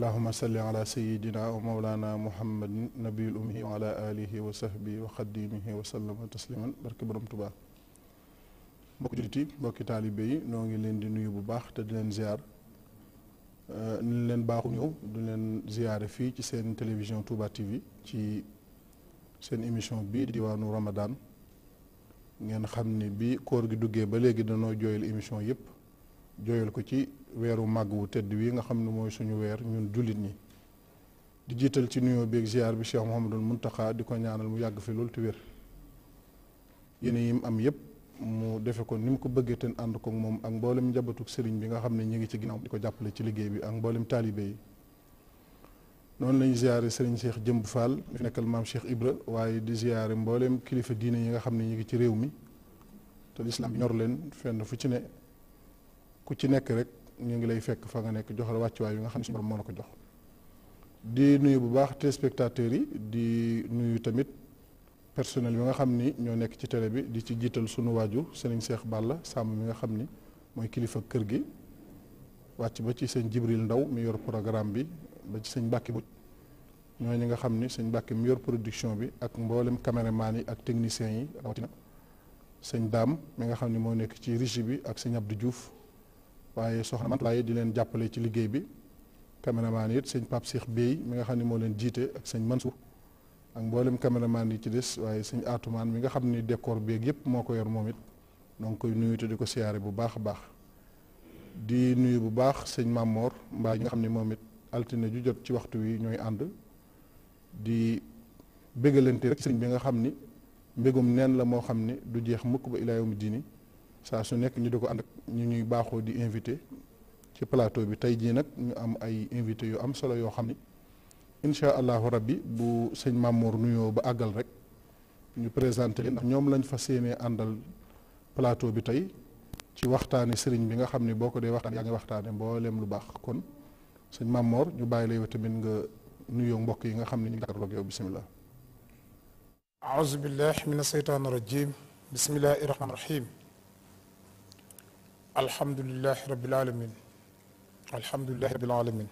allahuma salli ala sayidina wa mawlana muhammadin nabiul ummi wa ala alihi wa sahbihi wa xadimihi wa sallama tasliman barke borom tubaa mbokki jullit yi mbokki taalibe yi noo ngi leen di nuyu bu baax te di leen ziar euh, ni leen baaxu ñëw du leen ziare fii ci seen télévision Touba TV ci seen émission bi diwaanu Ramadan ngeen xam ni bi koor gi duggee ba léegi danoo jooyal émission yépp jooyal ko ci weeru màgg wu tëdd wii nga xam ne mooy suñu weer ñun jullit ñi di jiital ci nuyoo beeg ziar bi Cheikh Mouhamadul Muntaxa di ko ñaanal mu yàgg fi loolu te wér yéen yi mu am yëpp mu defe ko ni mu ko bëggee ten ànd ko moom ak mbooleem njabatuk sëriñ bi nga xam ne ñu ngi ci ginnaaw di ko jàppale ci liggéey bi ak mboolem taalibe yi noonu lañu ziare sëriñ Cheikh Jëmb faal mi nekkal maam Cheikh Ibra waaye di ziare mbooleem kilifa diine yi nga xam ne ñu ngi ci réew mi te lislaam ñor leen fenn fu ci ne ku ci nekk rek ñoo ngi lay fekk fa nga nekk jox la wàccuwaay bi nga xam ne suñu borom moo la ko jox di nuyu bu baax téléspectateurs yi di nuyu tamit personnel bi nga xam ni ñoo nekk ci télé bi di ci jiital sunu waajur Serigne Cheikh Balla sàmm mi nga xam ni mooy kilifa kër gi wàcc ba ci sëñ Jibril Ndaw mi yor programme bi ba ci sëñ Mbàkke bu ñooñu nga xam ni sëñ Mbàkke mi production bi ak mboolem caméraman yi ak techniciens yi rawatina sëñ Daam mi nga xam ni moo nekk ci régie bi ak sëñ Abdou juuf waaye soxna man laay di leen jàppale ci liggéey bi caméraman it sëñ Pape Cheikh Bey mi nga xam ne moo leen jiite ak sëñ mansu ak mboolem caméraman yi ci des waaye sëñ Atumaan mi nga xam ni décor beeg yëpp moo ko yor moom it donc koy nuyu di ko siyaare bu baax a baax di nuyu bu baax sëñ Mamor mbaa yi nga xam ne moom it altine ju jot ci waxtu wi ñooy ànd di bégalante rek sëñ bi nga xam ni mbégum neen la moo xam ne du jeex mukk ba ilaa yawmi diini saa su nekk ñu di ko ànd ak ñu ñuy baaxoo di invité ci plateau bi tey jii nag ñu am ay invité yu am solo yoo xam ni incha allahu rabbi bu sëñ Mamour nuyoo ba àggal rek ñu présenté leen ndax ñoom lañ fa séenee àndal plateau bi tey ci waxtaane sëriñ bi nga xam ne boo ko dee waxtaan yaa ngi waxtaane mbooleem lu baax kon sëñ Mamour ñu bàyyi la yow tamit nga nuyoo mbokk yi nga xam ne ñu ngi jàkkaarloog yow bisimilah aouzu billah min asheytaan irajim bismillahi rahman rahim alhamdulilahi rabil alamin alhamdulilahi rabil alamin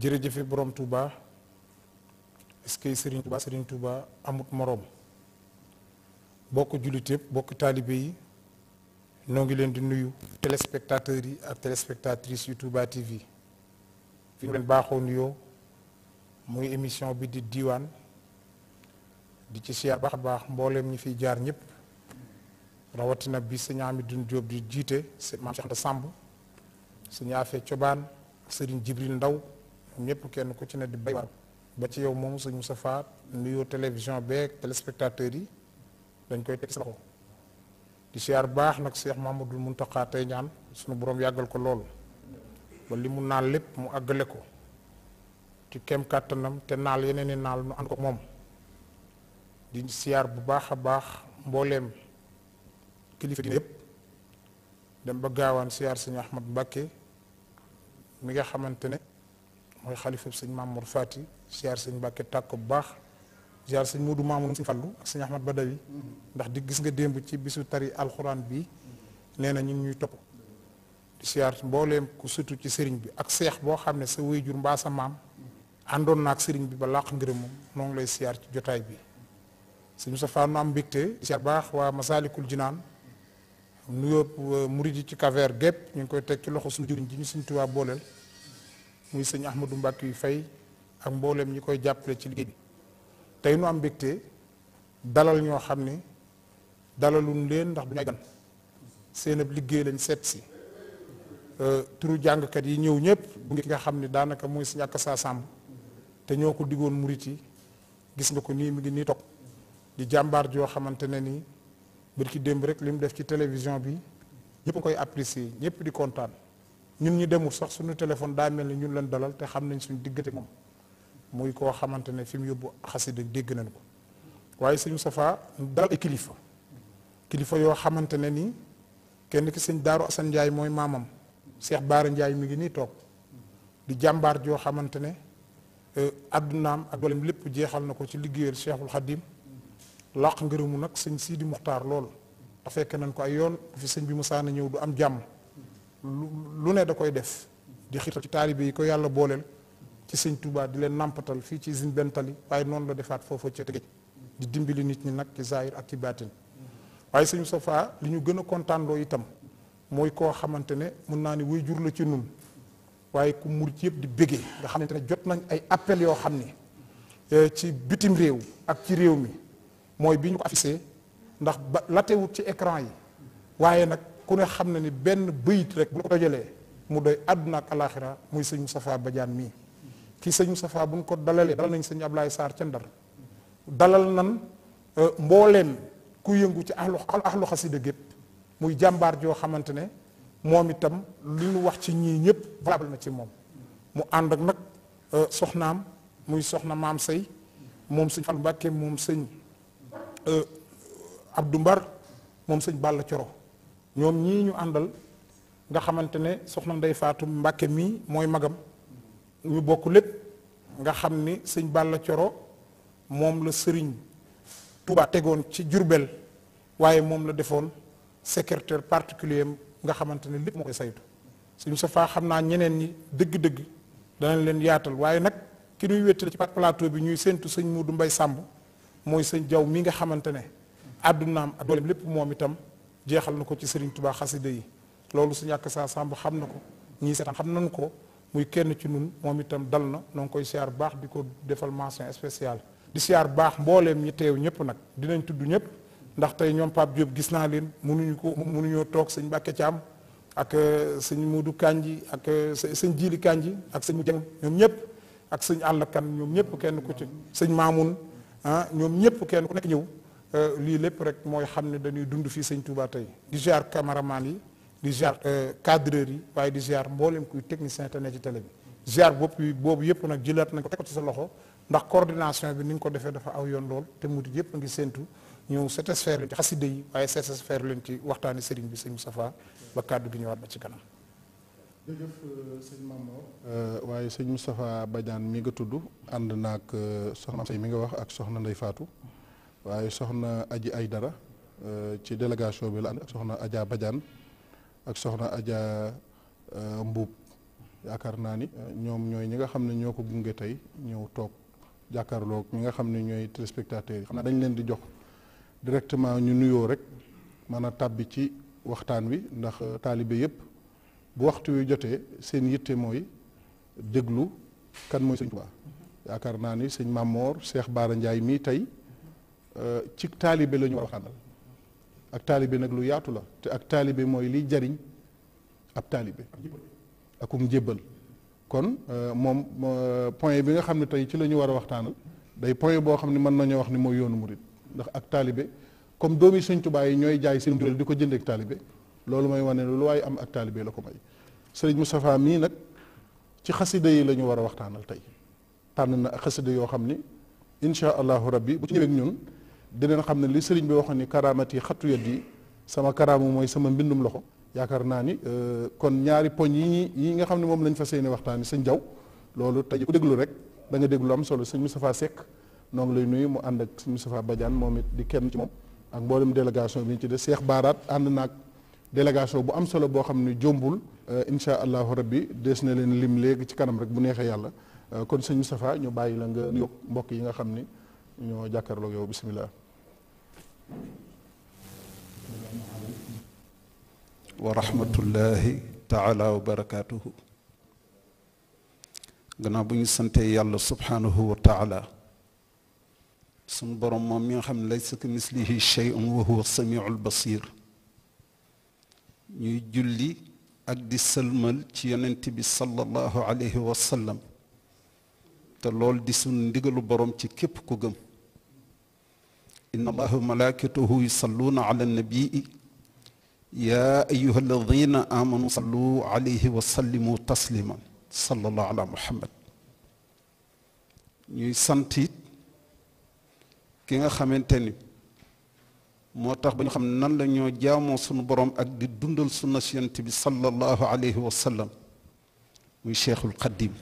jërëjëfe borom Touba est-ce que Serigne Touba Serigne Touba amut moroom bokk jullit yëpp bokk taalibe yi noo ngi leen di nuyu téléspectateurs yi ak téléspectatrices yu Touba TV fi leen baaxoo nuyoo muy émission bi di diiwaan di ci siyaar baax baax mbooleem ñi fiy jaar ñëpp rawatina bi sëñ Amidou Diop di jiite sëñ Maam Cheikh Anta Samb sëñ Afee Cobaan sëriñ Jibril Ndaw ñëpp kenn ku ci ne di bay ba ci yow moomu sëñ Moussa Faat télévision beeg téléspectateurs yi dañ koy teg sa loxo di siyaar baax nag Cheikh Mamadou Mountakha tey ñaan suñu boroom yàggal ko lool ba li mu naal lépp mu àggale ko ci kem kàttanam te naal yeneen i naal nu ànd ko moom di siyaar bu baax a baax mbooleem kilifa dina yëpp dem ba gaawaan siyaar sëñ Ahmad Mbàkke mi nga xamante ne mooy xalifa sëñ Mamour Fati siyaar sëñ Mbàkke tàkk bu baax siyaar sëñ Muudu Maamun si Fallu ak sëñ Ahmad ndax di gis nga démb ci bisu tari alxuraan bi nee na ñu ñuy topp di siyaar mbooleem ku sutu ci sëriñ bi ak seex boo xam ne sa wéyjur mbaa sa maam àndoon naak sëriñ bi ba làq ngërëm moom ngi lay siyaar ci jotaay bi suñu safaan nu am mbégte siyaar baax waa Masaalikul Jinaan nuyoo euh, murid yi ci cap gépp ñu ngi koy teg ci loxo suñu jëriñ ji ñu suñu Tuubaa booleel muy sëñ Ahmadou Mbàkke yu fay ak mbooleem ñi koy jàppale ci liggéey bi tey nu am mbégte dalal ñoo xam ne dalaluñ leen ndax du ñu ay gan seen ab liggéey lañ seet si euh, turu jàngkat yi ñëw ñëpp bu nga xam ni daanaka mooy sëñ Akassa sàmm te ñoo ko diggoon murit yi gis nga ko nii mu ngi nii toog di jàmbaar joo xamante ne nii bërki démb rek li mu def ci télévision bi ñëpp koy apprécier ñëpp di kontaan ñun ñu demul sax suñu téléphone daa mel ni ñun leen dalal te xam nañ suñu diggante moom muy koo xamante ne fi mu yóbbu xasida dégg nañ ko waaye sëñ Moustapha dal ay kilifa kilifa yoo xamante ne ni kenn ki sëñ Daaru Assane Ndiaye mooy maamam Cheikh Baara Ndiaye mi ngi nii toog di jàmbaar joo xamante ne eh, addunaam ak doolem lépp jeexal na ko ci liggéeyal Cheikhul Khadim làq ngërëmu nag sëñ Sidi Muxtaar lool te fekke nañ ko ay yoon fi sëñ bi mu Musaana ñëw du am jàmm lu ne da koy def di xiital ci taalibe yi ko yàlla booleel ci sëñ Touba di leen nampatal fii ci usine Bentali waaye noonu la defaat foofa ca tëgg di dimbali nit ñi nag ci zaahir ak ci baatin waaye sëñ Moustapha li ñu gën a kontaanloo itam mooy koo xamante ne mën naa ne way jur la ci nun waaye ku murit yëpp di bégee nga xamante ne jot nañ ay appel yoo xam ni eh, ci bitim réew ak ci réew mi mooy bi ñu ko affiché ndax ba latewut ci écran yi waaye nag ku ne xam na ni benn bëyit rek bu ko dojalee mu doy àdduna ak alaxira muy sëñ Moustapha Badiane mii ki sëñ Moustapha bu ñu ko dalalee dalal nañ sëñ Ablaye Sarr ca Ndar dalal nan euh, mbooleem ku yëngu ci ahlu ahlu xasida gépp muy jàmbaar joo xamante ne moom itam li ñu wax ci ñii ñëpp valable na ci moom mu ànd ak nag euh, soxnaam muy soxna maam sëy moom sëñ Fall moom sëñ Euh, Abdou Mbar moom sëñ Balla Coro ñoom ñii ñu àndal nga xamante ne soxna Ndey Faatu mbakke mii mooy magam ñu bokk lépp nga xam ni sëñ Balla Coro moom la sëriñ Tuubaa tegoon ci Jurbel waaye moom la defoon secrétaire particulier nga xamante ne lépp moo koy saytu suñ suñu faa xam naa ñeneen ñi dëgg-dëgg danañ leen yaatal waaye nag ki ñuy wéttale ci plateau bi ñuy séentu sëñ Muudu Mbay Sàmb mooy sëñ jaw mi nga xamante ne àddunaam ak dooleem lépp moom itam jeexal na ko ci sëriñ tubaa xasida yi loolu su ñàkk saa sàmb xam na ko ñii seetaan xam nañ ko muy kenn ci nun moom itam dal na noo ngi koy siyaar baax di ko defal mention spéciale di siyaar baax mbooleem ñi teew ñëpp nag dinañ tudd ñëpp ndax tey ñoom Pape Diop gis naa leen mënuñu ko munuñoo toog sëñ Mbàkke Caam euh, euh, ak sëñ muudu kànji ak sëñ Jiili kànji ak sëñ Jeng ñoom ñëpp ak sëñ àll ñoom ñëpp kenn ku ci sëñ Maamun ah ñoom ñëpp kenn ku nekk ñëw euh, lii lépp rek mooy xam ne dañuy dund fii sëñ Touba tey di ziar cameraman yi di ziar euh, cadreur yi waaye di ziar mboolem kuy technicien te ne ci télé bi ziar bopp yi boobu yëpp nag jëlaat nañ ko teg ko ci sa loxo ndax coordination bi ni nga ko defee dafa aw yoon lool te murit yëpp a ngi séentu ñu satisfaire leen ci xaside yi waaye satisfaire leen ci waxtaani sëriñ bi sëñ Moustapha ba kàddu gi ñëwaat ba ci kanam jërëjëf euh, sëñ Mamor euh, waaye sëñ Moustapha Badiane mi nga tudd ànd naag euh, soxna say mi nga wax ak soxna Ndey Faatu waaye soxna Aji Aydara ci délégation bi la ànd ak soxna Adja Badiane ak soxna Adja Mbuub yaakaar naa ni ñoom ñooy ñi nga xam ne ñoo ko gunge tey ñëw toog jàkkaarloog ñi nga xam ne ñooy téléspectateurs yi xam naa dañ leen di jox directement ñu nuyoo rek mën a tàbbi ci waxtaan wi ndax taalibe yëpp bu waxtu wi jotee seen yitte mooy jëglu kan mooy sëñ Tuubaa yaakaar naa ni sëñ Mamor Cheikh Baara njaay mii tey euh, ci taalibe la ñu war a waxtaanal ak taalibe nag lu yaatu la te ak taalibe mooy lii jariñ ab taalibe akum njébbal kon euh, moom euh, point bi nga xam ne tey ci la ñu war a waxtaanal day point boo xam ne mën nañoo wax ni mooy yoonu murit ndax ak taalibe comme doomi sëñ Tuubaa yi ñooy jaay seen dundal di ko jëndee ak taalibe loolu mooy wane lu waaye am ak taalibe la ko may sëriñ Moustapha mii nag ci xasida yi la ñu war a waxtaanal tey tànn na ak xasida yoo xam ni incha allahu rabbi bu ci ñëwee ñun dinañ xam ne li sëriñ bi waxoon ni karaamat yi xattu yat yi sama karaamu mooy sama mbindum loxo yaakaar naa ni euh, kon ñaari poñ yi ñi yi nga xam ne moom lañ fas waxtaan waxtaani sëñ jaw loolu tey ku déglu rek da nga déglu am solo sëñ Moustapha Seck noonu ngi lay nuyu mu ànd ak sëñ Moustapha Badiane moom it di kenn ci moom ak mboolem délégation bi ñu ci des Cheikh ànd naag délégation bu am solo boo xam ne jombul euh, incha allahu rabbi des na leen lim léegi ci kanam rek bu neexee yàlla euh, kon sëñ Moustapha ñu bàyyi la nga mbokk yi nga xam ni ñoo jàkkaarloog yow bisimilah. wa rahmatullahi taala wa barakaatuhu. gannaaw bu ñu santee yàlla subhanahu wa taala. sunu borom moom mi nga xam ne laysa ka mislihi shay'un wa huwa samiul basir ñuy julli ak di sëlmal ci yonent bi sallallahu alayhi wa sallam te lool di suñ ndigalu borom ci képp ku gëm inna allaha malaikatahu yusalluuna ala nabii yaa ayuha alladina amanu sallu alayhi wa sallimu tasliman ala muhammad ñuy sant it ki nga xamante moo tax ba ñu xam nan la ñoo jaamoo sunu borom ak di dundal sunna si yonent bi sallallahu alayhi wa sallam muy cheikhul qadim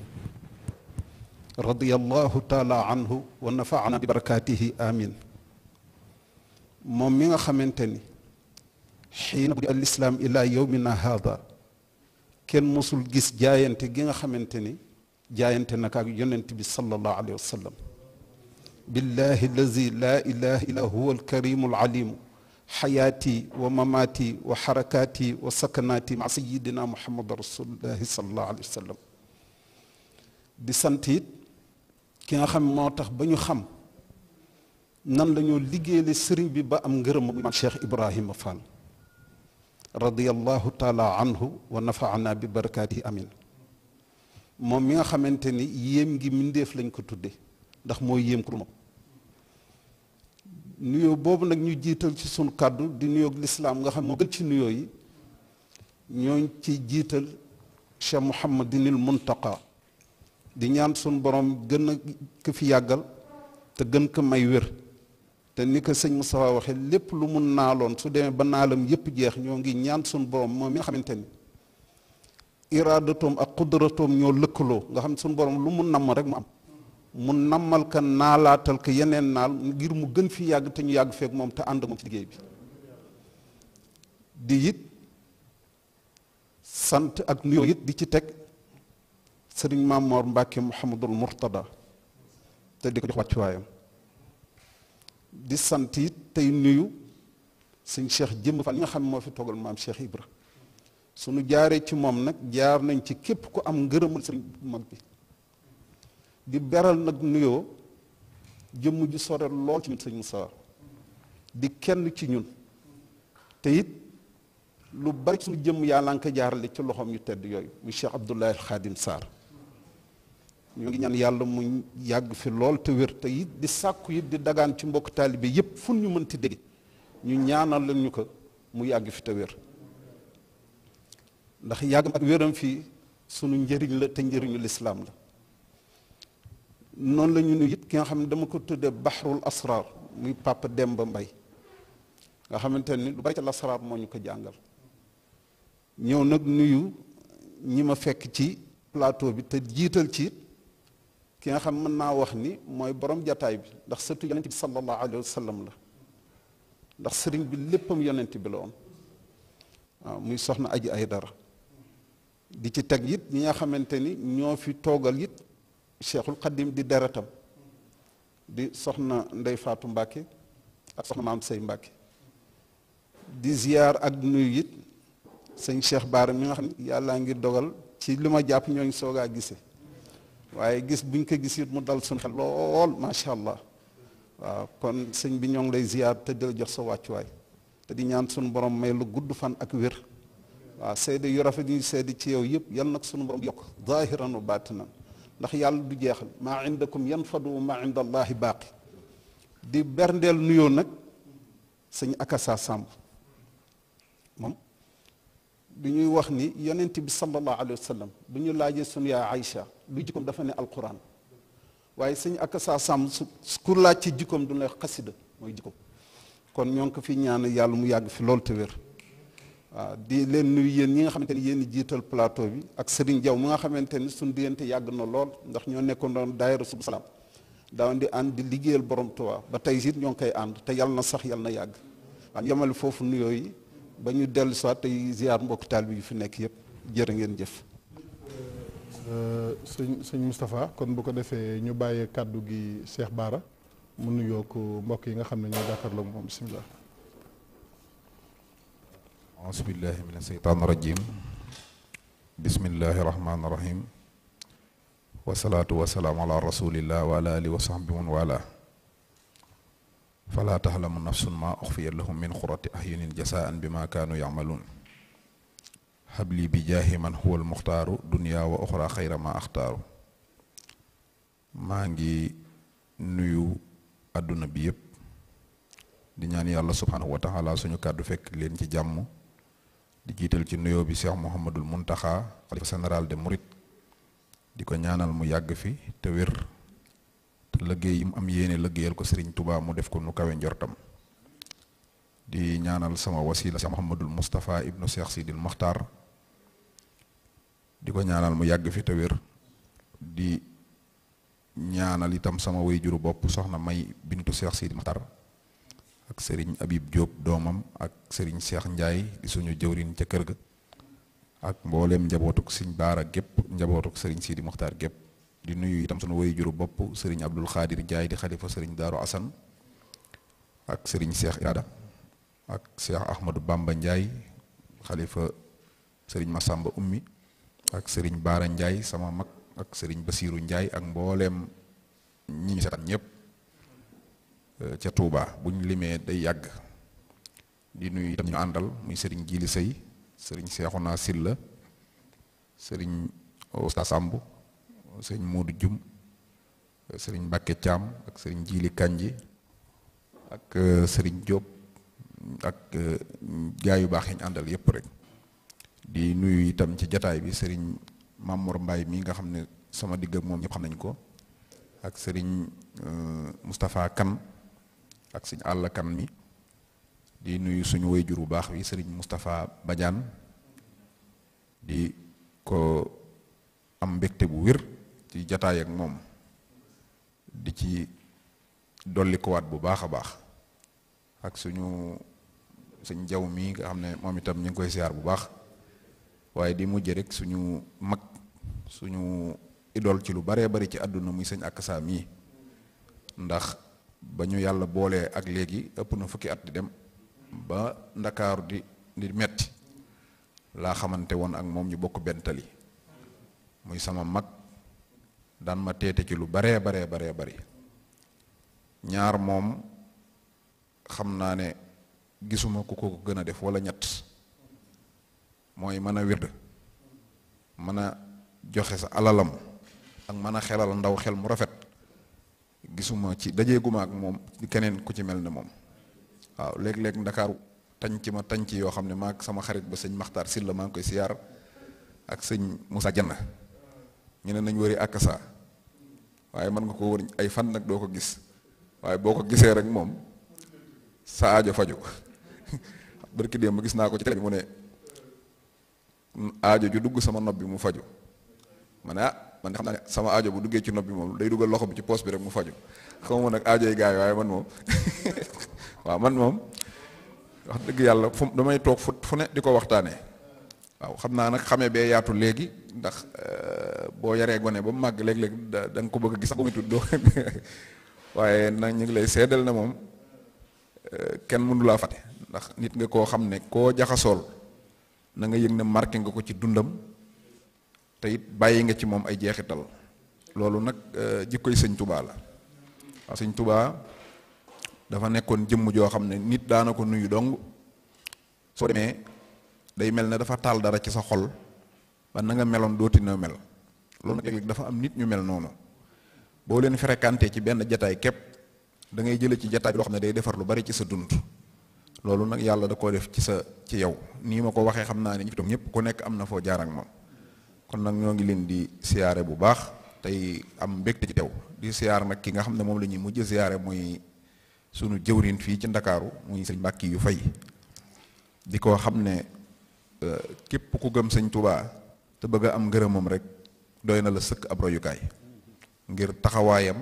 radiallahu taala anhu wa nafaana bi barakatihi amin moom mi nga xamante ni xiina budi al islaam ila yowmina haada kenn mosul gis jaayante gi nga xamante ni jaayante naka ak yonent bi sallallahu alayhi billahi allazi la ilaha illa huwa alkarimu alalimu xayaati wa mamaati wa xarakaati wa sakanaati ma sayidina muhammad rasulillahi salallahu alayhi wa sallam di sant it ki nga xam moo tax ba ñu xam nan la ñoo liggéeyale bi ba am ngërëm ma cheikh ibrahima fall radiallahu taala mi nga xamante ni yéem ngi mindéef lañ ko tudde ndax mooy yéem ku nuyoo boobu nag ñu jiital ci sunu kàddu di nuyoog lislaam nga xam moo gën ci nuyoo yi ñooñ ci jiital Cheikh Mouhamadinil Muntaqa di ñaan sunu borom gën a ko fi yàggal te gën ka may wér te ni ko sëñ Moustapha waxee lépp lu mun naaloon su demee ba naalam yépp jeex ñoo ngi ñaan sunu borom moom mi nga xamante ni iraadatoom ak qudratoom ñoo lëkkaloo nga xam sunu borom lu mu namm rek mu am mu nammal ka naalaatal ka yeneen naal ngir mu gën fi yàgg te ñu yàgg feek moom te ànd moom ci liggéey bi di it sant ak nuyoo yit di ci teg sëriñ Maamoor Mbàkke Muhammadul Murtada te di ko jox wàccuwaayam di sant it tey nuyu suñ Cheikh Jëmb Fall li nga xam moo fi toogal maam Cheikh Ibra sunu jaaree ci moom nag jaar nañ ci képp ku am ngërëmal sëriñ mag bi di beral nag nuyoo jëmm ji sore lool ci sëñ Moussa di kenn ci ñun te it lu bari suñu jëmm yàlla nga ko jaarale ci loxoom ñu tedd yooyu muy Cheikh Abdoulaye Khadim saar ñu ngi ñaan yàlla mu yàgg fi lool te wér te di sàkku it di dagaan ci mbokk taalibe yépp fu ñu mënti dégg ñu ñaanal leen ñu ko mu yàgg fi te wér ndax yàgg ak wéram fii sunu njëriñ la te njëriñu lislaam la noonu la ñu nuyu it ki nga xam ne dama ko tuddee Baxrul Asrar muy dem ba Mbay nga xamante ni lu bari ci lasraar moo ñu ko jàngal ñëw nag nuyu ñi ma fekk ci plateau bi te jiital ci ki nga xam mën naa wax ni mooy borom jataay bi ndax sëtu yonent bi sallallahu alayhi la ndax sëriñ bi léppam yonent bi la woon muy soxna aji ay dara di ci teg it ñi nga xamante ni ñoo fi toogal it cheikhul xadim di deretam di soxna ndey faatu mbàkke ak soxna maam say mbàkke di ziyaar ak nuyu it sëñ cheikh baara mi nga xam ne ngi dogal ci li ma jàpp ñoo ngi soogaa gise waaye gis buñ ko gis it mu dal suñu xel lool macha allah waaw kon sëñ bi ñoo ngi lay ziyaar te del jox sa wàccuwaay te di ñaan suñu borom may lu gudd fan ak wér waaw seede yu rafet yu seede ci yow yëpp yal nag suñu borom yokk zaahiran wa baatinan ndax yàlla du jeexal maa indakum yanfadu ma inda allahi baaqi di berndeel nuyoo nag sëñ akasa sàmb moom bi ñuy wax ni yonent bi sallallahu alayhi wa bu ñu laajee sunu yaay Aïcha lu jikkoom dafa ne alquran waaye sëñ akasa sàmb su ku laaj ci jikkoom du lay xasida mooy jikkoom kon ñoo ngi ko fi ñaan yàlla mu yàgg fi loolu te wér waaw di leen nuyu yéen ñi nga xamante ni yéen jiital plateau bi ak Serigne Diaw mu nga xamante ni suñ diggante yàgg na lool ndax ñoo nekkoon doon daayira Subul Salaam daawoon di ànd di liggéeyal borom Tuubaa ba tey it ñoo ngi koy ànd te yàlla na sax yàlla na yàgg waaw yemale foofu nuyoo yi ba ñu dellu soit te ziar mbokk taal bi yu fi nekk yëpp jërë ngeen jëf. Euh, sëñ sëñ Moustapha kon bu ko defee ñu bàyyee kàddu gi Cheikh Baara mu nuyoo ko mbokk yi nga xam ne ñoo moom bisimilah. ausbillahi min asheytaan irajim bismillahi rahmaani rahim wasalaatu wasalaamu ala rasulillah wa ala alihi ma uxfiya lahum min xurati ahyunin jasaan bima kaanu yacmaluun xabli bi jaahi man huwa almuxtaaru dunia wa oxra xayra ma axtaaru maa ngi nuyu àdduna bi yépp di ñaan yàlla subhanahu wa taala suñu kàddu fekk leen ci jàmm di jiital ci nuyoo bi Cheikh Mouhamadul Mountakha xalifa général de Mouride di ko ñaanal mu yàgg fi te wér te liggéey yi mu am yéene liggéeyal ko seriñ tubaab mu def ko nu kawe njortam di ñaanal sama wasila Cheikh Mouhamadul Moustapha ibnu Cheikh Sidil Mokhtar di ko ñaanal mu yàgg fi te wér di ñaanal itam sama way juru bopp soxna May bintu Cheikh Sidil Mokhtar ak sëriñ Habib Diop doomam ak sëriñ seex Ndiaye di suñu jëwriñ ca kër ga ak mbooleem njabootuk sëriñ Baara gépp njabootuk sëriñ Sidi Mokhtar gépp di nuyu itam suñu woy juru bopp sëriñ Abdul Xaadir Ndiaye di xalifa sëriñ Daaru Asan ak sëriñ seex Yada ak Cheikh Ahmadou Bamba Ndiaye xalifa sëriñ ma Massamba Ummi ak sëriñ Baara Ndiaye sama mag ak sëriñ Basiiru Ndiaye ak mbooleem ñi ñu seetaan ñëpp Euh, ca Touba bu ñu limee day yàgg di nuyu itam ñu àndal muy sëriñ Jili sëy sëriñ Seexuna Silla sëriñ Oustaz Samb sëriñ Modou Jum sëriñ Mbàkke Caam ak sëriñ jiili Kanji ak euh, sëriñ Jóob ak euh, gaa yu baax yi ñu àndal yépp rek di nuyu itam ci jataay bi sëriñ Mamour Mbaye mi nga xam ne sama digg ak moom ñëpp xam nañ ko ak sëriñ Moustapha Kan ak suñ àll kan mi di nuyu suñu wayjur bu baax wi sëriñ Moustapha Badiane di ko am mbégte bu wér ci jataay ak moom di ci dolli kowaat bu baax a baax ak suñu suñ jaww mi nga xam ne moom itam ñu ngi koy siyaar bu baax waaye di mujj rek suñu mag suñu idol ci lu baree bari ci àdduna muy sëñ ak mii ndax ba ñu yàlla boolee ak léegi ëpp na fukki at di dem ba ndakaaru di di metti laa xamante woon ak moom ñu bokk benn muy sama mag daan ma teete ci lu baree baree baree bari ñaar moom xam naa ne gisuma ku ko gën a def wala ñett mooy mën a wird mën a joxe sa alalam ak mën a xelal ndaw xel mu rafet gisuma ci dajeeguma ak moom keneen ku ci mel ne moom waaw léeg-léeg ndakaaru tànc ma tànc yoo xam ne maa sama xarit ba sëñ maxtar Silla maa ngi koy siyaar ak sëñ Moussa Janna ñu ne nañ wëri akasa waaye mën nga ko wër ay fan nag doo ko gis waaye boo ko gisee rek moom sa aajo faju barki démb gis naa ko ci télé bi mu ne aajo ju dugg sama nopp bi mu faju ma ne ah man xam naa ne sama ajo bu duggee ci bi moom day dugal loxo bi ci poos bi rek mu faju xaw ma nag aajo yi gars waaye man moom waaw man moom wax dëgg yàlla fu damay toog fu fu ne di ko waxtaanee waaw xam naa nag xamee bee yaatu léegi ndax euh, boo yaree gone ba mu màgg léeg-léeg da ko bëgg a gis sax muy tuddoo waaye nag ñu ngi lay seedal na moom euh, kenn mënu laa fàtte ndax nit nga koo xam ne koo jaxasool na nga yëg ne marqué nga ko ci dundam. te it bàyyi nga ci moom ay jeexital loolu nag eh, jikkoy sëñ tubaa la waaw sëñ tubaa dafa nekkoon jëmm joo xam ne nit daana ko nuyu dong soo demee day mel ne dafa taal dara ci sa xol ba na nga meloon dooti na mel loolu nag léeg-léeg dafa am nit ñu mel noonu boo leen fréquenté ci benn jataay képp dangay ngay jële ci jataay bi loo xam ne day defar lu bari ci sa dund loolu nag yàlla da koo def ci sa ci yow nii ma ko waxee xam naa ne ñu fi toog ñëpp ku nekk am na foo jaar kon nag ñoo ngi leen di siyaare bu baax tey am mbégte ci tew di siyaar nag ki nga xam ne moom lañuy mujj siyaare muy sunu jëwrin fii ci ndakaaru muy sëñ Mbàkke yu fay di ko xam ne euh, képp ku gëm sëñ Tuubaa te bëgg a am ngërëmam rek doy na la sëkk ab royukaay ngir taxawaayam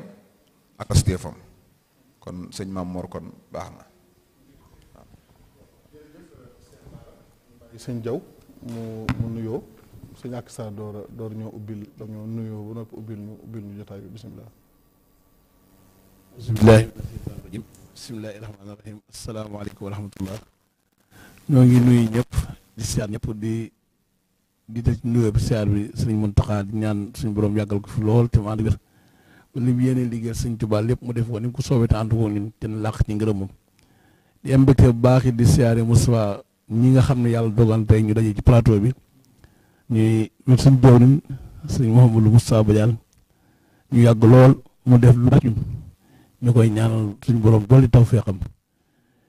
ak pastéefam kon sëñ Maam Mor kon baax na sëñ Jaw mu mu nuyoo suñu àkk saa door a door ñoo ubbil dañoo nuyoo ba noppi ubbil ñu ubbil ñu jotaay bi bisimilah. bisimilah. bisimilahi rahmaani rahim asalaamaaleykum wa ñoo ngi nuyu ñëpp di siyaar ñëpp di di def nuyoo bi siyaar bi sëriñ Muntaxa di ñaan suñu borom yàggal ko fi lool te mu ànd wér li mu yéene liggéeyal sëriñ Tuubaa lépp def ko ni mu ko soobee te ànd ko ñun te làq ci ngërëm di am mbégte bu baax di siyaare Moustapha ñi nga xam ne yàlla dogante ñu daje ci plateau bi ñuy ñun suñ jawriñ sëñ lu Moustapha Badiane ñu yàgg lool mu def lu ñu ñu koy ñaanal suñ borom dolli taw feexam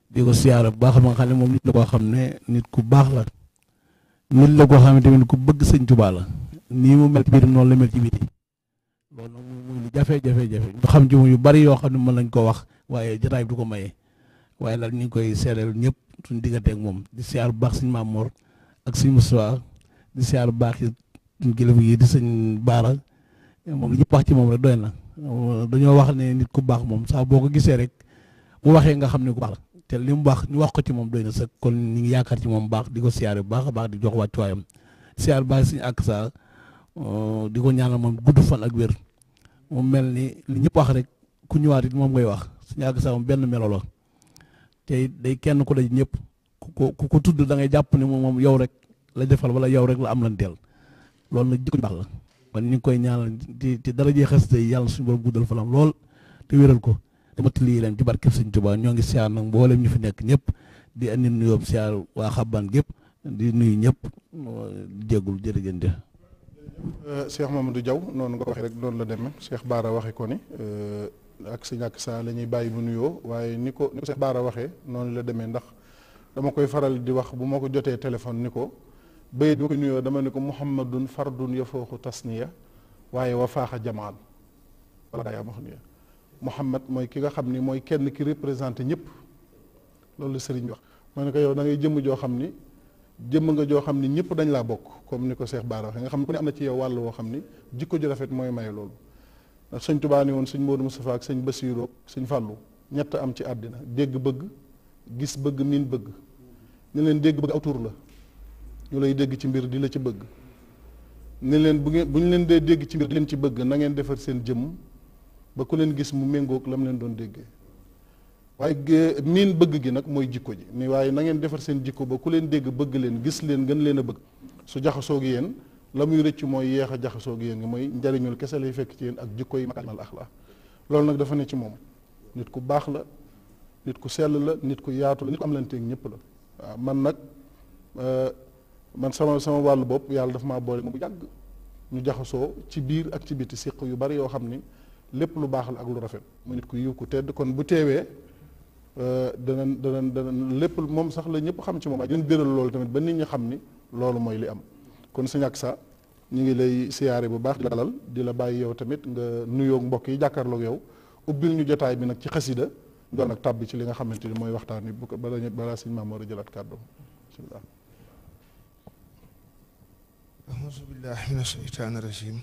di ko siyaara bu baax ma moom nit koo xam ne nit ku baax la nit la koo xam ne tamit ku bëgg sëñ Tuubaa la nii mu mel ci la mel ci loolu nag muy jafe xam ci yu bari yoo xam ne mën nañ ko wax waaye jotaay du ko maye waaye daal ñu ngi koy seedeel ñëpp suñ digganteeg moom di siyaar bu baax suñ Maam Mor ak suñ Moustapha di siyaar bu baax ci kilifa yi di sëñ baara moom li wax ci moom rek doy na dañoo wax ne nit ku baax moom saa boo ko gisee rek bu waxee nga xam ne ku baax la te li mu wax ñu wax ko ci moom doy na sax kon ñu ngi yaakaar ci moom baax di ko siyaare bu baax a baax di jox wàccuwaayam siyaar baax suñu ak sa euh, di ko ñaanal moom gudd fan ak wér mu mel ni li ñëpp wax rek ku ñëwaat it moom ngay wax suñu ak sa benn melo la te day kenn ku daj ñëpp ku ko ku ko tudd da ngay jàpp ne moom yow rek la defal wala yow rek la am lan teel loolu nag jikko ju baax la kon ñu ngi koy ñaanal di di dara jee xes tey yàlla suñu borom guddal fanam lool te wéral ko dama tilii leen ci barkeb sëñ Tuubaa ñoo ngi siyaar nag mboolem ñu fi nekk ñëpp di andi nuyoob siyaar waa xabbaan gépp di nuyu ñëpp jéggul jërëjëf euh, Cheikh Mamadou Diaw noonu nga waxee rek noonu la demee Cheikh Baara waxee ko ni euh, ak si ñàkk saa la bàyyi bu nuyoo waaye ni ko Baara waxee noonu la demee ndax dama koy faral di wax bu ma ko jotee téléphone ni ko bayit ba ko nuyoo dama ne ko muhammadun fardun yafooxu tasniya waaye wa faaxa jamaan wala daa yaa wax ni muhammad mooy ki nga xam ni mooy kenn ki représenté ñëpp loolu sëriñ wax ma ne ko yow da ngay jëmm joo xam ni jëmm nga joo xam ni ñëpp dañ laa bokk comme ni ko seex Bara nga xam ne ko ne am na ci yow wàll woo xam ni jikko ju rafet mooy may loolu ndax sëñ Tuubaa ni woon sëñ Moodu Mustafaa ak sëñ Basiiru sëñ Fàllu ñett am ci àddina dégg bëgg gis bëgg miin bëgg ñu dégg bëgg aw la ñu lay dégg ci mbir di la ci bëgg ne leen bu ngeen bu ñu leen dee dégg ci mbir di leen ci bëgg na ngeen defar seen jëm ba ku leen gis mu méngoog la mu leen doon déggee waaye miin bëgg gi nag mooy jikko ji ni waaye na ngeen defar seen jikko ba ku leen dégg bëgg leen gis leen gën leen a bëgg su jaxasoog yéen la muy rëcc mooy yeex a jaxasoog yéen ngi mooy njariñul kese lay fekk ci yéen ak jikko yi mag makarimal axlaa loolu nag dafa ne ci moom nit ku baax la nit ku sell la nit ku yaatu la am lanteeg ñëpp la waaw man nag euh, man sama sama wàllu bopp yàlla dafa maa boole mu yàgg ñu jaxasoo ci biir ak ci biti siq yu bari yoo xam ni lépp lu baax la ak lu rafet mu nit ku yiw ku tedd kon bu teewee danañ euh, danan danan lépp moom sax la ñëpp xam ci moom ak ñun biral loolu tamit ba nit ñi xam ni loolu mooy li am kon su ñàkk sa ñu ngi lay siyaare bu baax di la dalal di la bàyyi yow tamit nga nuyoog mbokk yi jàkkaarloog yow ubbil ñu jotaay bi nag ci xasida doon ak tàbbi ci li nga xamante ni mooy waxtaan wi bu ko balaa balaa sëñ Maam war a jëlaat kàddoom bismillah أعوذ بالله من الشيطان الرجيم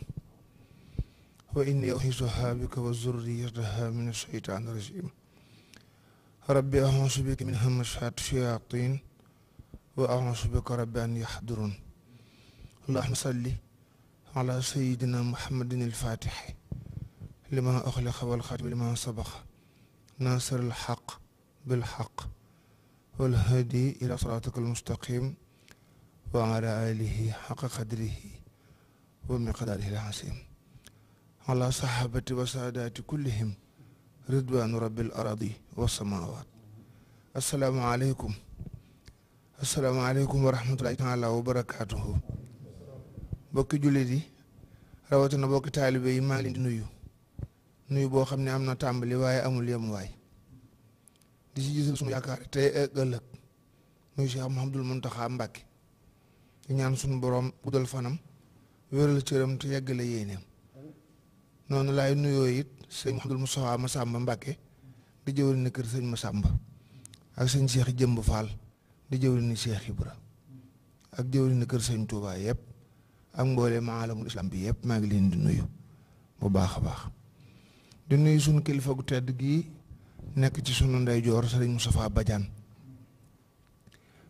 وإني أعيذها بك وذريتها من الشيطان الرجيم رب أعوذ بك من همزات الشياطين وأعوذ بك رب أن يحضرون اللهم صل على سيدنا محمد الفاتح لما أخلق والخاتم لما سبق ناصر الحق بالحق والهدي إلى صراطك المستقيم wa ala alihi xaqa qadrihi wa miqdaarihi al-aziim ala saxaabati wa saadaati kullihim ridwaanu rabbil ardi wa samaawaat assalaamu aleykum assalaamu aleykum wa rahmatullahi taala wa barakaatuhu bokki jullit yi rawatina bokki taalibe yi maa leen di nuyu nuyu boo xam ne am na tàmbali waaye amul yem waay di si gisal sunu yaakaar tey ëllëg nuyu Cheikh Mouhamadoul Mountakha te ñaan suñu boroom guddal fanam wéral cëram te yeggale yéeneem noonu laay nuyoo it sëñ Mouhamadou Moustapha Massamba Mbacke di jëwal ni kër sëñ sàmba ak sëñ seex Jëmb Fall di jëwal ni Cheikh Ibra ak jëwal ni kër sëñ Touba yëpp ak mboole maalamul islam bi yëpp maa ngi leen di nuyu bu baax a baax di nuyu suñu kilifa gu tedd gii nekk ci sunu ndeyjoor sëriñ Moustapha bajan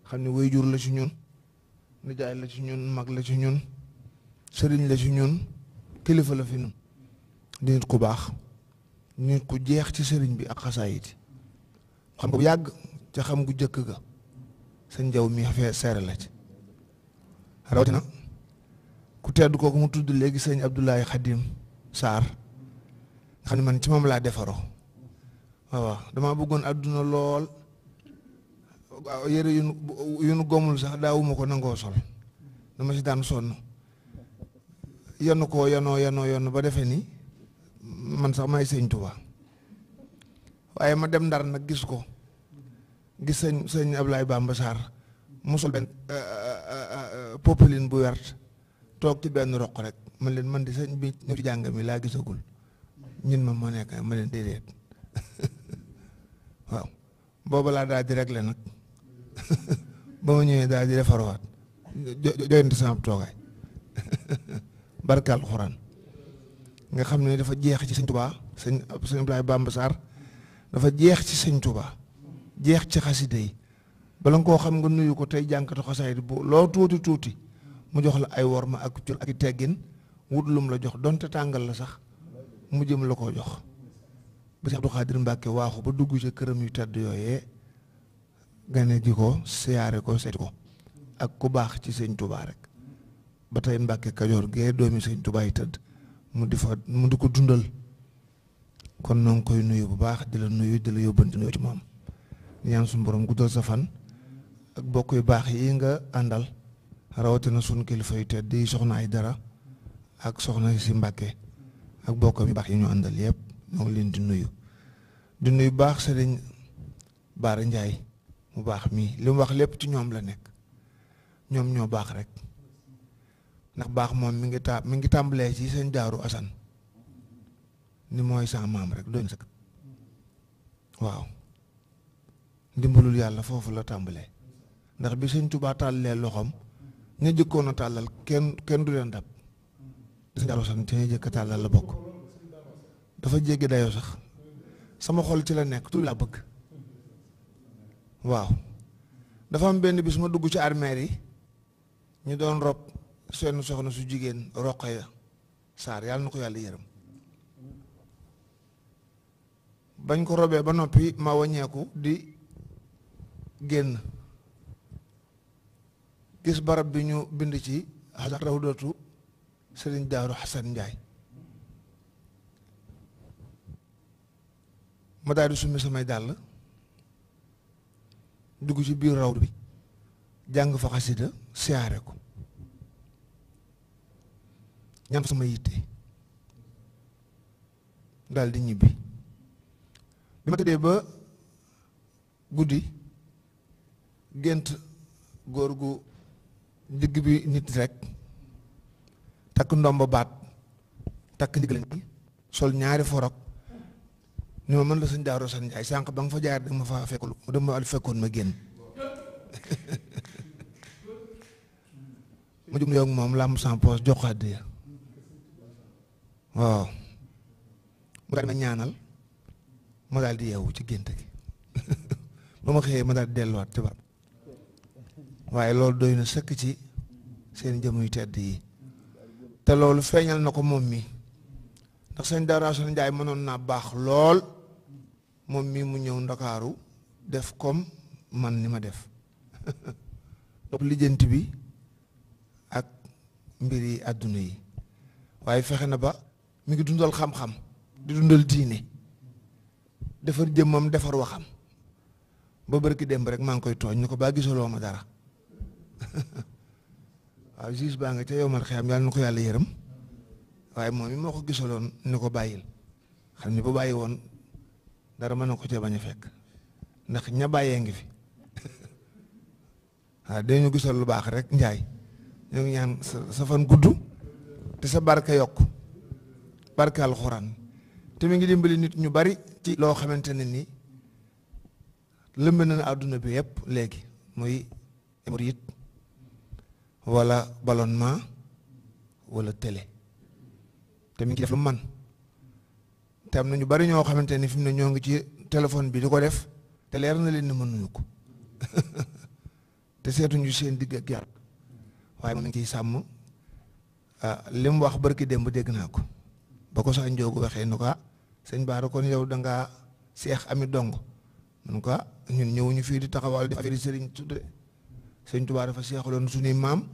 xam ne waajur la ci ñun nijaay la ci ñun mag la ci ñun sëriñ la ci ñun kilifa la fi ñun di nit ku baax nit ku jeex ci sëriñ bi ak xasaayit xam nga bu yàgg ca xam gu jëkk ka sëñ jaw mi fee seere la ci rawatina ku tedd kooku mu tudd léegi sëñ Abdoulaye Khadim Sarr nga xam ne man ci moom laa defaroo waaw dama bëggoon àdduna lool waaw yére yu yu nu gomul sax daawuma ko nangoo sol dama si daan sonn yenn koo yenoo yenoo yenn ba defe ni man sax may sëñ Tuubaa waaye ma dem ndar nag gis ko gis sëñ sëñ Ablaye Bamba Sarr mu sol benn eh, eh, eh, popeline bu wert toog ci benn roq rek man leen man di sëñ bi ñëw jàng mi laa gisagul ñun ma moo nekk ma leen déedéet waaw booba laa daal di régler nag ba ma ñëwee daal di defarwaat joyante sama toogaay barke alxuraan nga xam ne dafa jeex ci sëñ tubaa sëñ sëñ Ablaye Bamba dafa jeex ci sëñ jeex ci xasida yi bala koo xam nga nuyu ko tey jànkatu xasaayit bu loo tuuti tuuti mu jox la ay wor ma ak cul ak i teggin wut lum la jox donte tàngal la sax mu jëm la koo jox ba si Abdou Khadir Mbàkke waaxu ba dugg ca këram yu tedd yooyee gane ji ko siyaare ko seet ko ak ku baax ci sëñ tubaa rek ba tey mbàkke kajoor gee doomi sëñ tubaa yi tëdd mu di fa mu di ko dundal kon noo ngi koy nuyu bu baax di la nuyu di la yóbbante nuyu ci moom ñaan suñu borom guddal sa fan ak bokk yu baax yi nga àndal rawatina suñ kilifa yu tedd soxna ay dara ak soxna si mbàkke ak bokk yu baax yi ñu àndal yëpp ñoo ngi leen di nuyu di nuyu baax sëriñ Baara Njaay mu baax mii li mu wax lépp ci ñoom la nekk ñoom ñoo baax rek ndax baax moom mi ngi ta mi ngi tàmbalee ci sëñ Daaru Asan ni mooy sa maam rek doon sëkk waaw ndimbalul yàlla foofu la tàmbalee ndax bi sëñ Tuubaa tàllalee loxoom ñu jëkkoon a tàllal kenn du leen dab sëñ Daaru Asan te ñu jëkk a tàllal la bokk dafa jéggi dayoo sax sama xol ci la nekk tu bëgg waaw dafa am benn bis ma dugg ci armeer yi ñu doon rob seen soxna su jigéen Roqaya Saar yàlla na ko yàlla yërëm bañ ko robee ba noppi ma waññeeku di génn gis barab bi ñu bind ci rawdatu Sëriñ Daaru Xasan Njaay ma daal di summi samay dàll dugg ci biir raw bi jàng fa xasida siyaare ko ñam sama yitte daldi ñibbi bi ma tëddee ba guddi gént góor gu digg bi nit rek takk ndomb baat takk ndigal sol ñaari forog ñoo mën la sëñ daaroo San Njaay sànq ba nga fa jaar da ma faa fekkul da ma fekkoon ma génn ma jug yow moom làmb sans poche jox ko àddiya waaw mu daal ñaanal ma daal di ci gént gi ba ma xëyee delluwaat ci ba waaye loolu doy na sëkk ci seen jëm yu tedd yi te loolu feeñal na ko moom mii ndax sëñ Daaru San Njaay mënoon naa baax lool moom mii mu ñëw ndakaaru def comme man ni ma def topp lijjanti bi ak mbir yi àdduna yi waaye fexe na ba mi ngi dundal xam-xam di dundal diine defar jëmmam defar waxam ba bërki démb rek maa ngi koy tooñ ni ko baa ma dara waaw baa nga ca yow yàlla na ko yàlla yërëm waaye moom moo ko gisaloon ni ko bàyyil xam ni bu bàyyi woon dara mën na ko cee bañ a fekk ndax ña bàyyee ngi fi waaw ah, dañu gisal lu baax rek njaay ñoo ngi ñaan sa fan gudd te sa barke yokk barke alxuraan te mi ngi dimbali nit ñu bari ci loo xamante ne nii lëmb na àdduna bi yëpp léegi muy murit wala ballonnement wala télé te ngi def lu man te am na ñu bari ñoo xamante ni fi mu ne ñoo ngi ci téléphone bi di ko def te leer na leen ne nuñu ko te seetuñu seen digg ak yàlla waaye mu ngi ciy sàmm ah, li wax wax barki démb dégg naa ko ba ko saa njoogu waxee nu ko ah, sëñ Baara kon yow da seex ami dong mun ko ah, ñun ñëwuñu fii di taxawal di affaire sëriñ tudde sëñ Tuubaa dafa seexaloon suñuy maam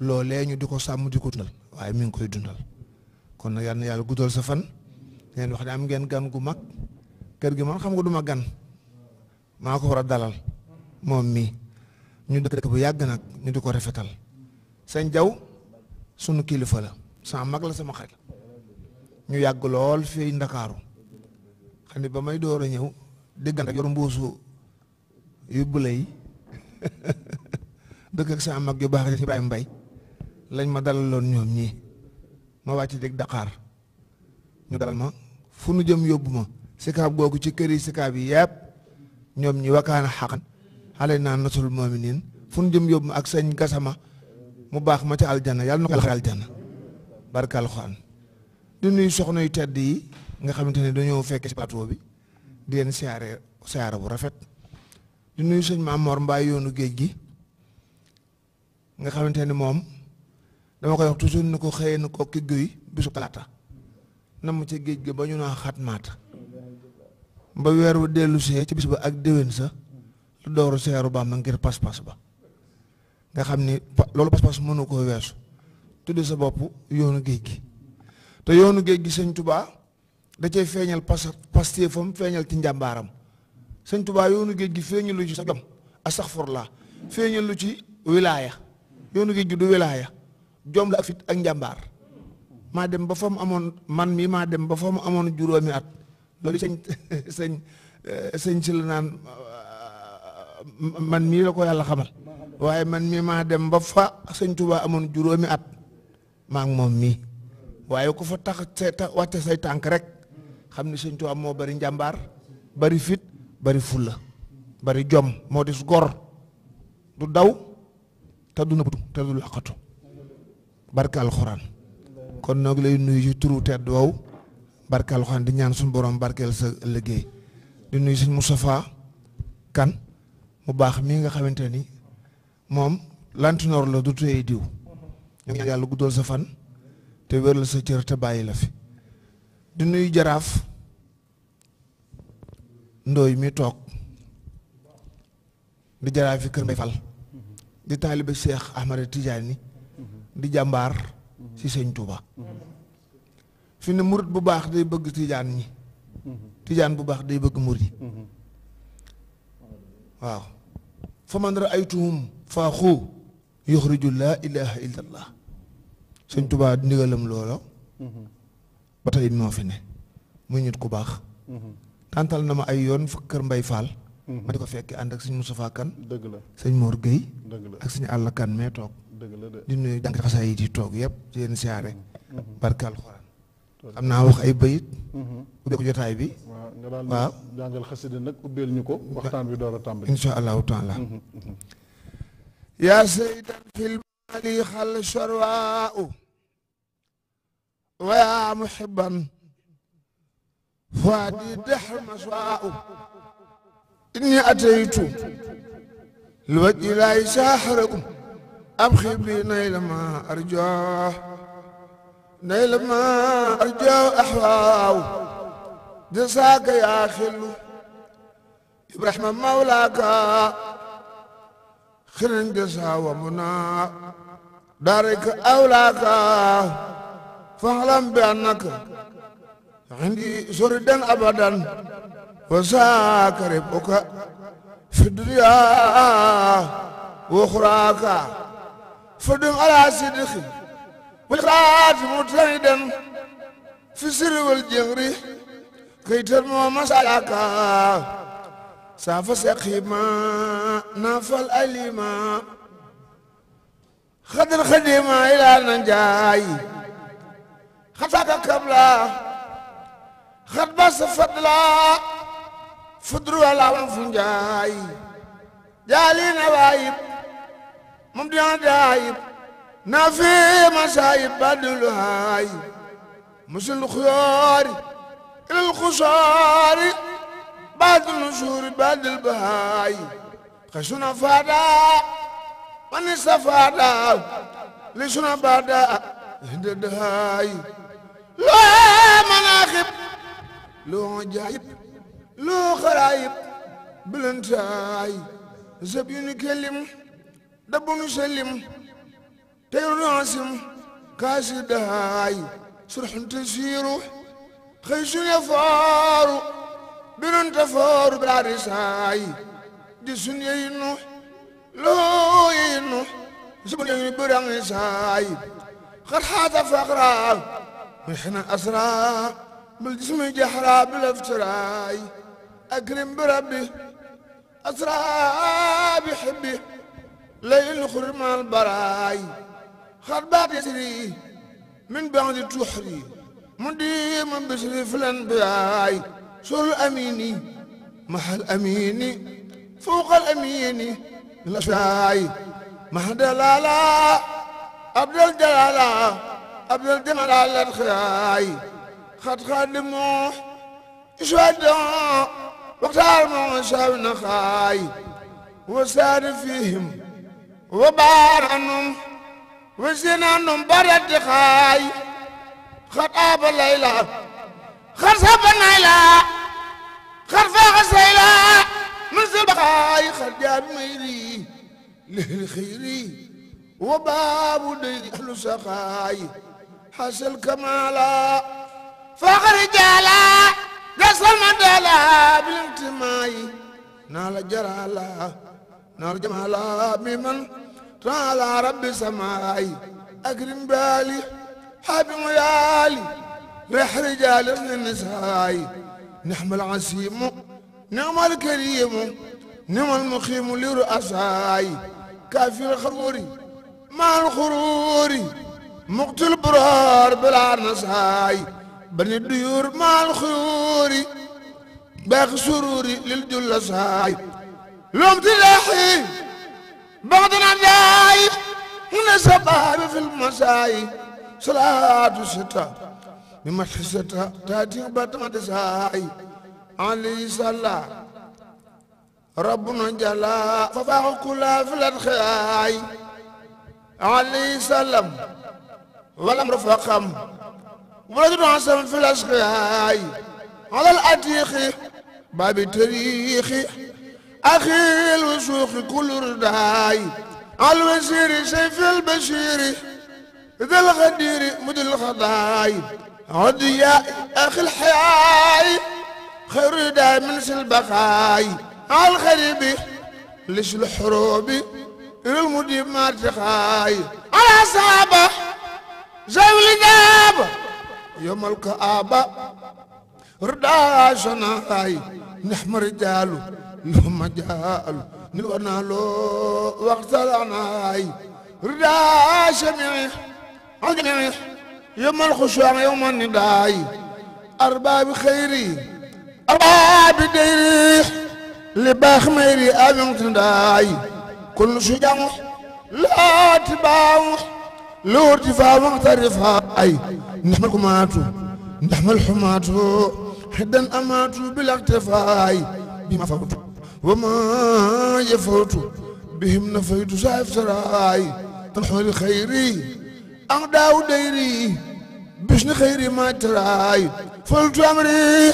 loolee ñu di ko sàmm di ko dundal waaye mi ngi koy dundal kon yàlla guddal sa fan. ngeen wax ne am ngeen gan gu mag kër gi man xam nga du ma gan maa ko war a dalal moom mii ñu dëkk dëkk bu yàgg nag ñu di ko rafetal sëñ Jaw sunu kilifa la sama mag la sama xarit ñu yàgg lool fii Ndakaaru xam ne ba may door a ñëw déggan ak yor mbuusu yu bula yi sa ak mag yu baax ci Ibrahima Mbay lañ ma dalal dalaloon ñoom ñii ma wàcc dég daqaar ñu dalal ma fu nu jëm yóbbu ma sikaab googu ci kër yi sikaab yi yëpp ñoom ñi wakaana xaqan xale naa nasul moominiin fu nu jëm yóbbu ma ak sëñ gasama mu baax ma ci aljana yàlla na ko aljana barka alxuraan di nuyu soxna yu tedd yi nga xamante ne dañoo fekke ci plateau bi di leen siyaare siyaare bu rafet di nuyu sëñ Maamoor Mbaay yoonu géej gi nga xamante ne moom dama koy wax toujours ni ko xëyee na ko ki guy bisu talaata namm ca géej gi ba ñu naa xatmaat ba weer wu dellu see ci bis ba ak déwén sa lu dooru seeru Bàmba ngir pas-pas ba nga xam ni loolu pas-pas mënu koo weesu tudde sa bopp yoonu géej gi te yoonu géej gi sëñ tubaa da cay feeñal pas pastéefam feeñal ci njàmbaaram sëñ tubaa yoonu géej gi feeñal lu ci sa jom astaxfurlaa feeñal lu ci wilaaya yoonu géej gi du wilaaya jom la ak fit ak njàmbaar maa dem ba fa mu amoon man mii maa dem ba fa mu amoon juróomi at loolu sëñ sëñ eh, sëñ si la naan eh, eh, man mii la ko yàlla xamal man mii maa dem ba fa sëñ amoon juróomi at maa moom mii waaye ku fa tax say say tànk rek xam ne sëñ Tuubaa moo bari njàmbaar bari fit bari fulla bari jom moo dis gor du daw te du nëbbu te du laqatu barke alxuraan kon nag lay nuyu ci turu tedd wow barkeel xan di ñaan suñu borom barkeel sa liggéey di nuyu suñ Moustapha kan mu baax mii nga xamante ni moom lantinoor la du tëye diw ñu yàlla guddal sa fan te wéral sa cër te bàyyi la fi di nuyu jaraaf ndooy mi toog di jaraaf yi kër Mbay Fall di taalibe Cheikh Ahmada Tidiane di jàmbaar ci sëñ Touba. fi ne murit bu baax day bëgg tijaan ñi. tijaan bu baax day bëgg murit yi. waaw. ay man raaytuhum faaxu yuxriju laa ilaha illa allah sëñ Touba ndigalam loola. ba tey moo fi ne muy nit ku baax. tàntal na ma ay yoon fa kër Mbay Fall. ma di ko fekk ànd ak sëñ Moustapha Kane. dëgg la sëñ ak sëñ Alla Kane mee toog. dëgg la de di nuyu jàng xasaay yi di toog yëpp di leen siyaare. Mm-hmm. Mm-hmm. barke alxuraan. am naa wax ay bayit mm-hmm. ubbeeku ko waxtaan bi door a tàmbali. incha allahu taala. yaa sayyidan fil maali xal sharwaa'u wa yaa muhibban fuadi dex maswaa'u inni ataytu lu wajji laay saaxara'u أبخي بي نيل ما أرجاه نيل ما أرجاه أحواو دساك يا خلو إبراهيم مولاك خلن دسا ومنا دارك أولاك فاعلم بأنك عندي سردا أبدا وساك ربك في الدنيا وأخراك فدم على صدق والقراءات متلهدا في السر والجهر كي تنمو مسالكا ساف سقيما ناف الأليما خد الخديمة إلى نجاي خطاك قبلا خد بس فضلا فدروا العون فنجاي جالين وايب مبدع دايب نافي مصايب بدل هايب مثل الخيار إلى الخصار بعد النشور بعد البهاي خشنا فادا ونستفادا لسنا بادا هند هاي لو مناخب لو جايب لو خرايب بلنتاي زبيون كلمه دب نسلم تير ناسم كاسد هاي سرح تسير خيش يفار بن تفار بالعرس هاي جسن ينوح لو ينوح زبن يبرن ساي خرحات فقرا محنا أسرى بالجسم جحرا بالافتراي أكرم بربي أسرى بحبي لئن خرم البراي خد بعد يسري من بعد تحري مديم بشري فلان بياي سول أميني محل أميني فوق الأميني الأشعاي مهد لالا عبد الجلالا عبد الجمال على الخياي خد خادمه إشهد وقت المعشى بن خاي وسار فيهم وبارنم وزنانم برد خاي خطاب ليلى خرصب نيلى خرفاغ سيلى من سبخاي خرجاب ميري للخيري وباب ديري أهل سخاي حسن كمالا فخر جالا جسل مدالا بالانتماي نال جرالا نار جمالا بمن تعالى رب سماي أكرم بالي حبيب يالي رح رجال من النساء نعم العسيم نعم الكريم نعم المقيم لرؤساي كافي الخروري مع الخروري مقتل برار بلا نساي بني الديور مع الخيوري باقي سروري للجلساي لوم تلاحي بعضنا جاي هنا سباب في المساي صلاة ستة بمسح ستة تاتي بطمة ساي علي صلى ربنا جلا ففاق كلا في الخياي علي سلم ولم رفقم ولد عسم في الأسخياي على الأتيخ باب تريخي أخي الوسوق كل رداي على الوزير سيف البشير ذا الغدير مد الخضاي عد يا أخي الحياي خير داي من سلبخاي على الخريب ليش الحروب المديب ما تخاي على صعبة زي الجاب يوم الكآبة رداشنا نحمر رجاله nu ma jaalu ni war naa loo wax salaanaay ridaa shamii ajmii yomal xushuwaan yomal nidaay arbaabi xayri arbaabi dayri li baax mayri amee tindaay kun su jàngu laa tibaawu loo tifaawu tarifaay ndax ma kumaatu ndax ma alxumaatu xeddan amaatu bil aktifaay bi ma fawtu وما يفوت بهم نفيت سايف سراي طلحوا لخيري أغداو ديري بشن خيري ما تراي فلت أمري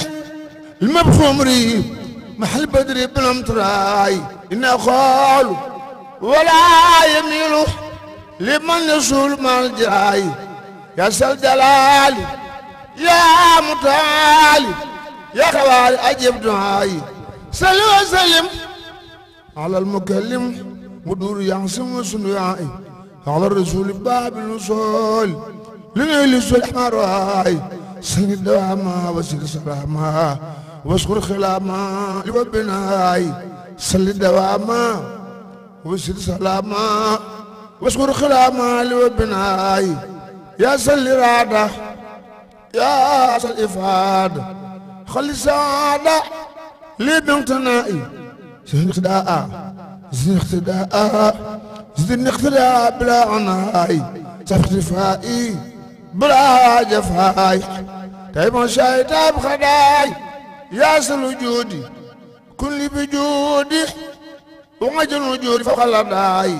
المبخ أمري محل بدري بن تراي إن قالوا ولا يميل لمن يصول مرجعي يا سل جلالي يا متعالي يا خوالي أجب دعائي salli wa sallim alal mukallim mu duur yang simu sunu yaay ala rasuli baabil usul li nuy li sul xaraay sini dawaama wa sini salaama waskur xilaama li wa binaay salli dawaama wa sini salaama waskur xilaama li wa binaay yaa salli raada yaa sal ifaada xali saada لبنتنائي زنقداء زنقداء زنقداء بلا عنائي سفرفائي بلا جفاي تيم شايت بخداي ياسل جودي كل بجودي ومجن جودي فوق الأرضاي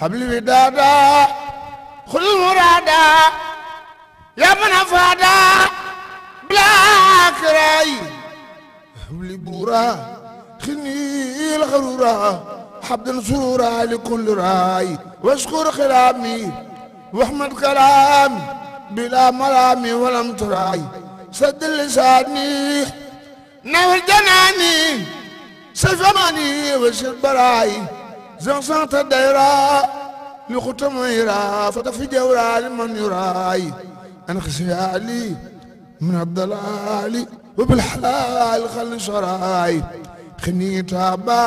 حبلي بدادا خل المرادا يا من أفادا بلا كراي حبل بورا خني الغرورا حبدا سرورا لكل راي واشكر خلامي واحمد كلامي بلا ملامي ولم تراي سد لساني نور جناني سيف اماني وشر براي زنصات الديرة لختم ميرا فتف جورا لمن يراي انخسي علي من الضلال وبالحلال خل شراي خني تابا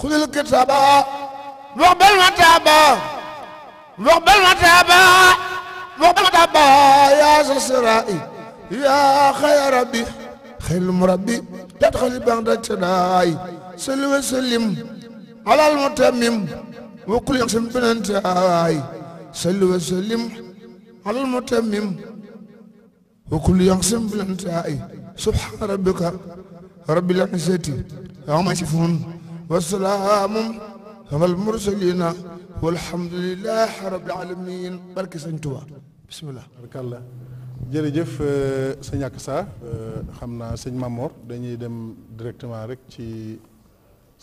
خذ الكتابة وقبل ما تابا وقبل ما تابا وقبل ما تابا يا سسرائي يا خير ربي خير مربي تدخل بعد تناي سلم وسلم على المتمم وكل يوم بننتهاي سلم وسلم على المتمم وكل يوم بننتهاي subhaana rabbika rabbil izzati amma yasifuun wa salaamun alal mursaliina walhamdulillaahi rabbil aalamiin barke sëñ Tuubaa bisimilah. barkallah jërëjëf sëñ ak saa xam naa sëñ Mamor dañuy dem directement rek ci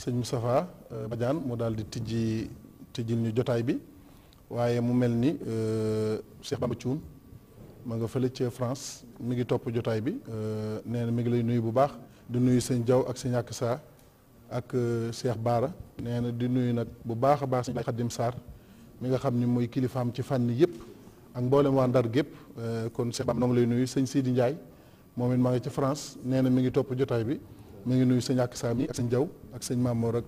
sëñ Moustapha Badiane mu daal di tijji tijjil ñu jotaay bi waaye mu mel ni Cheikh Bamba Thioune ma nga fële ci France mi ngi topp jotaay bi euh, nee na mi ngi lay nuyu bu baax di nuyu sëñ jaw ak sëñ Ak Sarr ak euh, Baara nee na di nuyu nag bu baax a baax sëñ Xadim Sarr mi nga xam ni mooy kilifaam ci fànn yëpp ak mboolem waa Ndar gépp euh, kon Cheikh Baara ngi lay nuyu sëñ Sidi Ndiaye moom it maa ngi ci France nee na mi ngi topp jotaay bi mi ngi nuyu sëñ Ak Sarr mi sëñ Diaw ak sëñ Mamour ak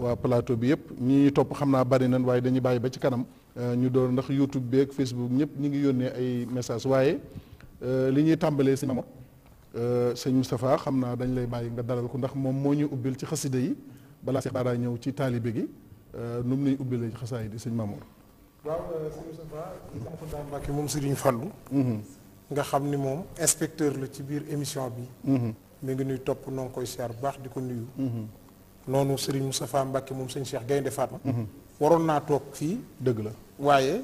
waa plateau bi yëpp ñi topp xam naa bari nañ waaye dañuy bàyyi ba ci kanam. Euh, ñu door ndax YouTube beeg Facebook ñëpp ñu ngi yónnee ay message waaye euh, li ñuy tàmbalee si Mamadou euh, sëñ Moustapha xam naa dañ lay bàyyi nga dalal ko ndax moom moo ñu ubbil ci xasida yi balaa Cheikh Bara ñëw ci taalibe gi nu mu nuy ubbilee ci xasaay di sëñ Mamour waaw moom Sëriñ Fallu mm-hmm. nga xam ni moom inspecteur la ci biir émission bi mm-hmm. mi ngi nuy topp noo koy siyaar bu baax di ko nuyu mm-hmm. noonu Sëriñ Moustapha Mbàkke moom sëñ Cheikh Gaynde Fatma waroon naa toog fii dëgg la waaye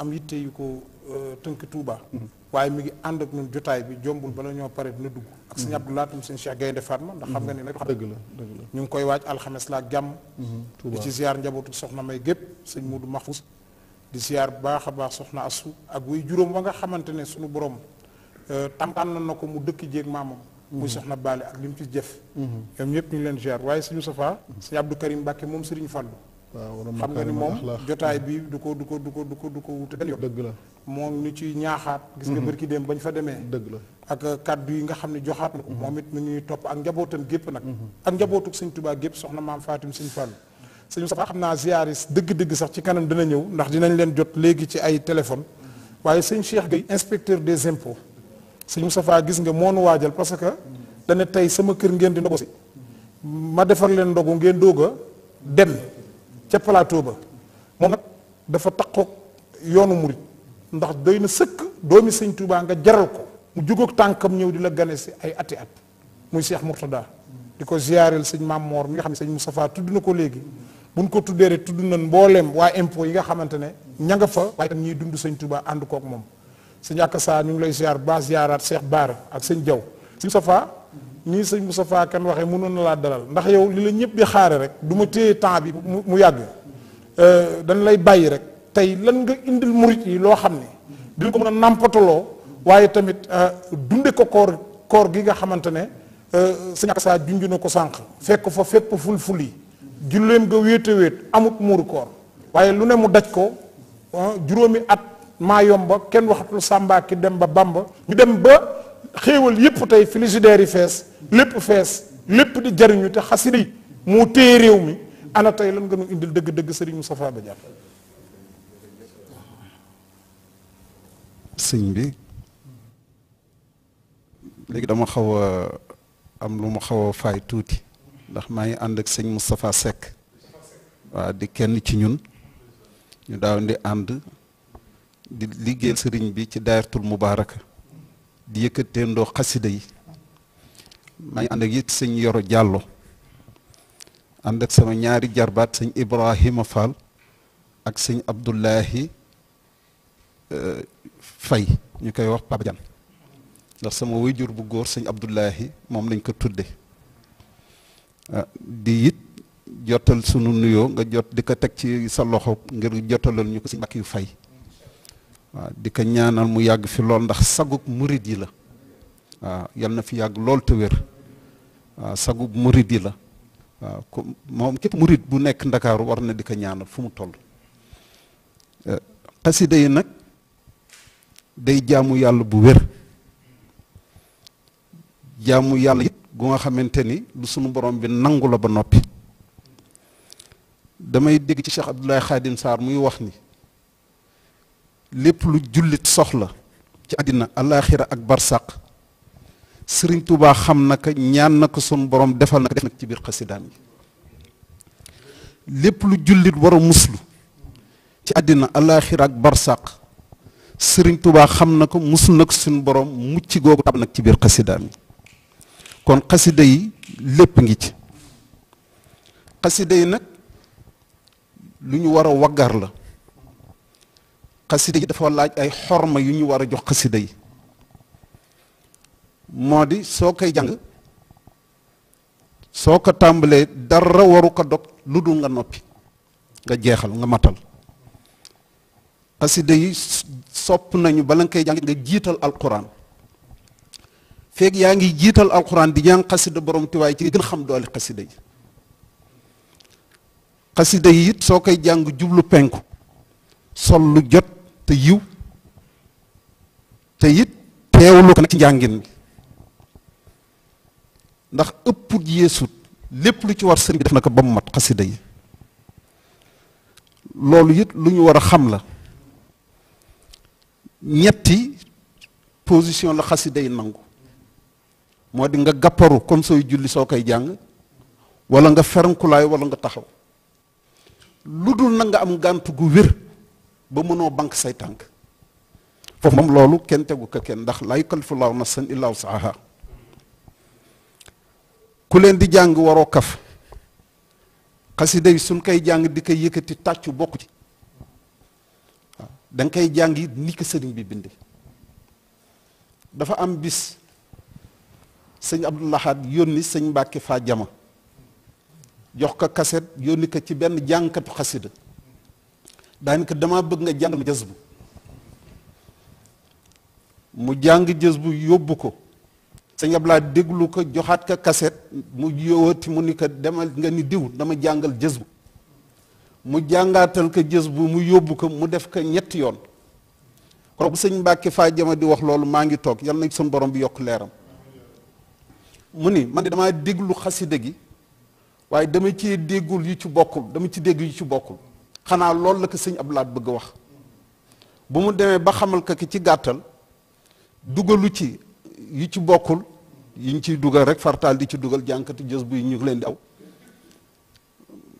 am yitte yu ko euh, tënk Touba. Mhm. waaye mi ngi ànd ak ñun jotaay bi jombul bala ñoo pare dina dugg ak sëñ mhm. Abdou Lahat sëñ Cheikh Gaynde Fatma ndax xam nga mhm. ne nag dëgg la dëgg la ñu ngi koy waaj alxames laa jàmm di njabootu soxna may gépp sëñ Modou Mahfous di ziar bu baax a baax soxna assu ak wuy juróom wa nga xamante ne suñu borom euh, tànn na ko mu dëkk jéeg maamam muy soxna baale ak li mu ci jëf ñoom ñëpp ñu leen ziar waaye suñu safaa sëñ Abdou Karim Mbàkke moom Sëriñ Fallu xam nga ni moom jotaay bi du ko du ko du ko du ko du ko wute benn yoon dëgg la moom ñu ci ñaaxaat gis nga mhm. bërki dem bañ fa demee dëgg la ak kàddu yi nga xam ne joxaat na ko mhm. moom it mu ñuy topp ak njabootam gépp nag mhm. ak njabootuk sëñ Tuubaa gépp soxna maam Fatim sëñ Fall sëñ sax xam naa ziaris dëgg-dëgg sax ci kanam dina ñëw ndax dinañ leen jot léegi ci ay téléphone waaye sëñ Cheikh Gueye inspecteur des impôts sëñ Moustapha gis nga moonu waajal parce que dana tey sama kër ngeen di ndogu si ma defar leen ndogu ngeen doog a dem ca plateau ba moom nag dafa takkook yoonu murit ndax doy na sëkk doomi sëñ Tuubaa nga jaral ko mu jugook tànkam ñëw di la gane si ay ati at muy Cheikh Mourtada di ko ziyaareel sëñ Maam Moor mi nga xam ne sëñ Moustapha tudd na ko léegi buñ ko tuddee rek tudd na mbooleem waa impôt yi nga xamante ne ña fa waaye tam ñuy dund sëñ Tuubaa ànd kook moom sëñ Akassa ñu ngi lay ziyaar ba ziyaaraat Cheikh Baara ak sëñ Jaw sëñ Moustapha nii sëñ Moustapha kenn waxee mënoon na laa dalal ndax yow li la ñëpp di xaare rek du ma téye temps bi mu yàgg euh, dañ lay bàyyi rek tey lan nga indil murit yi loo xam ne dina ko mën a nàmpataloo waaye tamit euh, dunde ko koor koor gi nga xamante ne euh, sëñ Akassa junj na ko sànq fekk fa fépp ful ful yi julleem nga wéete wéet amut muuru waaye lu ne mu daj ko ah, juróomi at maa yomb kenn waxatul sàmbaaki dem ba bamba ñu dem ba xéewal yépp tey frigidaire yi fees lépp fees lépp di jariñu te xasida yi moo téye réew mi ana tey lan nga nu indil dëgg-dëgg sëriñ Moustapha Badiane sëñ bi léegi dama xaw a am lu mu xaw a faay tuuti ndax maa ngi ànd ak sëñ Moustapha Seck waa di kenn ci ñun ñu daaw di ànd di liggéeyal sëriñ bi ci daayratul mubaaraka di yëkkateendoo xasida yi maa ngi ànd ak it sëñ Yoro jàlloo ànd sama ñaari jarbaat sëñ Ibrahima Fall ak sëñ Abdullahi euh, Fay ñu koy wax Papa Diagne ndax sama waajur bu góor sëñ Abdullahi moom lañ ko tudde euh, di it jotal sunu nuyoo nga jot di ko teg ci sa loxo ngir jotalal ñu ko sëñ Mbàkke yu Fay waaw di ko ñaanal mu yàgg fi lool ndax sagub murit yi la waaw yal na fi yàgg lool te wér waaw sagub murit yi la waaw comme moom képp murit bu nekk ndakaaru war na di ko ñaanal fu mu toll eh, xasida yi nag day jaamu yàlla bu wér jaamu yàlla it gu nga xamante ni lu sunu borom bi nangu la ba noppi damay dégg ci Cheikh Abdoulaye Khadim Sarr muy wax ni lépp lu jullit soxla ci àddina alaaxira ak barsàq sëriñ Tuubaa xam na ko ñaan na ko sunu borom defal na ko def nag ci biir xasidaam yi lépp lu jullit war a muslu ci àddina alaaxira ak barsàq sëriñ Tuubaa xam na ko muslu na ko sunu borom mucc googu tab nag ci biir xasidaam yi kon xasida yi lépp ngi ci xasida yi nag lu ñu wara a waggar la xasida yi dafa laaj ay xorma yu ñu war a jox xasida yi moo di soo koy jàng soo ko tàmbalee dara waru ko dog lu dul nga noppi nga jeexal nga matal xasida yi sopp nañu bala koy jàng nga jiital alquran feeg yaa ngi jiital alquran di jàng xasida borom tiwaay ci gën xam doole xasida yi xasida soo koy jàng jublu penku sol lu jot te yiw te it teewlu ko nag ci njàngin bi ndax ëpp yeesut lépp lu ci war sëriñ bi def na ko ba mu mat xasida yi loolu it lu ñu war a xam la ñetti position la xasida yi nangu moo di nga gàpparu comme sooy julli soo koy jàng walla nga ferankulaay wala nga taxaw lu dul na nga am gànt gu wér ba mënoo banque say tànk foofu moom loolu kenn tegu ko kenn ndax laa yukallifullaahu nafsan illaa wus'ahaa ku leen di jàng waroo kaf xasida yi suñ koy jàng di koy yëkkati tàccu bokku ci waaw da nga koy jàng it ni ko sëriñ bi binde dafa am bis sëñ Abdou Lahad yónni sëñ Mbàkke faa jama jox ko kaset yónni ko ci benn jàngkatu xasida daanaka dama bëgg nga jàngal jës bu mu jàng jës bu yóbbu ko sëñ laa déglu ko joxaat ko kaset mu yówati mu ni ko demal nga ni diw dama jàngal jës bu mu jàngaatal ko jës bu mu yóbbu ko mu def ko ñetti yoon kon bu sëñ Mbàkke faa jama di wax loolu maa ngi toog yal na suñu borom bi yokk leeram mu ni man damaa déglu xasida gi waaye dama ci déggul yi ci bokkul dama ci dégg yu ci bokkul xanaa loolu la ko sëñ Abdou Lahad bëgg a wax bu mu demee ba xamal ko ki ci gàttal dugalu ci yu ci bokkul yi ñu ciy dugal rek fartaal di ci dugal jànkati jës bu ñu leen di aw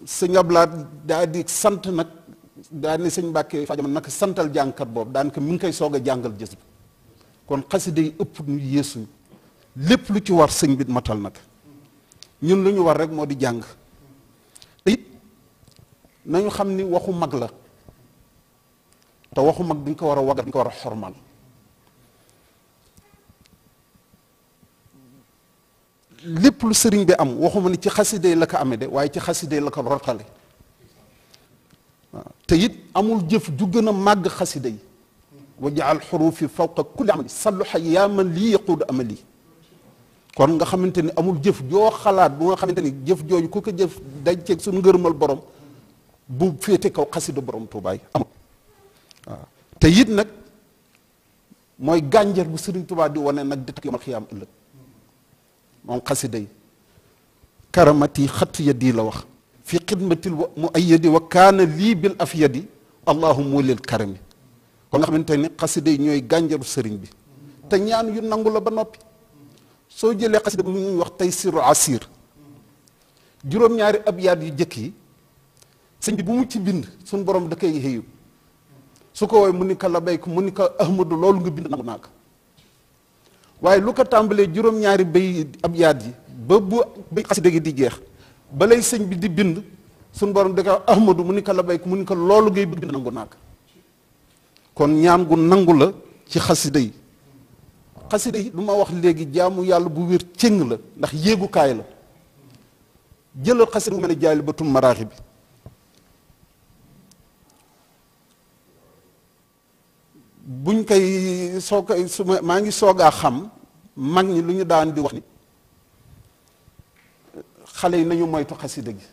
sëñ Abdou Lahad daa di sant nag daa ne sëñ Mbàkke Fajama nag santal jànkat boobu daan ko mi ngi koy soog a jàngal jës bi kon xasida yi ëpp nu yeesuñu lépp lu ci war sëñ bi matal nag ñun lu ñu war rek moo di jàng nañu xam ni waxu mag la te waxu mag dañ ko war a wagg dañ ko war a xormal lépp lu sëriñ bi am waxuma ni ci xasida yi la ko ame de waaye ci xasida yi la ko rotale te it amul jëf ju gën a màgg xasida yi wajaal xurufi fawqa kulli amali salluxa yaa man lii yaquud amali kon nga xamante ni amul jëf joo xalaat bu nga xamante ni jëf jooju ko ko jëf dañ ceeg suñu ngërëmal borom bu féete kaw xasida borom tuubaay amul te it nag mooy gànjar bu sëriñ Tuubaa di wane nag di takk yomal xiyaam ëllëg moom xasida yi karamati xat yadi la wax fi xidmatil mu ayyadi wa kaana lii bil afyadi allahu mulil karami kon nga xamante ni xasida yi ñooy gànjaru sëriñ bi te ñaan yu nangu la ba noppi soo jëlee xasida bu ñuy wax tey siru asir juróom-ñaari abyaat yu jëkk yi sëñ bi bu mu bind suñ borom da koy xëyu su ko woy mu ni ko la béyk mu ni ko ahmadu loolu nga bind nangu naa ko waaye lu ko tàmbalee juróom-ñaari bay ab yaat yi ba bu bay xasida gi di jeex balay sëñ bi di bind suñ borom da koy ahmadu mu ni ko la béyk mu ni ko loolu ngay bind nangu naa ko kon ñaan gu nangu la ci xasida yi xasida yi lu wax léegi jaamu yàlla bu wér cëng la ndax yéegukaay la jëlal xasida bu mel ne jaali batul maraaxi bi buñ koy soo koy su maa ngi soogaa xam mag ñi lu ñu daan di wax ni xale yi nañu moytu xasida gi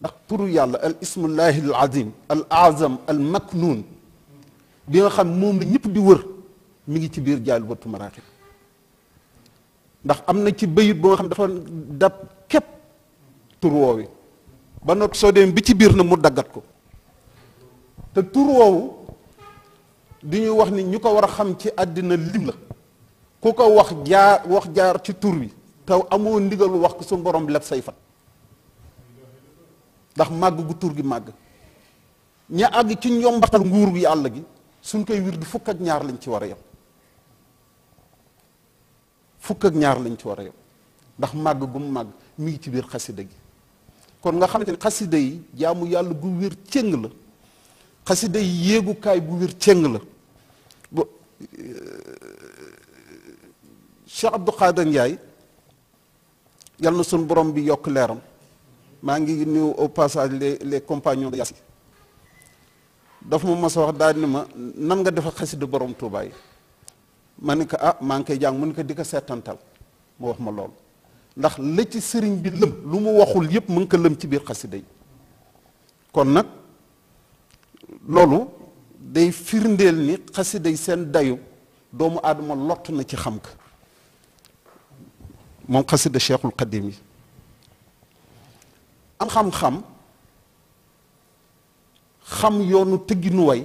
ndax turu yàlla al ismullahi al azim al bi nga xam moom la ñëpp di wër mu ngi ci biir jaal wattu maraaxib ndax am na ci bayit bu nga xam dafa dab képp tur woowi ba nag soo dem bi ci biir na mu daggat ko te tur woowu di ñu wax ni ñu ko war a xam ci àddina lim la ku ko wax jaar wax jaar ci tur wi te amoo ndigal wax ko suñu borom leb say fan ndax màgg gu tur gi màgg ña àgg ci njombatal nguur gi yàlla gi suñ koy wir di fukk ak ñaar lañ ci war a yem fukk ñaar lañ ci war a yem ndax màgg gu màgg mi ngi ci biir xasida gi kon nga xamante ne xasida yi jaamu yàlla gu wér cëng la xasida yéegukaay bu wér ceng la bu eh, Cheikh Abdou Khader Ndiaye yal na suñ borom bi yokk leeram maa ngi nuyu au passage les les compagnons de Yasi daf ma mos a wax daal ma nan nga defa xasida borom Touba yi ne ko ah maa ngi koy jàng mu ne ko di ko seetantal mu wax ma lool ndax la ci sëriñ bi lëm lu mu waxul yëpp mu ngi ko lëm ci biir xasida yi kon nag loolu day firndeel ni xasida yi seen dayu doomu aadama lott na ci xam ka moom xasida cheikhul qadim yi am xam-xam xam yoonu tëgginu way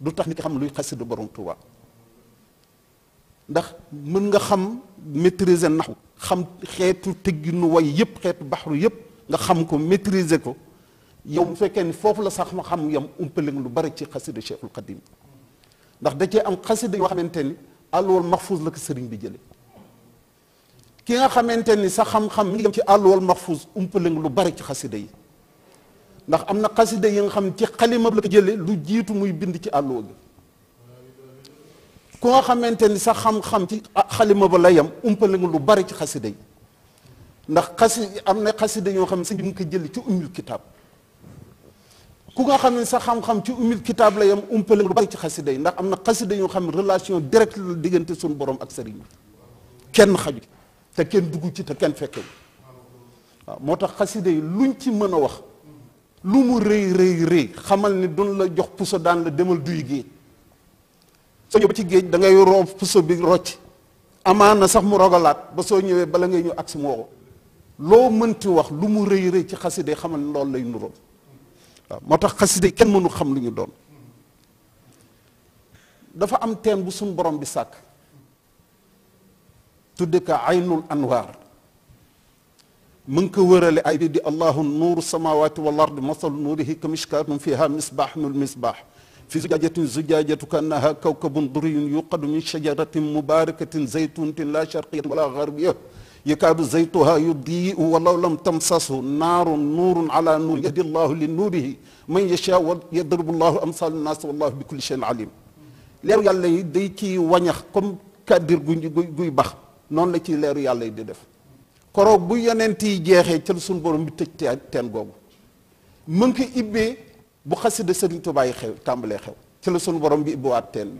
du tax nit ki xam luy xasida borom Tuuba ndax mën nga xam maîtriser naxu xam xeetu nu way yépp xeetu baxru yépp nga xam ko maîtriser ko yow bu fekkee ni foofu la sax ma xam yam umpale lu bari ci xasida Cheikhul Xadim ndax da cee am xasida yoo xamante ni àlluwal maxfuus la ko sëriñ bi jële ki nga xamante ni sa xam-xam ngi yem ci àlluwal maxfuus umpale lu bari ci xasida yi ndax am na xasida yi nga xam ci xalima la ko jële lu jiitu muy bind ci àlluwa xamante ni sa xam-xam ci xalima ba la yem umpale lu bari ci xasida yi ndax xasi am na xasida yoo xam ne sëñ bi mu ko jële ci ummul kitaab ku nga xam ne sa xam-xam ci umil kitaab la yam umpale lu bari ci xasida yi ndax am na xasida yoo xam ne relation directe la diggante suñu borom ak sëriñ bi kenn xaju te kenn dugg ci te kenn waaw moo tax xasida yi luñ ci mën a wax lu mu rëy rëy rëy xamal ni duñ la jox puso daan demal duy géej soo ci géej da ngay roob puso bi rocc amaana sax mu ba soo ñëwee bala ngay ñëw ak si mu loo mënti wax lu mu rëy rëy ci xasida yi xamal ni loolu lay nuróom waaw moo tax xasida kenn mënu xam lu ñu doon dafa am teen bu suñ borom bi sàkk tudde ka aynul anwaar mu ngi ko wërale ay bi di allahu nuuru samawati wal ardi masalu nuurihi ka mishkaatin fiha misbaahnul misbaah fi zujaajatin zujaajatu ka annaha kawkabun duriyun yuqadu min shajaratin mubarakatin zaytunatin la sharqiyatin wala garbiya yakaadu zaytuha yudii'u walaw lam tamsashu naarun nuurun ala nuur yahdi llahu li nuurihi man yashaa wa yadribu llahu amsaalu naas wallahu bi kulli shay'in alim leeru yàlla yi day ciy wañax comme kàddir gu guy bax noonu la ciy leeru yàlla yi di def koroog bu yonent yi jeexee ca suñu borom bi tëj teen googu mu ngi ko ibbee bu xasida Sëriñ Tuubaa yi xew tàmbalee xew ca la suñu borom bi ibbiwaat teen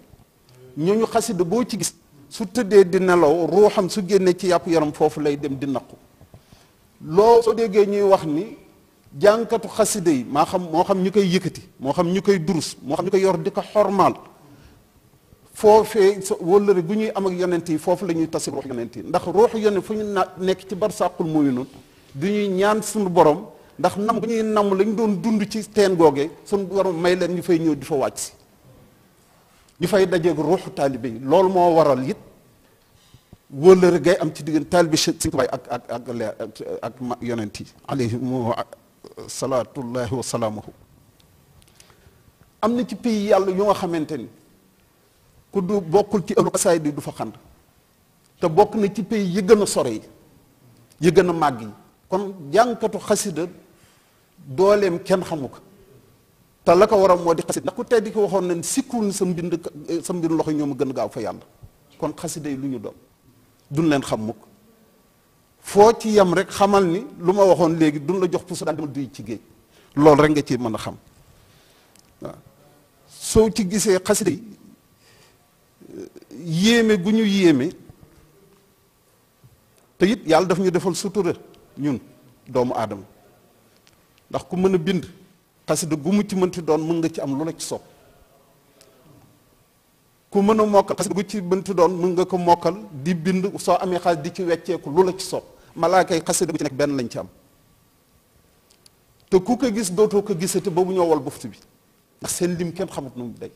bi ñooñu xasida boo ci gis su tëddee di nelaw ruuxam su génnee ci yàpp yaram foofu lay dem di naqu loo soo déggee ñuy wax ni jànkatu xasida yi maa xam moo xam ñi koy yëkkati moo xam ñu koy durus moo xam ñu koy yor di ko xormaal foofee wóllëre bu ñuy am ak yonent yi foofu la ñuy tasi ruux yonent yi ndax ruuxu yonent fu ñu na nekk ci barsàqul mooyu noonu du ñuy ñaan suñu borom ndax nam gu ñuy nam lañ doon dund ci teen googee suñu borom may leen ñu fay ñëw di fa wàcc si ñu fay dajeeg ruuxu taalibe yi loolu moo waral it wóllëre gay am ci diggante taalibe Sëñ Tuubaa ak ak ak ak yonent yi alayhim salaatullahi wa salaamuhu am na ci pays yàlla yu nga xamante ni ku du bokkul ci ëllu xasaay di du fa xand te bokk na ci pays yi gën a sore yi yi gën a màgg yi kon jànkatu xasida dooleem kenn xamu ko te la ko waram moo di xasida ndax ku tey di ko waxoon nañ sikkuun sa mbind sa mbind loxo ñoom a gën gaaw fa yàlla kon xasida yi lu ñu doom duñ leen xam mukk foo ci yem rek xamal ni lu ma waxoon léegi du la jox pour sa daan demal duy ci géej loolu rek nga ci mën a xam waaw soo ci gisee xasida yi yéeme gu ñu yéeme te it yàlla daf ñu defal sutura ñun doomu aadama ndax ku mën a bind xasida gu mu ci mënti doon mën nga ci am lu la ci mën a mokkal xasida gu ci mënti doon mën nga ko mokkal di bind soo amee xaalis di ci wecceeku lu la ci soo malaaka yi xasida gu ci nekk benn lañ ci am te ku ko gis dootoo ko gisati ba bu ñoo wal buftu bi ndax seen lim kenn xamut nu mu day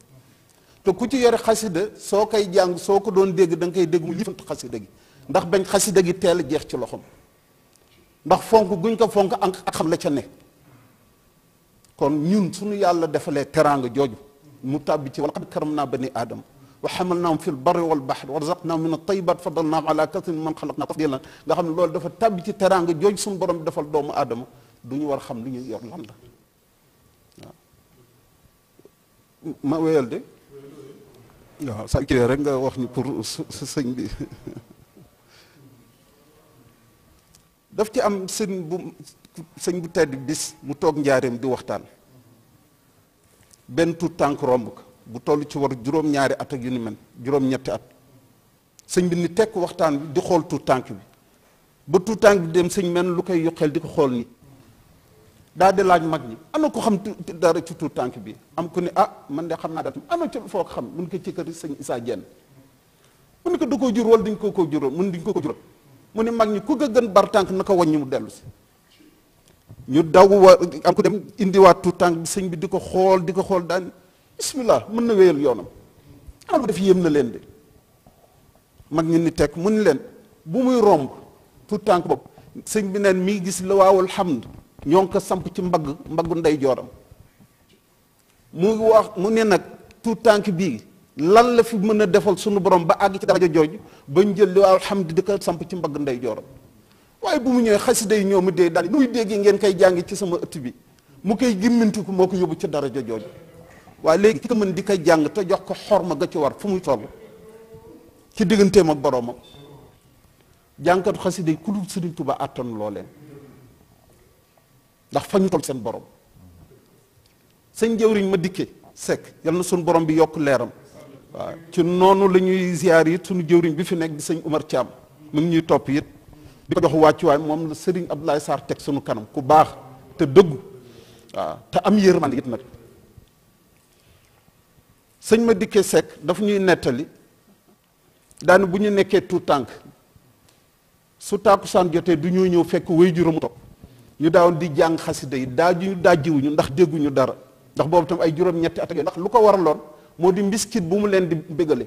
te ku ci yore xasida soo koy jàng soo ko doon dégg da nga koy dégg mu jëfant xasida gi ndax bañ xasida gi teel a jeex ci loxom ndax fonk guñ ko fonk ak xam la ca nekk kon ñun suñu yàlla defalee teraanga jooju mu tàbbi ci walaqad karam naa bani aadama wa xamal naam fi l barri wal baxri wa razaq naam min atayibat fadal naam ala kathirin man xalaq naa tafdilan nga xam ne loolu dafa tàbbi ci teraanga jooju suñu borom bi defal doomu aadama du ñu war xam lu ñu yor lan la ma wéyal de sa kiwee rek nga wax ñu pour su sëñ bi daf ci am sëñ bu sëñ bu tedd bis mu toog njaareem di waxtaan benn tuut tànk romb ko bu toll ci war juróom-ñaari at ak yu ni mel juróom-ñetti at sëñ bi ni tekk waxtaan bi di xool tuut tànk bi ba tuut tànk bi dem sëñ mel lu koy yokkeel di ko xool ni daa di laaj mag ñi ana ko xam dara ci tuut tànk bi am ku ne ah man de xam naa daal ana foo xam xam mun ko ci kër sëñ Issa Diène mu ne ko da koo jur wala dañ ko koo juróon mun mu ne mag ñi ku ko gën bar tànk na ko wàññi mu dellu si ñu daw wa am ko dem indiwaat tout tànk bi sëñ bi di ko xool di ko xool daan bismillah mën na wéyal yoonam am bu def yéem na leen de mag ñu ni teg mu ni leen bu muy romb tout tànk boobu sëñ bi neen mi gis la waawul hamd ñoo ngi ko samp ci mbagg mbaggu ndey jooram mu wax mu ne nag tout tànk bii lan la fi mën a defal sunu borom ba àgg ci daraja jooju ba ñu jël li waawul hamd di ko samp ci mbagg ndey jooram waaye bu mu ñëwee xasida yi ma dee dal nuy dégg ngeen koy jàng ci sama ëtt bi mu koy gimmintiku moo ko yóbbu ci daraja jooju waa léegi ki ko mën di koy jàng te jox ko xorma ga ci war fu muy toll ci digganteem ak boroomam jàngkatu xasida yi ku dul Sëriñ Tuubaa àttan looleen ndax fa ñu toll seen borom sëñ jëwriñ ma dikke sekk yal na suñu borom bi yokk leeram waaw ci noonu lañuy ñuy ziyaar it suñu jëwriñ bi fi nekk di sëñ Umar Thiam mu ngi ñuy topp it di ko jox wàccuwaay moom la Serigne Abdoulaye saar teg sunu kanam ku baax te dëggu waaw te am yërmande it nag sëñ ma dikkee Seck daf ñuy nettali daani bu ñu nekkee tout tànk su tàkkusaan jotee du ñuy ñëw fekk way juróom topp ñu daawoon di jàng xasida yi daaju daajiwuñu ndax dégguñu dara ndax boobu tam ay juróom-ñetti at ak ndax lu ko waraloon moo di mbiskit bu mu leen di bégale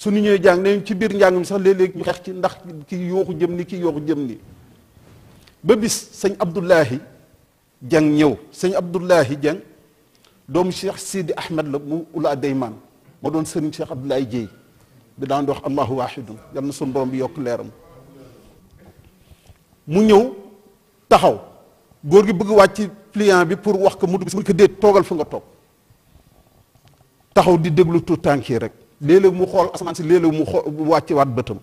su nu ñëwee jàng nañ ci biir njàng mi sax léeg-léeg ñu xeex ci ndax kii yooxu jëm ni kii yooxu jëm ni ba bis sëñ Abdoulahi Dieng ñëw sëñ Abdoulahi Dieng doomu Cheikh Sidi Ahmed la mu Oula Deyman ma doon sëriñ Cheikh Abdoulaye Dieye bi daan di wax allahu wahidun yal na suñ borom bi yokk leeram mu ñëw taxaw góor gi bëgg wàcc pliant bi pour wax ko mu dugg si mu ko déet toogal fa nga toog taxaw di déglu tout tànk yi rek léeg-léeg mu xool asamaan si léeg-léeg mu xool wàcce waat bëtam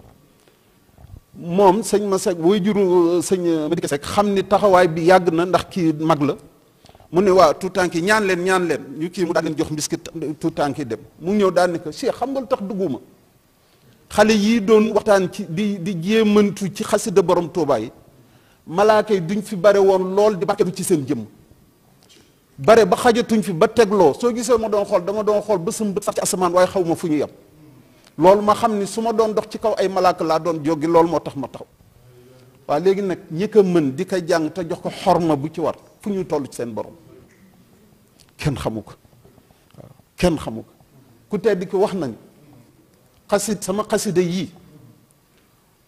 moom sëñ ma sek wooy juru euh, sëñ euh, Madické Seck xam ni taxawaay bi yàgg na ndax kii mag la mu ne waaw tout tànk yi ñaan leen ñaan leen ñu kii mu daal leen jox mbiskit tout tànk yi dem mu ñëw daal ni ko xam nga lu tax dugguma xale yii doon waxtaan ci di di jéemantu ci xasida borom Tuubaa yi malaaka yi duñ fi bare woon lool di barkeelu ci seen jëmm bare ba xajatuñ fi ba tegloo soo gisee ma doon xool dama doon xool ba sum bët sax ci asamaan waaye xaw ma fu ñu yem loolu ma xam ni su ma doon dox ci kaw ay malaaka laa doon jógi loolu moo tax ma taxaw waa léegi nag ñi ko mën di ko jàng te jox ko ma bu ci war fu ñu toll ci seen borom kenn xamu ko kenn xamu ko ku tedd ki wax na ni sama xasida yii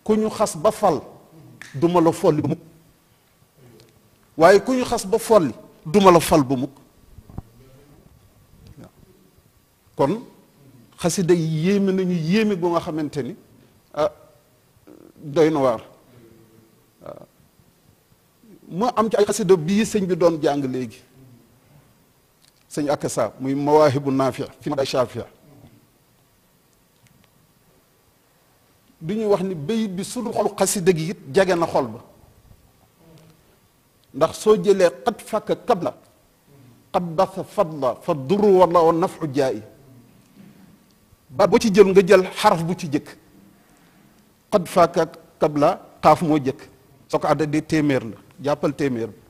ku ñu xas ba fal duma la folli mukk waaye ku ñu xas ba folli duma la fal bu mukk kon xasida yéeme nañu yéeme bu nga xamante ni ah doy na waar ah. moo am ci ay xasida bii sëñ bi doon jàng léegi sëñ akasa muy mawaahibu naafia fi mada shafia du ñuy wax ni bayit bi sunu xol xasida gi it jage na xol ba ndax soo jëlee xat fàkk kabla xat basa fadla fa duru wala wa nafu jaayi ba bu ci jël nga jël xaraf bu ci jëkk xat fàkk kabla xaaf moo jëkk soo ko àddee téeméer la jàppal téeméer bi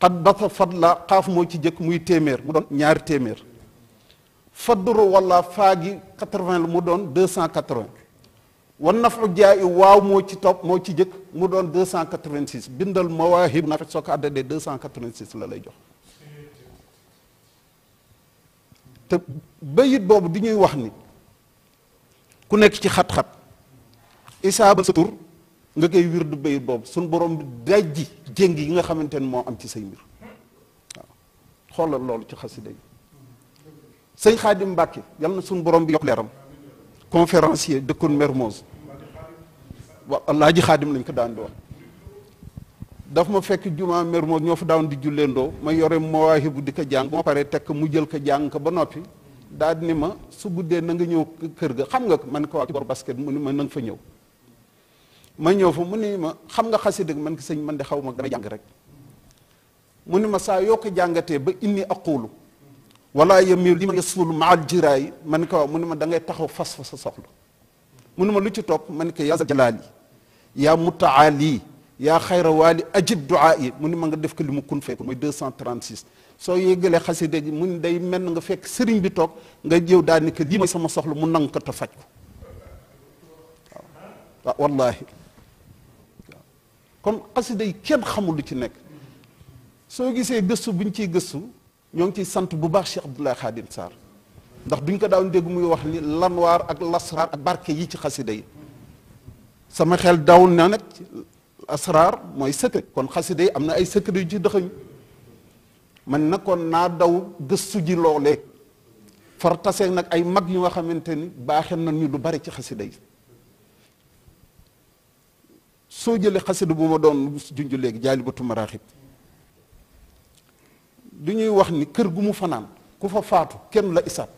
xat basa fadla xaaf moo ci jëkk muy téeméer mu doon ñaari téeméer fa duru wala faa gi quatre la mu doon deux wan nafu jaay waaw moo ci topp moo ci jëkk mu doon 286 bindal mawaahib nafi soo ko àddadee 286 la lay jox te bayit boobu di ñuy wax ni ku nekk ci xat-xat isaaba sa tur nga koy wir du bayit boobu suñ borom bi ji jéng yi nga xamante ne moo am ci say mbir waaw xoolal loolu ci xasida yi sëñ Xaadim Mbàkke yal na suñ borom bi yokk leeram conférencier dëkkoon Mermoz wa alaaji xaadim lañ ko daan di wax daf ma fekk juma mer moo ñoo fa daan di julleendoo ma yore mawaahibu di ko jàng moo pare tekk mu jël ko jàng ba noppi daal ni ma su guddee na nga ñëw kër ga xam nga man ko waa bor basket mu ni ma na nga fa ñëw ma ñëw fa mu ni ma xam nga xasida man ko sëñ man de xaw ma dama jàng rek mu ni ma saa yokk jàngatee ba inni aqulu wala yamilu li ma yasul maal jiraayi man ko waaw mu ni ma dangay taxaw fas fa sa soxla mënu ma lu ci topp ma ne ko yaa zal jalaali yaa mutaali yaa xayra waali ajib duaa yi mu ni ma nga def ko li mu kun fekku mooy 236 soo yéggalee xasida gi mu ni day mel nga fekk sëriñ bi toog nga jëw daal ni que lii mooy sama soxla mu nang ko te faj ko waaw wallaahi waaw kon xasida yi kenn xamul lu ci nekk soo gisee gëstu bu ñu ciy gëstu ñoo ngi ciy sant bu baax Cheikh Abdoulaye Khadim Sarr ndax duñ ko daaw dégg muy wax ni lanwaar ak lasraar ak barke yi ci xasida yi sama xel daw na nag asraar mooy secret kon xasida yi am na ay secret yu ci man na naa daw gëstu ji loolee far tase nag ay mag yu xamante ni baaxe na ñu lu bari ci xasida yi soo jëlee xasida bu ma doon junj léegi jaalibatu maraaxib du ñuy wax ni kër gu mu fanaan ku fa faatu kenn la isaab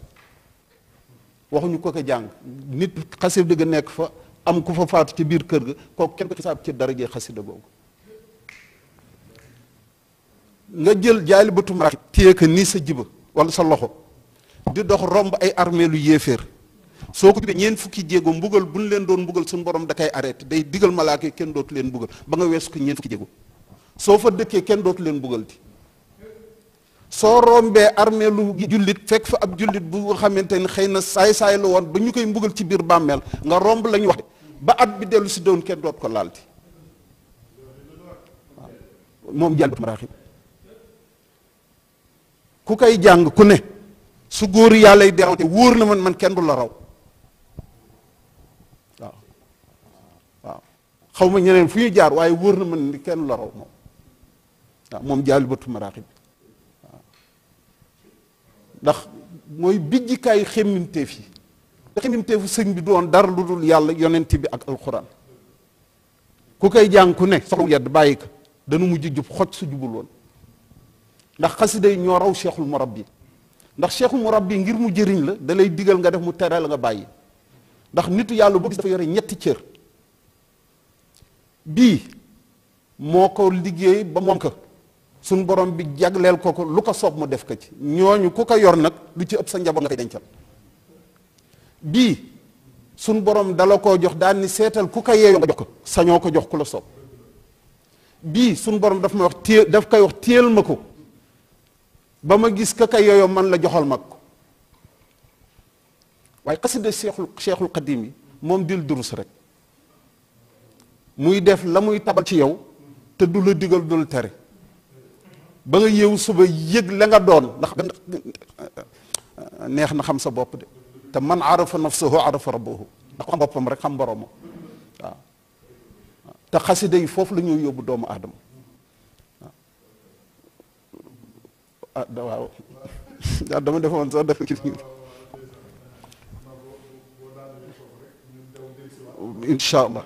waxuñu ko ko jàng nit xasida ga nekk fa am ku fa faatu ci biir kër ga kooku kenn ko xisaab ci dara jee xasida googu nga jël jaali batum rak téye ko nii sa jiba wala sa loxo di dox romb ay armeelu yéeféer soo ko jubee ñeent fukki jéego mbugal bu ñu leen doon mbugal suñu borom da kay arrêté day digal malaaka yi kenn dootu leen mbugal ba nga weesu ko ñeent fukki jéego soo fa dëkkee kenn dootu leen mbugal ti soo rombee armeelu lu jullit fekk fa ab jullit bu nga xamante ni xëy na saay-saay la woon ba ñu koy mbugal ci biir bàmmeel nga romb la ñu wax ba at bi dellu si doon kenn doot ko laalti waaw moom jàll maraaxib ku koy jàng ku ne su góor yàlla yi wóor na man man kenn du la raw ma ñeneen fu ñu jaar waaye wóor na man kenn du la raw moom waaw moom ndax mooy bijjikaayu xemmimteef yi te xemmimteefu sëñ bi doon dara lu dul yàlla yonent bi ak alxuraan ku koy jàng ku ne soxla yedd bàyyi ko danu mujj jub xoj su jubul woon ndax xasida yi ñoo raw cheikhul murabbi ndax cheikhul murabbi ngir mu jëriñ la dalay lay digal nga def mu tere la nga bàyyi ndax nitu yàlla boo gis dafa yore ñetti cër bii moo ko liggéey ba moom ko suñ borom bi jagleel ko ko lu ko soob mu def ko ci ñooñu ku ko yor nag lu ci ëpp sa njaboot nga koy dencal bii suñ borom dala koo jox daan ni seetal ku ko yeeyoo nga jox ko sañoo ko jox ku la soob bii suñ borom daf ma wax téye daf koy wax téyel ma ko ba ma gis ka koy yeeyoo man la joxal mag ko waaye xasida seexul seexul xadim yi moom dil durus rek muy def la muy tabal ci yow te du la digal du tere ba nga yeewu suba yëg la nga doon ndax neex na xam sa bopp de te man arafa nafsahu arafa rabbahu ndax xam boppam rek xam boroomam waaw te xasida foofu la ñuy yóbbu doomu aadama ah waaw dama defoon sax def ki allah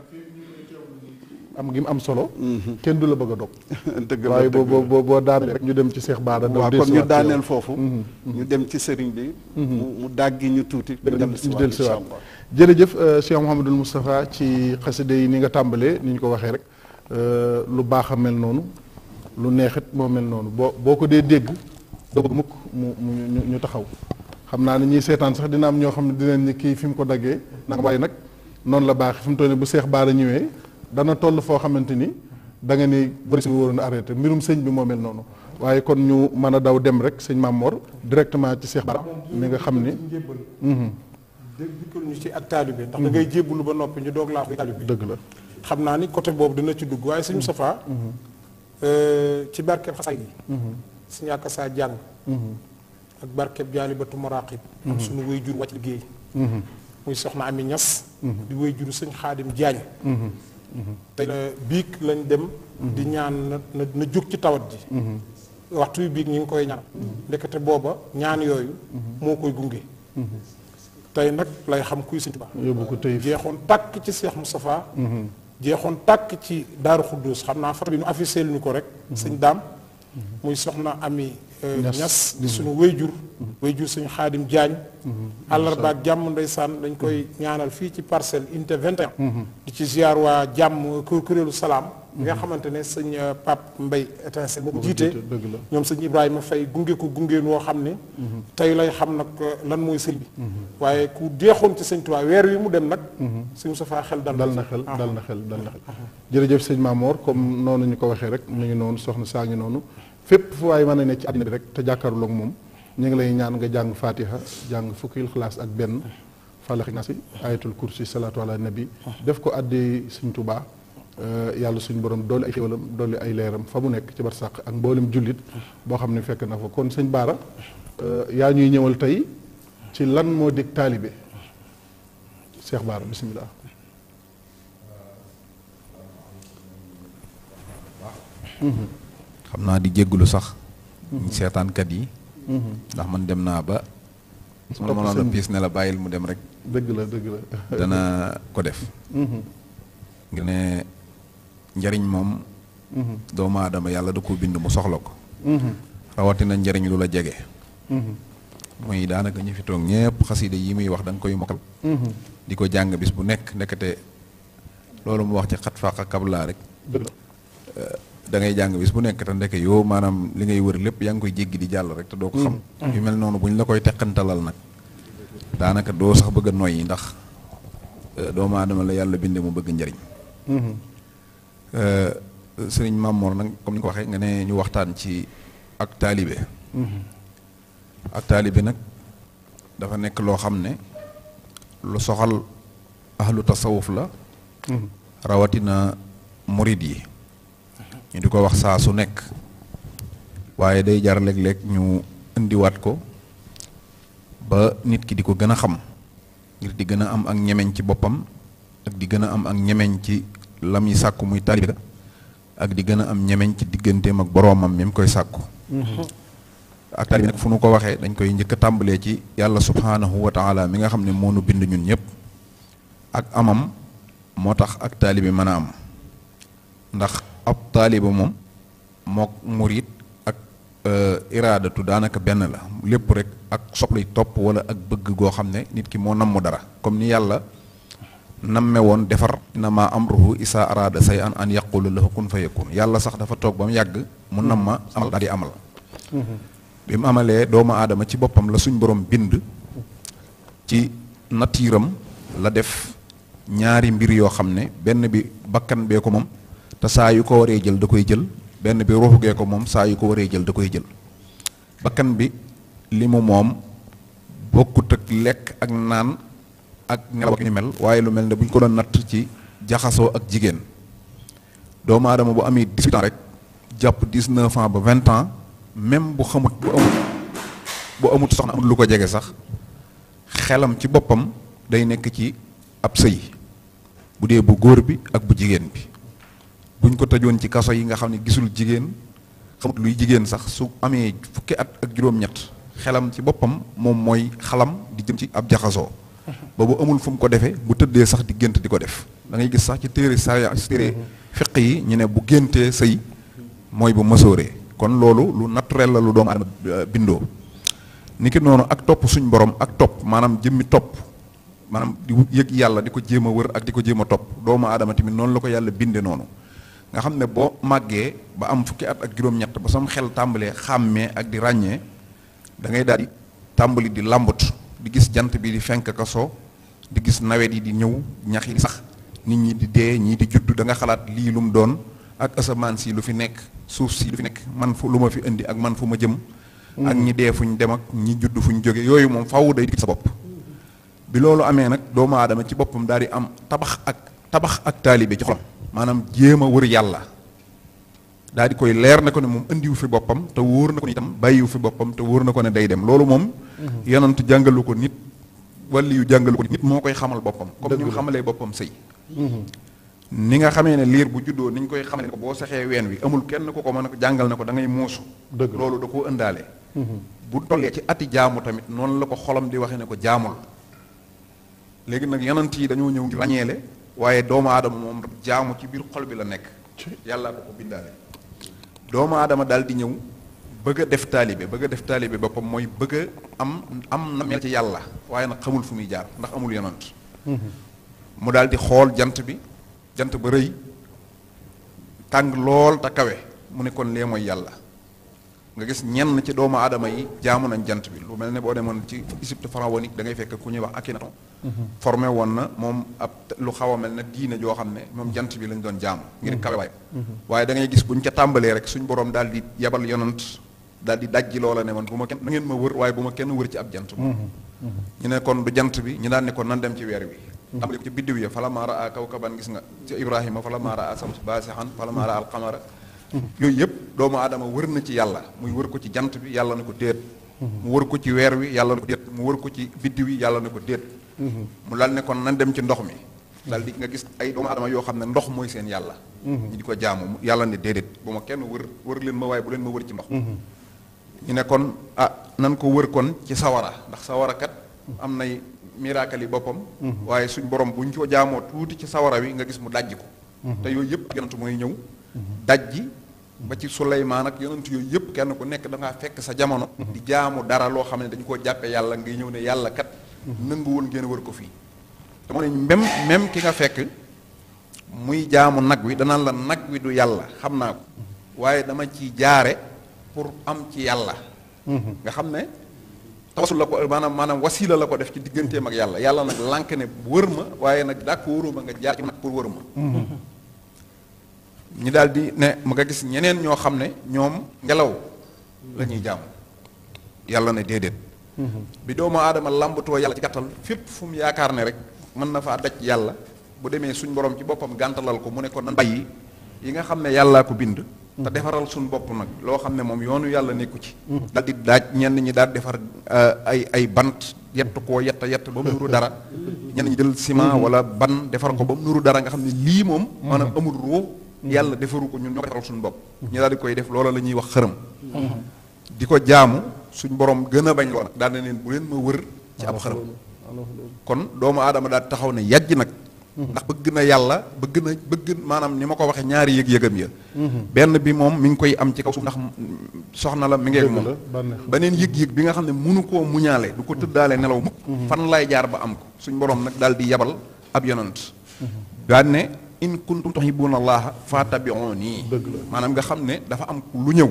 am gi mu am solo. Mhm. kenn du la bëgg a dog. dëgg la waaye boo boo boo daaneel rek ñu dem ci Cheikh Bara. waaw kon ñu daaneel foofu. Mhm, mhm. ñu dem ci sëriñ bi. mu mu ñu tuuti. ñu dellusiwaat jërëjëf euh, Cheikh Mouhamadul Moustapha ci xaside yi ni nga tàmbalee ni ñu ko waxee rek euh, lu baax a mel noonu lu neex it moo mel noonu boo boo ko dee dégg doo bëgg mukk mu mu ñu taxaw xam naa ni ñuy seetaan sax dina am ñoo xam ne dinañ ni kii fi mu ko daggee. nag waaye nag noonu la baax fi mu toll bu Cheikh Bara ñëwee. dana toll foo xamante ni da nga ni bëri si waroon arrêté mbirum sëñ bi moo mel noonu waaye kon ñu mën a daw dem rek sëñ Maam Mor directement ci Cheikh Bara mi nga xam ni dikkal ñu ci ak taalibe ndax da ngay mhm. jébbalu ba noppi ñu doog laa ko taalibe dëgg la xam naa ni côté boobu dina ci dugg waaye sëñ Moustapha mhm. euh, ci barkeb xasaay yi mhm. suñu ak saa jàng ak barkeb jaalibatu muraqib ak suñu wéy jur wàcc liggéey muy soxna Ami Ñas di wéy sëñ Xaadim Jaañ te biig lañ dem. di ñaan na na jóg ci tawat ji. waxtu wi biig ñu ngi koy ñaan. ndekete booba ñaan yooyu. moo koy gunge. tey nag lay xam kuy Sëñ Tuubaa. yóbbu ko tey jeexoon tàkk ci Seex Moustapha. jeexoon tàkk ci Daaru Xudduus xam naa fa bi ñu affiché lu ñu ko rek. sëñ daam muy soxna ami. ñas euh, di sunu wéyjur mm-hmm. wéyjur suñu xaadim jaañ mm-hmm. àllarba ak jàmm ndeysaan dañ koy mm-hmm. ñaanal fii ci parcelle unité 21 di ci ziar waa jàmm kuréelu salaam bi nga xamante ne sëñ euh, Pape mbay étincelle moo ko jiite ñoom sëñ Ibrahima Faye gunge ko gungeen woo xam ne tey lay xam nag euh, lan mooy sëñ bi waaye ku deexoon ci sëñ Tuubaa weer wi mu dem nag suñu safaa xel ah. dal na xel dal na xel dal ah. na jërëjëf sëñ Mamoor comme noonu ñu ko waxee rek mu ngi noonu soxna saa ngi noonu fépp fu waay mën a nekk ci àddina bi rek te jàkkaarloog moom ñu ngi lay ñaan nga jàng fatiha jàng fukki xalaas ak benn falaxi nasi ayatul kursi salaatu ala nabi def ko addi suñ tubaa euh, yàlla suñ boroom doole ay xéwalam doole ay leeram fa mu nekk ci barsàq ak mboolem jullit boo xam ne fekk na fa kon sëñ Baara euh, yaa ñuy ñëwal tey ci lan moo dig taalibe Cheikh Baara bisimilah. xam naa di jégglu sax mhm. seetaankat yi mhm. ndax man dem naa ba su ma mënoon a la bàyyil mu dem rek dëgg la dëgg la dana ko def mhm. ngir ne njariñ moom doomu aadama yàlla du ko bind mu soxla ko rawatina njariñ lu la jege mooy daanaka ñu fi toog xasida yi muy wax da nga koy mokkal di ko jàng bis bu nekk ndekete loolu mu wax ci xat fàq kablaa rek da ngay jàng bis bu nekk te ndeke yoo maanaam li ngay wër lépp yaa ngi koy jéggi di jàll rek te doo ko xam mm-hmm. yu mel noonu bu ñu la koy teqantalal nag daanaka doo sax bëgg a noyyi ndax euh, doomu aadama la yàlla binde mu bëgg njariñ mm-hmm. euh, sëriñ Mamor nag comme ni ko waxee nga ne ñu waxtaan ci ak taalibe mm-hmm. ak taalibe nag dafa nekk loo xam ne lu soxal ahlu tasawuf la rawatina murid yi ñu di ko wax saa su nekk waaye day jar léeg-léeg ñu indiwaat ko ba nit ki di ko gën a xam ngir di gën a am ak ñemeñ ci boppam di gën a am ak ñemeñ ci lam yi sàkku muy taalibe ak di gën a am ñemeñ ci digganteem ak boroomam mi mu koy sàkku mm-hmm. ak taalibe nag fu nu ko waxee dañ koy njëkk a tàmbalee ci yàlla subhaanahu wa taala mi nga xam ne moo bind ñun ñëpp ak amam moo tax ak taalibe mën a am ndax ab taaliba moom mook murit ak euh, iraadatu daanaka benn la lépp rek ak soxlay topp wala ak bëgg goo xam ne nit ki moo namm dara comme ni yàlla namme woon defar na maa amruhu isaa araada say an an yaqulu lahu kun fa yakun yàlla sax dafa toog ba yàgg mu nam ma mm-hmm. amal daal di amal mm-hmm. bi mu amalee doomu aadama ci boppam la suñ boroom bind ci natiiram la def ñaari mbir yoo xam ne benn bi bakkan bee ko moom te saa yu ko waree jël da koy jël benn bi ruuxu gee ko moom saa yu ko waree jël da koy jël bakkan bi li mu moom bokkut ak lekk ak naan ak nelaw ak ni mel waaye lu mel ne buñ ñu ko doon natt ci jaxasoo ak jigéen doomu aadama bu amee 18 ans rek jàpp 19 ans ba 20 ans même bu xamut bu amut bu amut soxna amut lu ko jege sax xelam ci boppam day nekk ci ab sëy bu dee bu góor bi ak bu jigéen bi buñ ko tëjoon ci kaso yi nga xam ne gisul jigéen xamut luy jigéen sax su amee fukki at ak juróom-ñett xelam ci boppam moom mooy xalam di jëm ci ab jaxasoo ba bu amul fu ko defee bu tëddee sax di gént di ko def da ngay gis sax ci téere sariya ci téere fiq yi ñu ne bu géntee sëy mooy bu masooree kon loolu lu naturel la lu doomu aadama euh, bindoo ni ki noonu ak topp suñ borom ak topp maanaam jëmmi topp maanaam di yëg yàlla di ko jéem a wër ak di ko jéem a topp doomu aadama tamit noonu la ko yàlla binde noonu nga xam ne boo màggee ba am fukki at ak juróom-ñett ba sam xel tàmbalee xàmmee ak di ràññee da ngay daal tàmbali di làmbut di gis jant bi di fenk ka soo di gis nawet yi di ñëw ñax yi sax nit ñi di dee ñii di juddu da nga xalaat lii lu mu doon ak asamaan si lu fi nekk suuf si lu fi nekk man fu lu ma fi indi ak man fu ma jëm. ak ñi dee ñu dem ak ñi judd fu ñu jóge yooyu moom faaw day di sa bopp. bi loolu amee nag doomu aadama ci boppam daal di am tabax ak tabax ak taalibe ci xolam. maanaam jéem a wër yàlla daal di koy leer na ko ne moom indiwu fi boppam te wóor na ko ne itam bàyyiwu fi boppam te wóor na ko ne day dem loolu moom mhm. yonent jàngalu ko nit wàlli yu jàngalu ko nit moo koy xamal boppam comme ni xamalee boppam sëy mhm. ni nga xamee ne liir bu juddoo ni ñu koy xamale ko boo saxee ween wi amul kenn ku ko mën a jàngal na ko dangay ngay dëgg loolu da koo ëndaale mhm. bu tollee ci ati jaamu tamit noonu la ko xolam di waxee ne ko jaamul léegi nag yonent yi dañoo ñëw ràññeele waaye doomu aadama moom jaamu ci biir xol bi la nekk yàllaa ko ko bindaale doomu aadama daal di ñëw bëgg a def taalibe bëgg a def taalibe boppam mooy bëgg am am na ci yàlla waaye nag xamul fu muy jaar ndax amul yonant mm-hmm. mu daal di xool jant bi jant ba rëy tàng lool te kawe mu ne kon lee mooy yàlla nga gis ñenn ci doomu aadama yi jaamu nañ jant bi lu mel ne boo demoon ci Égypte pharaonique da ngay fekk ku ñuy wax Akhenaton mm-hmm. formé woon na moom ab lu xaw mel ne diine joo xam ne moom jant bi lañ doon jaamu ngir mm-hmm. kawewaay mm-hmm. waaye da ngay gis buñ ca tàmbalee rek suñ borom daal di yabal yonant daal di dajji loola ne man bu ma kenn na ngeen ma wër waaye bu ma kenn wër ci ab jant ñu ne kon du jant bi ñu daan ne kon nan dem ci weer wi tàmbali ci a kawkaban gis nga ci Ibrahima a sams baasixan fala yooyu yëpp doomu aadama wër na ci yàlla muy wër ko ci jant bi yàlla na ko déet mu wër ko ci weer wi yàlla na ko déet mu wër ko ci biddi wi yàlla na ko déet mu lal ne kon nan dem ci ndox mi daal di nga gis ay doomu yoo xam ne ndox mooy seen yàlla ko jaamu yàlla ne déedéet bu ma kenn wër leen ma waaye bu leen ma wër ci ndox ñu ne kon a ah, nan ko wër kon ci sawara ndax sawara kat am nay miracle yi boppam mhm. waaye suñ borom buñ ko jaamoo tuuti ci sawara wi nga gis mu dajj ko mhm. te yooyu yëpp jant mooy ñëw dajji ba ci Suleymaan ak yonent yooyu yëpp kenn ku nekk danga fekk sa jamono di jaamu dara loo xam ne dañ koo jàppe yàlla ngay ñëw ne yàlla kat nanguwul ngeen wër ko fii dama ne même même ki nga fekk muy jaamu nag wi danaan la nag wi du yàlla xam naa ko waaye dama ci jaare pour am ci yàlla nga xam ne tawasul la ko maanaam maanaam wasiila la ko def ci digganteem ak yàlla yàlla nag lànk ne wër ma waaye nag dàkk wëru nga jaar ci nag pour wër ma ñi daal di ne ma nga gis ñeneen ñoo xam ne ñoom ngelaw la ñuy yàlla na déedéet mhm. bi doomu aadama làmbatoo yàlla ci gàttal fépp fu yaakaar ne rek mën na faa daj yàlla bu demee suñ borom ci boppam gàntalal ko mu ne ko nan bàyyi yi nga xam ne yàllaa ko bind mhm. te defaral suñ bopp nag loo xam ne moom yoonu yàlla nekku ci mhm. daal di daaj ñenn ñi daal defar eh, ay ay bant yett koo yett yett ba mu nuru dara ñenn ñi jël ciment wala ban defar ko ba mu nuru dara nga xam ne lii moom maanaam amul ruu yàlla defaru ko ñun ñoo ko suñu bopp ñu koy def loola la ñuy wax xërëm di ko jaamu suñ boroom gën a bañ loola daan na leen bu leen ma wër ci ab xërëm kon doomu aadama daal taxaw ne yàjj nag ndax bëgg na yàlla bëgg na bëgg maanaam ni ma ko waxee ñaari yëg-yëgam ya benn bi moom mi ngi koy am ci kaw suuf ndax soxna la mi ngi ak ba beneen yëg-yëg bi nga xam ne mënu koo muñaale du ko tëddaale nelaw mukk mm-hmm. fan lay jaar ba am ko suñ borom nag daal di yabal ab yonant daan ne in kuntum tuhibbuna allaha fattabi'uni maanaam nga xam ne dafa am lu ñëw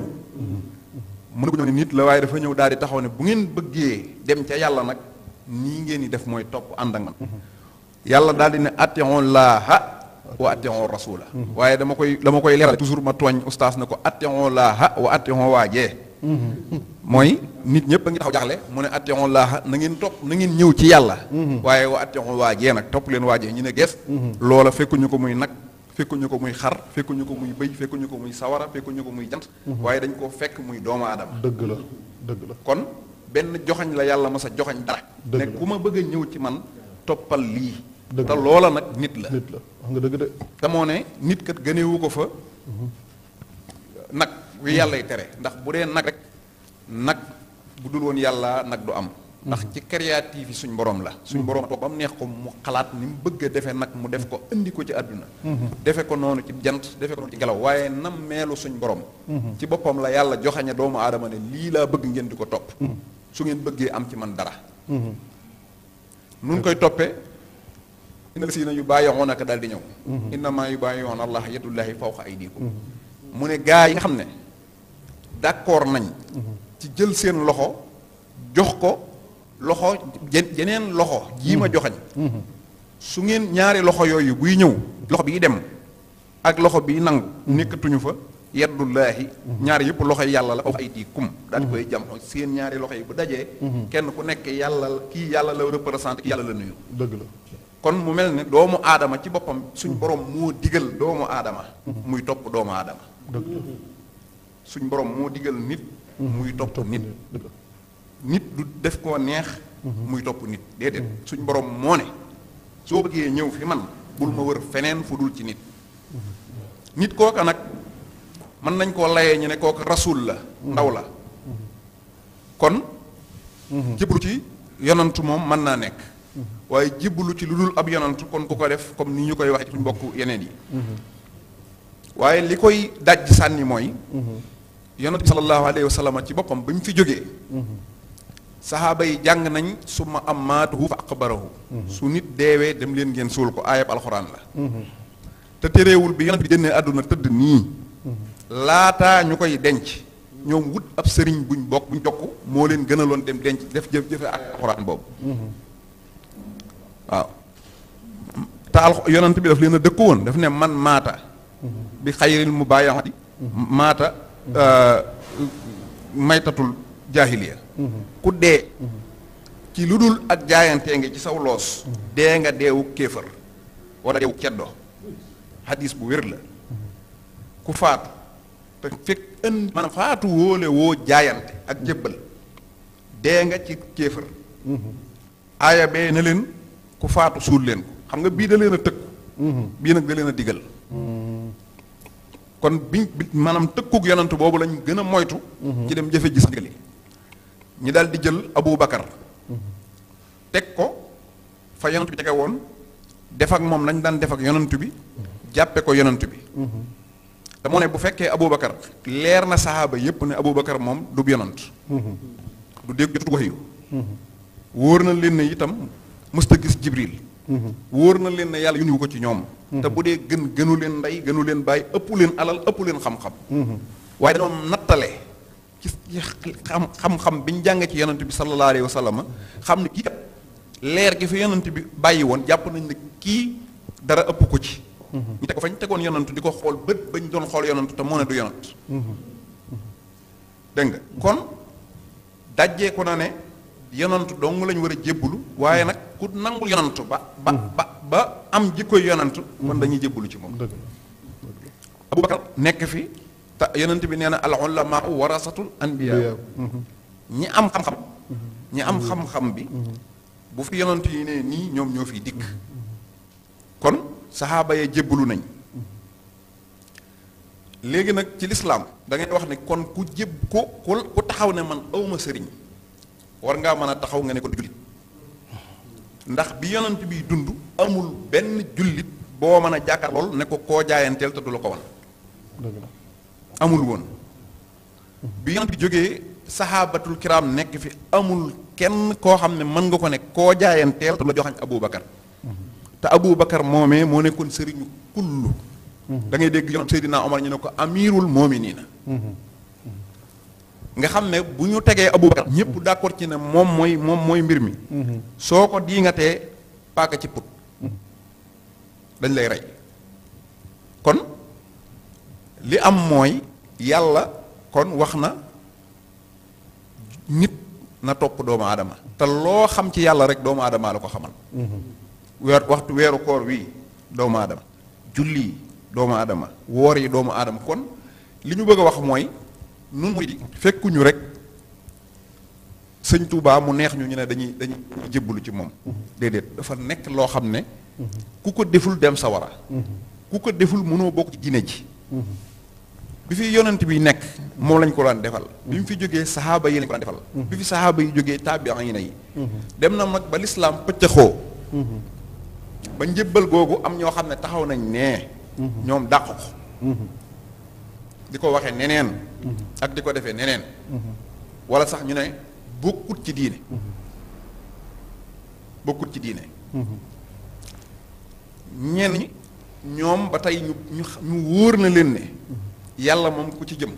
mën ko ñëw nit la waaye dafa ñëw daal di taxaw ne bu ngeen bëggee dem ca yàlla nag nii ngeen di def mooy topp ànd ak man yàlla daal di ne atti'u laaha wa atti'u rasula waaye dama koy dama koy leeral toujours ma tooñ ustaas na ko atti'u laaha wa atti'u waajee mooy nit ñëpp a ngi taxaw jaxle mu ne at atteon laaxa na ngeen topp na ngeen ñëw ci yàlla mhm. waaye wa atteon waajee nag topp leen waajee ñu ne gees mhm. loola fekkuñu ko muy nag fekkuñu ko muy xar fekkuñu ko muy bëy fekkuñu ko muy sawara fekkuñu ko muy jant mhm. waaye dañ koo fekk muy doomu aadama dëgg la dëgg la kon benn joxañ la yàlla ma sa joxañ dara ne ku ma bëgg ñëw ci man toppal lii te loola nag nit la nit la wax nga dëgg de te ne nit kat gëneewu ko fa nag yàlla yàllay tere ndax bu dee nag rek nag bu dul woon yàlla nag du am ndax ci créatif yi suñ boroom la suñ borom toog ba mu neex ko mu xalaat ni mu bëgg a defee nag mu def ko indi ko ci àdduna defe ko noonu ci jant defe ci ngelaw waaye nam meelu suñ borom ci boppam la yàlla joxañe doomu aadama ne lii laa bëgg ngeen di ko topp su ngeen bëggee am ci man dara nun koy toppee inna si na yu bàyyi yoon ak daal di ñëw innamaa yu bàyyi yoon allah yadullahi fawqa aydikum mu ne gaa yi nga xam ne d'accord nañ ci jël seen loxo jox ko loxo jeneen loxo jii ma mm-hmm. joxañ mm-hmm. su ngeen ñaari loxo yooyu buy ñëw loxo bi dem ak loxo bii nangu mm-hmm. nekkatuñu fa yaddullaahi ñaar yëpp loxo yàlla la aw ay di kum daal di koy jam seen ñaari loxo yi bu dajee kenn ku nekk yàlla kii yàlla la représenté yàlla la nuyu dëgg la kon mu mel ni doomu aadama ci boppam suñu borom moo digal doomu aadama muy topp doomu aadama suñ borom moo digal nit mhm. muy topp nit nit du def koo neex mhm. muy topp nit déedéet mhm. suñ borom moo ne soo bëggee ñëw fi man bul ma wër feneen fu dul ci nit nit kooka nag mën nañ koo layee ñu ne kooka rasul la ndaw la kon jiblu ci yonantu moom mën naa nekk waaye jiblu ci lu dul ab yonantu kon ku ko def comme ni ñu koy waxee ci suñ mbokk yeneen yi waaye li koy daj sànni mooy yonent bi sallallahu alayhi wa ci boppam ba ñu fi jógee saxaaba yi jàng nañ summa ammaatuhu fa aqbarahu su nit deewee dem leen ngeen suul ko aayab alxuraan la te terewul bi yonent bi génnee àdduna tëdd nii laata ñu koy denc ñoom wut ab sëriñ buñ bokk buñ jokk moo leen gënaloon dem denc def jëf jëfe ak alxuraan boobu waaw te al yonent bi daf leen a woon daf ne man maata bi xayril mu bàyyi maata Euh, maytatul jaahiliya ku dee ci lu dul ak jaayantee ngi ci saw loos dee nga deewu kéefër wala deewu ceddo xadis bu wér la ku faatu te fekk ënd maanaam faatu wóole woo jaayante ak jébbal dee nga ci kéefër aaya bee na leen ku faatu suul leen ko xam nga bii da leen a tëkku bii nag da leen a digal kon biñ maanaam tëkkug yonent boobu lañu gën a moytu. Mhm. ci dem jëfe gis ndigal yi ñu daal di jël Abu Bakar. Mhm. teg ko fa yonent bi tege woon def ak moom lañ daan def ak yonent bi mhm. jàppe ko yonent bi. te ne bu fekkee Abu Bakar leer na saxaaba yépp ne Abu Bakar moom du yonent. du dégg jotu ko wahyu. wóor na leen ne itam mësta gis Jibril. wóor na leen ne yàlla nu ko ci ñoom mhm. te bu dee gën gënu leen ndey gënu leen bàyyi ëpp leen alal ëppu leen xam-xam mhm. waaye dañoo nattale ci xam xam-xam bi ñu jàngee ci yonent bi sallallahu alayhi wa sallam xam ne kii leer gi fi yonent bi bàyyi woon jàpp nañ ne kii dara ëpp ko ci mhm. ñu teg ko fañ tegoon yonent di ko xool bët ñu doon xool yonent te moo ne du yonent dégg nga kon dajjee na ne yonent dong lañ war a jébbulu waaye nag ku nangul yonantu ba ba mm-hmm. ba ba am jikkoy yonantu mën mm-hmm. dañuy jébbalu ci moom abubakar nekk fi te yonent bi nee na al ulama warasatul anbiya mm-hmm. ñi am xam-xam ñi am xam bi bu fi yonent yi ne nii ñoom ñoo fi dikk kon saxaaba ya jébbalu nañ léegi nag ci lislaam da wax ne kon ku jéb ku ku taxaw ne man awma sëriñ war ngaa mën a taxaw nga ne ko jullit ndax bi yonent biy dund amul benn jullit boo mën a jàkkaar lool ne ko koo jaayanteel te du la ko wan amul woon bi yonent bi jógee saxaabatul kiraam nekk fi amul kenn koo xam ne mën nga ko ne koo jaayanteel te du la joxañ aboubacar mhm. te aboubacar moomee moo nekkoon sëriñu kullu mhm. da ngay dégg yonent seydina omar ñu ne ko amirul moominiina mhm. nga xam ne bu ñu tegee abu Aboubacar ñëpp d'accord ci ne moom mooy moom mooy mbir mi mhm. soo ko diingatee paaka ci put dañ lay rey kon li am mooy yàlla kon wax na nit na topp doomu adama te loo xam ci yàlla rek doomu aadama la ko xamal mhm. weer waxtu weeru koor wii doomu aadama julli doomu aadama woor yi doomu aadama kon li ñu bëgg a wax mooy nun murid yi fekkuñu rek sëñ Touba mu neex ñu ñu ne dañuy dañuy jébbalu ci moom déedéet dafa nekk loo xam ne ku ko deful dem sawara ku ko deful mënoo bokk ci diine ji bi fi yonent bi nekk moom lañ ko daan defal bi mu fi jógee saxaaba yi lañ ko daan defal bi fi saxaaba yi jógee taabian yi na yi dem na mag ba lislaam pëccëxoo ba njëbbal googu am ñoo xam ne taxaw nañ nee ñoom dàq ko di ko waxee neneen ak di ko defee neneen wala sax ñu ne bokkut ci diine bokkut ci diine ñenn ñoom ba tey ñu ñu ñu wóor na leen ne yàlla moom ku ci jëm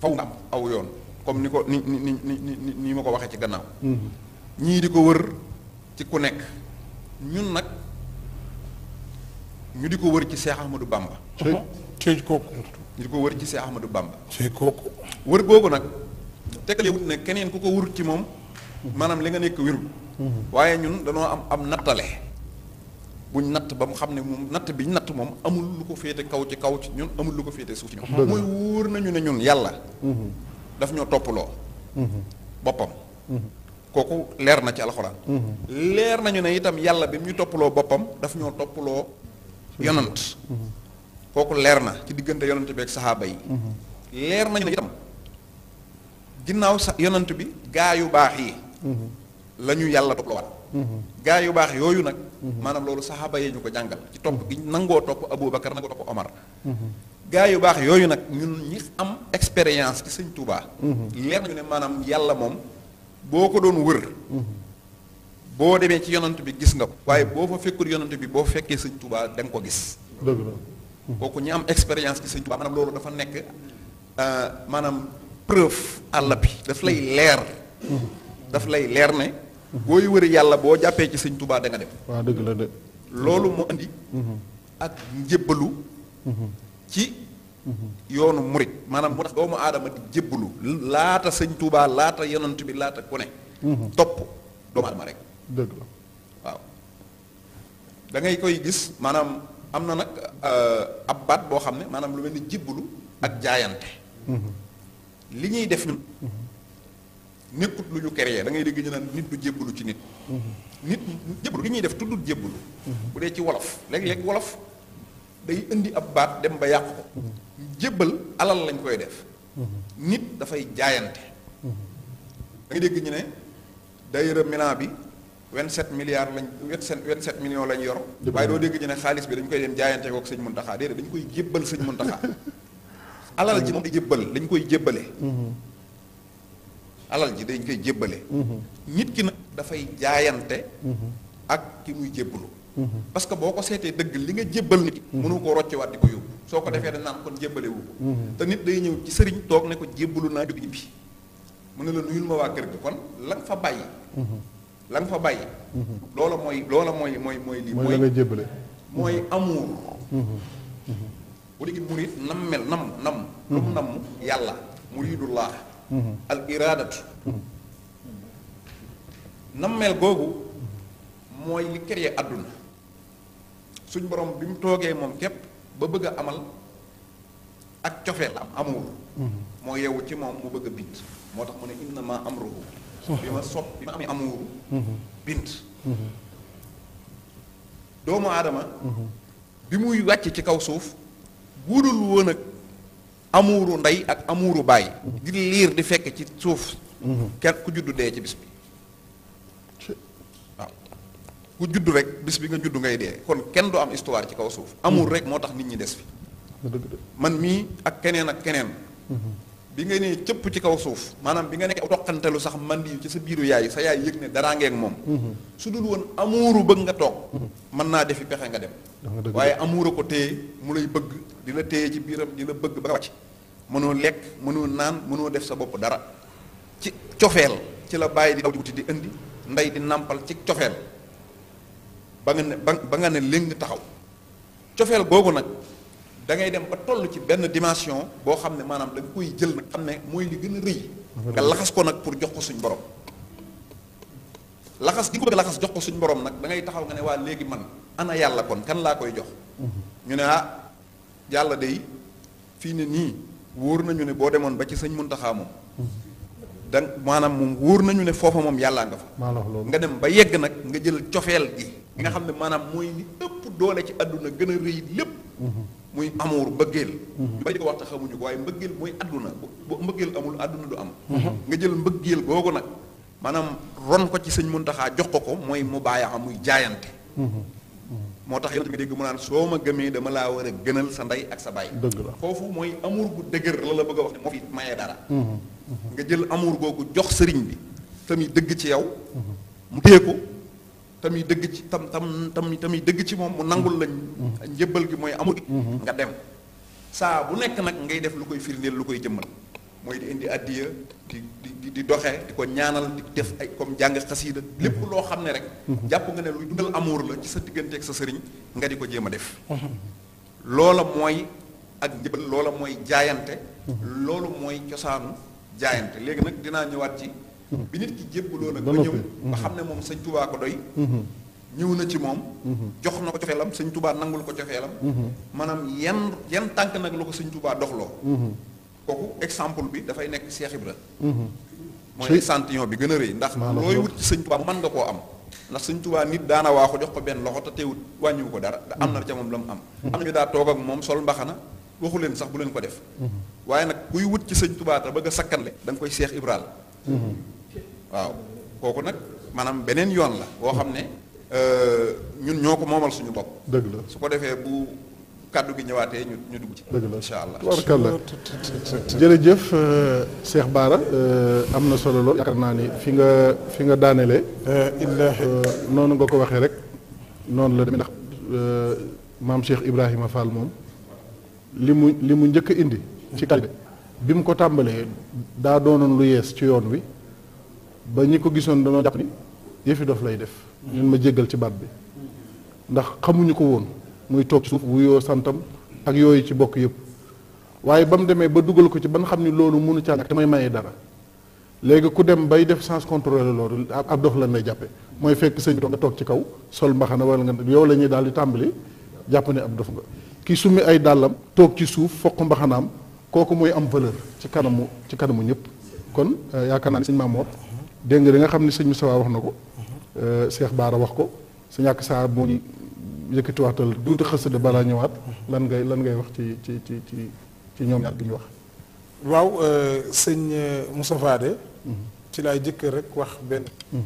faw nga am aw yoon comme ni ko ni ni ni ni ni ma ko waxee ci gannaaw ñii di ko wër ci ku nekk ñun nag ñu di ko wër ci Seex Ahmadu Bamba kooku ñu ko wër ci Seex Ahmadou Bamba. ci kooku. wër googu nag tekkale wut ne keneen ku ko wërut ci moom maanaam li nga nekk wérul mhm. waaye ñun danoo am am nattale buñ natt ba mu xam ne moom natt bi ñu natt moom amul lu ko féete kaw ci kaw ci ñun amul lu ko féete suuf ci ñun mooy wóor nañu ne ñun yàlla mhm. daf ñoo toppaloo mhm. boppam kooku leer na ci alxuraan leer nañu ne itam yàlla bi mu ñu toppaloo boppam daf ñoo toppaloo yonant kooku leer na ci diggante yonent bi ak saxaaba yi mm-hmm. leer nañu itam ginnaaw sax yonant bi gaa yu baax yi lañu mm-hmm. yàlla ñu yàlla toppalawaat mm-hmm. gaa yu baax yooyu nag maanaam loolu saxaaba yi ñu ko jàngal ci topp gi nangoo topp Aboubacar nangoo topp Omar gaa yu baax yooyu nag ñun ñi am expérience ci sëñ Touba leer nañu ne maanaam yàlla moom boo ko doon wër boo demee ci yonant bi gis nga ko waaye boo fa fekkul yonent bi boo fekkee sañ Touba da ko gis kooku ñi am expérience ci sëñ Tuubaa maanaam loolu dafa nekk euh, maanaam preuve àll bi daf lay leer daf lay leer ne booy wëri yàlla boo jàppee ci sëñ Tuubaa da dem waaw dëgg la de loolu mu indi ak njébbalu ci yoonu murit maanaam mu tax doomu aadama di jébbalu laata sëñ Tuubaa laata yonent bi laata ku ne topp doomu aadama rek dëgg la waaw da koy gis maanaam am na nag euh, ab baat boo xam ne maanaam lu mel ni jibbalu ak jaayante mm-hmm. li ñuy def ñun mm-hmm. nekkut lu ñu créé da ngay dégg ñu naan nit du jébbalu ci nit mm-hmm. nit jébbalu li ñuy def tuddul jébbalu bu dee ci wolof léeg-léeg wolof day indi ab baat dem ba yàq ko jébbal alal lañ koy def nit dafay jaayante da dégg ñu ne daayira Milan bi 27 milliards lañ 27 27 millions lañ yor. waaye doo dégg ñu ne xaalis bi dañ koy dem jaayante kook sëñ Muntaxa déedéet dañ koy jébbal sëñ Muntaxa. Mm-hmm. alal ji dañ koy jébbale. alal ji dañ koy jébbale. nit ki nag dafay jaayante. Mm-hmm. ak ki muy jébbalu. Mm-hmm. parce que boo ko seetee dëgg li nga jébbal nit. mënu ko roccewaat di ko yóbbu soo ko defee dañ naan kon jébbale wu te nit day ñëw ci sëriñ toog ne ko jébbalu naa jóg ñibbi. mu na la nuyul ma waa kër ga kon la nga fa bàyyi. la nga fa bàyyi. Mhm. loola mooy loola mooy mooy mooy lii. mooy la nga jébbale mooy mhm. amuur. Mhm. bu dee murid nam mel nam nam. lu mu nam yàlla muridullah al iradatu. googu mooy li créé àdduna suñ borom bi mu toogee moom képp ba bëgg a amal ak cofeel am amuur. moo yeewu ci moom mu bëgg a bind moo tax mu ne inna ma amruhu bi ma sopp bi ma amee amuuru mhm. bind mhm. doomu aadama mhm. bi muy wàcc ci kaw suuf budul woon ak amuuru ndey ak amuru bàyyi di liir di fekk ci suuf kenn ku juddu dee ci bis bi waaw ku juddu rek bis bi nga juddu ngay dee kon kenn du am histoire ci kaw suuf amuur rek moo tax nit ñi des fi man mii ak keneen ak keneen bi nga ne cëpp ci kaw suuf maanaam bi nga ne toqantelu sax man di ci sa biiru yaay sa yaay yëg ne daraa ngeeg moom mm-hmm. su dul woon amuuru bëgg nga toog mm-hmm. mën naa defi pexe nga dem waaye amuura ko téye mu lay bëgg di la téye ci biiram di la bëgg ba wàcc mënoo lekk mënoo naan mënoo def sa bopp dara ci cofeel ci la bàyyi di daw wuti di indi ndey di nàmpal ci cofeel ba nga ne ba nga ne léng taxaw cofeel googu nag dangay dem ba toll ci benn dimension boo xam ne maanaam da koy jël nag xam ne mooy li gën a laxas ko nag pour jox ko suñ borom laxas gi nga laxas jox ko suñ borom nag da ngay taxaw nga ne waa léegi man ana yàlla kon kan laa koy jox mm-hmm. ñu ne ah yàlla fii ne nii wóor nañu ne boo demoon ba ci sëñ Muntaxa moom mm-hmm. dang maanaam moom wóor nañu ne foofa moom yàllaa nga fa nga dem ba yegg nag nga jël cofeel gi nga xam ne maanaam mooy li ëpp doole ci àdduna gën a rëy lépp mm-hmm. muy amour mbëggeel mhm. bay di ko wax te xamuñu ko waaye mbëggeel mooy àdduna bu mbëggeel amul àdduna du am mhm. nga jël mbëggeel googu nag maanaam ron ko ci sëñ Muntaxa jox ko ko mooy mu bàyyi am muy mhm. moo tax yéen nga dégg mu naan soo ma gëmee dama laa war a gënal sa ndey ak sa baay dëgg la foofu mooy amour bu dëgër la la bëgg a wax ne moo fi maye dara nga jël amour googu jox sëriñ bi tamit dëgg ci yow mu téye ko tamit dëgg ci tam tam tam tamit dëgg ci moom mu nangul la mm-hmm. njëbbal gi mooy amul mm-hmm. nga dem saa bu nekk nag ngay def lu koy firndeel lu koy jëmmal mooy di indi addiya di di di doxee di ko ñaanal di def ay comme jàng xasiida mm-hmm. lépp loo xam ne rek jàpp nga ne luy dundal amour la ci sa diggante ak sa sëriñ nga di ko jéem a def loola mooy ak njëbbal loola mooy jaayante loolu mooy cosaanu jaayante léegi nag dinaa ñëwaat ci bi nit ki jébbaloo nag ba ñëw ba mm-hmm. xam ne moom sëñ tubaa ko doy mm-hmm. ñëw na ci moom mm-hmm. jox na ko cofeelam sëñ tubaa nangul ko cofeelam maanaam yan yan tànk nag la ko sëñ tubaa doxloo kooku exemple bi dafay nekk Cheikh Ibra mooy échantillon bi gën a rëy ndax looy wut ci sëñ tubaa man nga koo am ndax sëñ tubaa nit daana waa ko jox ko benn loxo te teewut wàññiwu ko dara da am na ca moom la mu am am na ñu daa toog ak moom sol mbaxana waxu leen sax bu leen ko def waaye nag kuy wut ci sëñ tubaa te bëgg a sakkanle da koy Cheikh Ibra waaw kooku nag maanaam beneen yoon la boo xam ne euh, ñun ñoo ko moomal suñu bopp. dëgg la su ko defee bu kàddu gi ñëwaatee ñu ñu dugg ci. dëgg la incha allah tubaarkalla jërëjëf euh, Cheikh Bara euh, am na solo lool yaakaar naa ni fi nga fi nga daanelee. noonu nga ko waxee rek noonu la deme ndax maam Cheikh Ibrahima Fall moom li mu li mu njëkk a indi. ci kàddu bi mu ko tàmbalee daa doonoon lu yees ci yoon wi. ba ñi ko gisoon dañoo jàpp ni yëfi dof lay def. ñun ma jéggal ci baat bi. ndax xamuñu ko woon muy toog ci suuf wuyoo santam ak yooyu ci bokk yëpp waaye ba mu demee ba dugal ko ci ban xam ni loolu mënu ca damay maye dara léegi ku dem bay def sans contrôle loolu ab dof lan lay jàppe mooy fekk sëñ bi nga toog ci kaw sol mbaxana wala nga yow la ñuy daal di tàmbali jàpp ne ab dof nga ki summi ay dàllam toog ci suuf foq mbaxanaam kooku mooy am valeur ci kanamu ci kanamu ñëpp kon euh, yaakaar naa ne dégg nga li nga xam ne sëñ Moussa wax na ko. Euh, Cheikh Baara wax ko su ñàkk saa moo ñu yëkkati waxtal tuuti xasida balaa ñëwaat. lan ngay lan ngay wax ci ci ci ci ci ñoom ñaar bi ñu wax. waaw euh, sëñ euh, Moussa Fade. Mhm. ci lay jëkk rek wax benn. Mhm.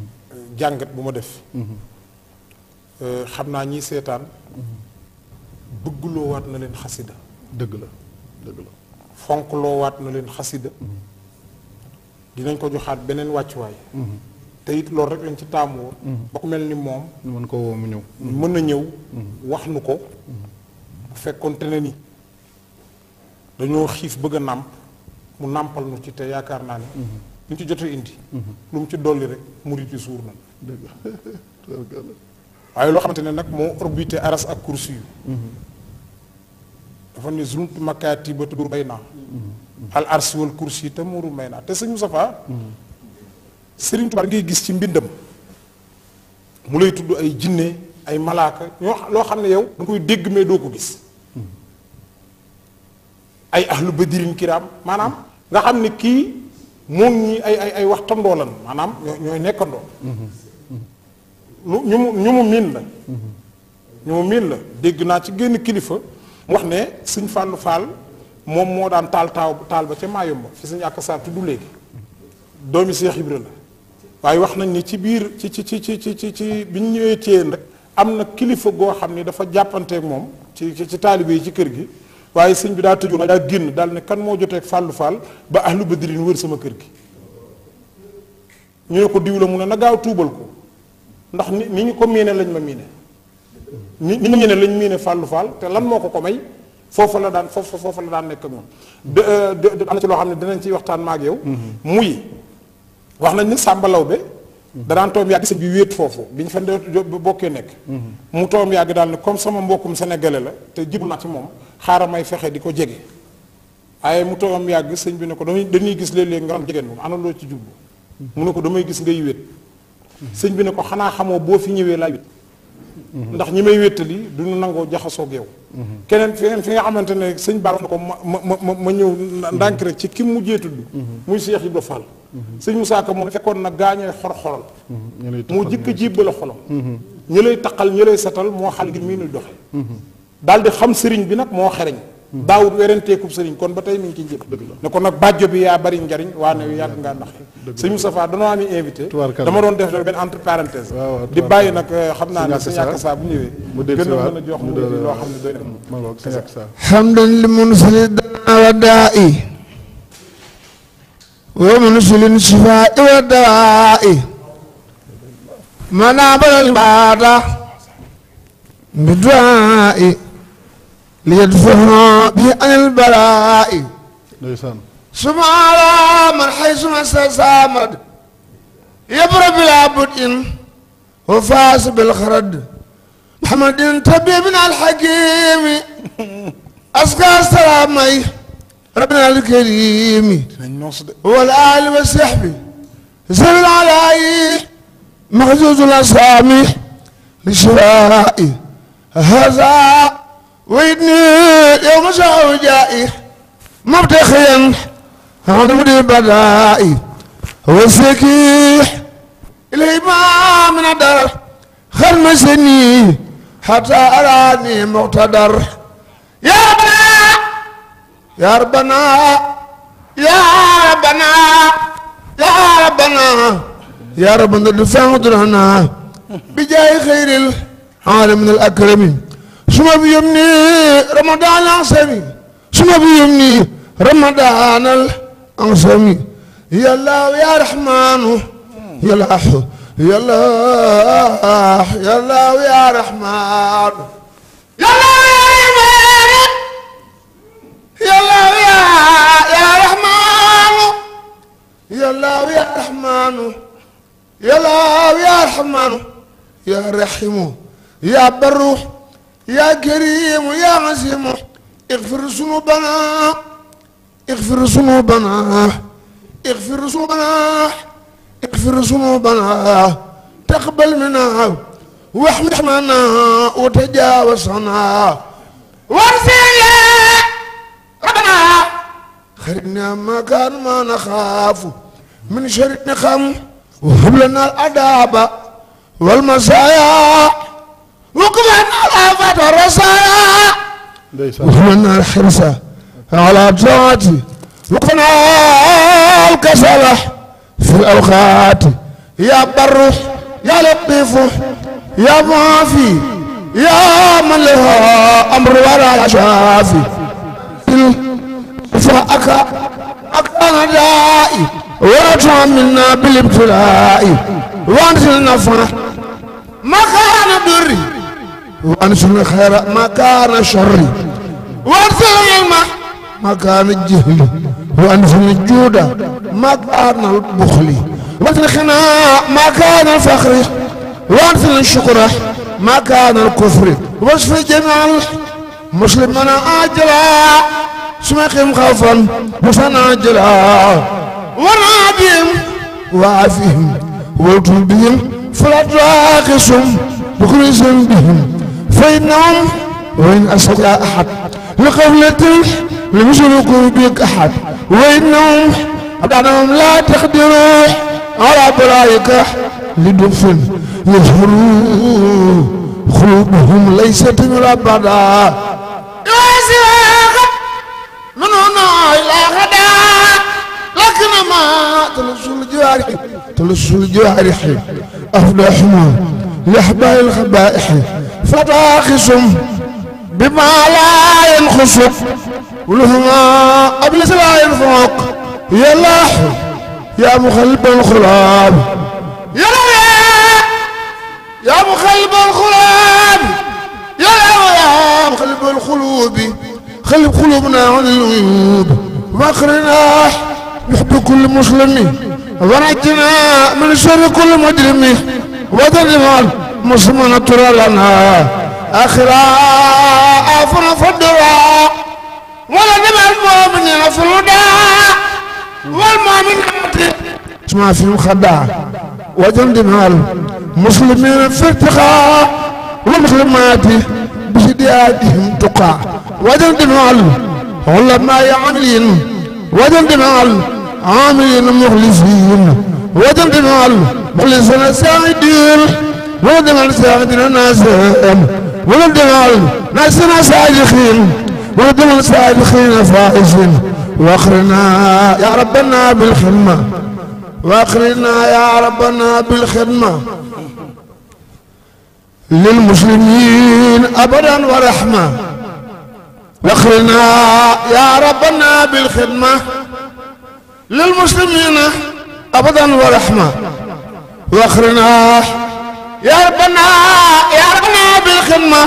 jàngat bu ma def. Mhm. xam naa ñi seetaan. bëggloowaat na leen xasida dëgg la dëgg la. fonkloowaat na leen xasida dinañ ko joxaat beneen wàccuwaay. te it loolu rek lañ ci taamu. ba ku mel ni moom. mën koo woo mu ñëw. mën na ñëw. Mm-hmm. wax nu ko. bu fekkoonte ne ni dañoo xiif bëgg a nàmp mu nàmpal nu ci te yaakaar naa ne. Mm-hmm. lu ci jot a indi. Mm-hmm. lu mu ci dolli rek murit yi suur na. waaye loo xamante ne nag moo orbité aras ak kursi yu dafa ne zunut makkaati ba tudd bay naa. al arsi wal kursi te muuru may naa te sëñ Moustapha Sëriñ Tuubaa ngay gis ci mbindam mu lay tudd ay jinne ay malaaka ñoo xam ne yow da koy dégg mais doo ko gis ay ahlu badirin kiraam maanaam nga xam ne kii moom ñi ay ay ay waxtandoo lan maanaam ñooy nekkandoo ñu mu ñu mu miin la ñu mu miin la dégg naa ci génn kilifa mu wax ne sëñ Fallou Fall moom moo daan taal taaw taal ba ca Maayomba fi suñu ak saar tudd léegi doomi Seex Ibra la waaye wax nañ ni ci biir ci ci ci ci ci ci bi ñu ñëwee Thièyène rek am na kilifa goo xam ni dafa jàppanteeg moom ci ci taalibe ci kër gi waaye sëñ bi daa tëjoon daa génn daal ne kan moo joteeg fàllu fàll ba ahlu badrin wër sama kër gi ñu ne ko diw mu ne na gaaw tuubal ko ndax ni ni ñu ko miine lañ ma miine ni ni ñu ne lañ miine fàllu fàll te lan moo ko ko may foofa la daan foofa foofa la daan nekk ak ñoom euh, de am na ci loo xam ne dinañ ciy waxtaan ma ak yow mm-hmm. muy wax nañ ni Sàmba Lawbe danaan toom yàgg sëñ bi wéet foofu bi ñu fa bokkee nekk mm-hmm. mu toom yàgg daal ne comme sama mbokkum sénégalais la te jib na ci moom xaaral may fexe di ko jege waaye mu toom yàgg sëñ bi ne ko dañuy dañuy gis léeg-léeg nga am jegeen moom ana loo ci jubbu mu ne ko damay gis ngay wéet mm-hmm. sëñ bi ne ko xanaa xamoo boo fi ñëwee laay wéet ndax ñi may wéttali duñu nangoo jaxasoog yow keneen fi nga xamante ne sëñ Ba ko ma ma ma ma ñëw ndànk rek ci ki mujjee tudd muy Cheikh Ibra Fall sëñ Moussa Ka moom fekkoon na gaañee xor-xoral moo jëkk jibbal xolam mhm. ñu lay taqal ñu lay setal moo xal gi mii nuy doxe mhm. daal di xam sëriñ bi nag moo xereñ daawut werenteekub sëriñ kon ba tey mi ngi ciy ne kon nag bàjjo bi yaa bari njariñ waa ne yàgg ngaa ndax sëñ Moustapha danoo am invité dama doon def nag benn entre parenthèse di bàyyi nag euh, xam ne sëñ Akassa bu ñëwee gën a mën a jox mu loo xam ne doy na hamdan li munsili wa daa i wa munsilin shifaa bi duwaa i li yadfahuma bi an albalaa'i ndeysaan suma ala man xaysuma stasamad yabra bila bud in wa faas bil xarad muhammadin tabibina alxakimi aska salaamay rabbina alkarimi wal aali wa sahbi zil alaayi maxzuzul asaami li shiwaa'i haza ويدني يوم شعوجائي مبتخيا عدمدي بدائي وسكيح الإمام من الدار خرمسني حتى أراني مقتدر يا ربنا يا ربنا يا ربنا يا ربنا يا ربنا دفع قدرنا بجاه خير العالم الأكرمين suma bi yom nii ramadaan ansami suma bi yom nii ramadaan ansami yàlla ya rahmaanu yàlla yàlla yàlla ya rahmaanu yàlla yàlla ya rahmaanu yàlla ya rahmaanu yàlla ya rahmaanu ya rahimu ya barru yaa kariimu yaa asimu ixfir sunubana ixfir sunubana ixfir sunubana ixfir sunubana taqbal minna واحمح منا وتجاوز عنا وارسل ربنا خرجنا مكان ما نخاف من شر نخم وهب لنا العذاب والمسايا وقفا الآفة الرسالة وثمنا الحرصة على طاعتي وقفنا الكسلة في الأوقات يا بر يا لطيف يا معافي يا من له أمر ولا شافي فأكا أكا دائي وارجع منا بالابتلاء وانزل نفع مكان دري وانشر الخير مكان شري وانزل العلم مكان الجهل وانزل الجود مكان البخل وانزل الخناء مكان الفخر وانزل الشكر مكان الكفر واشف جميع مسلمنا اجلا سمعهم خوفا وفنا اجلا ونادهم وعافهم وطلبهم فلا تراقصهم بكل ذنبهم فإنهم وإن أسد أحد لقبلته لم يشركوا بك أحد وإنهم أبدانهم لا تقدروا على برائك لدفن يظهروا قلوبهم ليست مربدا من هنا إلى غدا لكن ما تلص الجوارح تلص الجوارح أفضل حمار لإحباء الخبائح فتاخص بما لا ينقص ولهما أبلس لا ينفوق يا الله يا مخلب الخلاب يا الله يا مخلب الخلاب يا الله يا مخلب القلوب خلب قلوبنا عن العيوب واخرنا بحب كل مسلم ونجنا من شر كل مجرم ودرهم مسلمون ترى لنا أخرى أفن فدوا ولدم المؤمنين فلودا والمؤمنات اسمع فيهم خدع وجندهم المسلمين في ارتقاء والمسلمات بشدياتهم تقع وجندهم علماء عاملين وجندهم عاملين مخلصين وجعلنا مخلصنا ساعدين وجعلنا ساعدين ناسهم وجعلنا ناسنا سائلين وجعلنا سائلين فائزين واخرنا يا ربنا بالخدمة واخرنا يا ربنا بالخدمة للمسلمين أبدا ورحمة واخرنا يا ربنا بالخدمة للمسلمين أبدا ورحمة واخرنا يا ربنا يا ربنا بالخدمة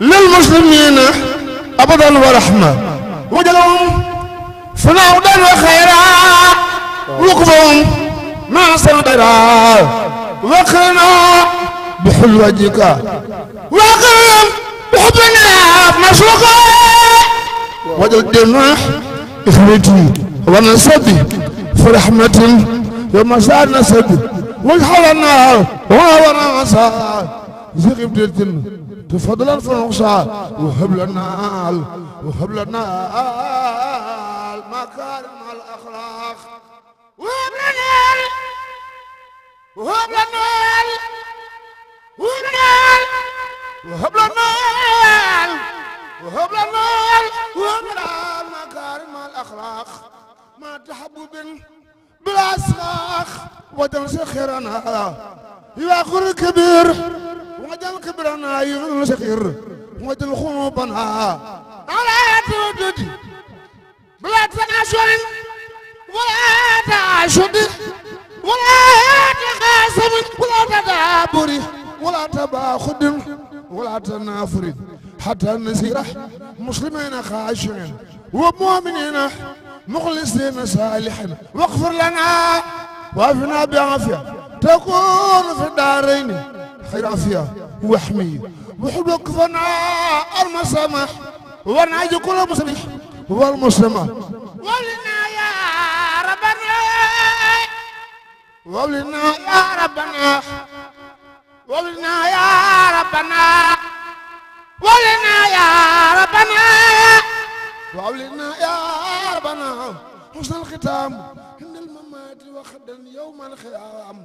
للمسلمين أبدا ورحمة وجلهم فنودا وخيرا وقفهم مع صدرا وقنا بحل وجهك وقم بحبنا مشوقا وجل الدمع إخوتي ونسبي فرحمة يوم سعدنا سد وجحلنا وعورنا مساء زغب الجنة تفضلا فنقصى وهب لنا وهب لنا المكارم الأخلاق وهب لنا وهب لنا وهب لنا وهب لنا وهب لنا وهب لنا المكارم الأخلاق ما تحبب بلا صراخ ودنس خيرنا يا خر كبير ودن كبرنا ينس خير ودن خوبنا على تودي بلا تناشر ولا تعاشد ولا تخاصم ولا تدابر ولا تباخد ولا تنافر حتى نسير مسلمين خاشعين ومؤمنين مخلصين صالحين واغفر لنا وافنا بعافية تكون في الدارين خير عافية واحمي وحبك فنا المسامح ونعج كل مسامح والمسلمة ولنا يا ربنا ولنا يا ربنا ولنا يا ربنا ولنا يا ربنا وأولنا يا ربنا حسن الختام عند الممات وخدا يوم الخيام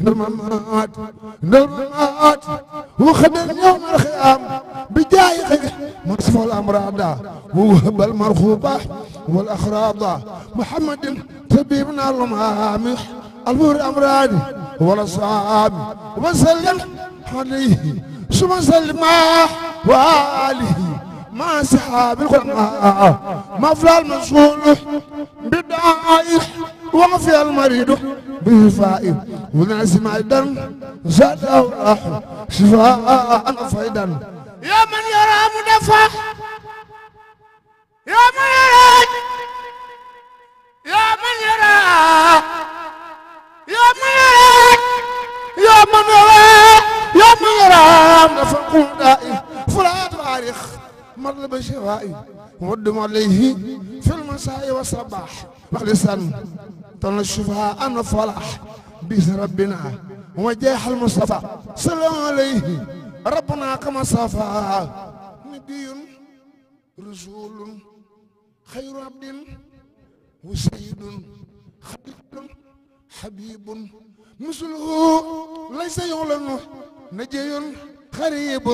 عند الممات عند الممات وخدا يوم الخيام بجايتك مصف الأمراض ووهب المرخوبة والأخراض محمد طبيبنا المامح البور الأمراض والأصحاب وسلم عليه ثم سلم وآله مع أصحاب الخدماء مفلى المسؤول بدعائه وفي المريض بفائه ونازم أيضا زاده الله شفاء فيدا يا من يرى مدفع يا من يرى يا من يرى يا من يرى يا من يرى يا من يرى مدفع قلائه فلا تعرف مطلب شفائي ودم عليه في المساء والصباح مخلصا تنشفها أنا فلاح بيس ربنا وجاه المصطفى سلام عليه ربنا كما صفى نبي رسول خير عبد وسيد خليل حبيب مثله ليس يعلن نجي قريب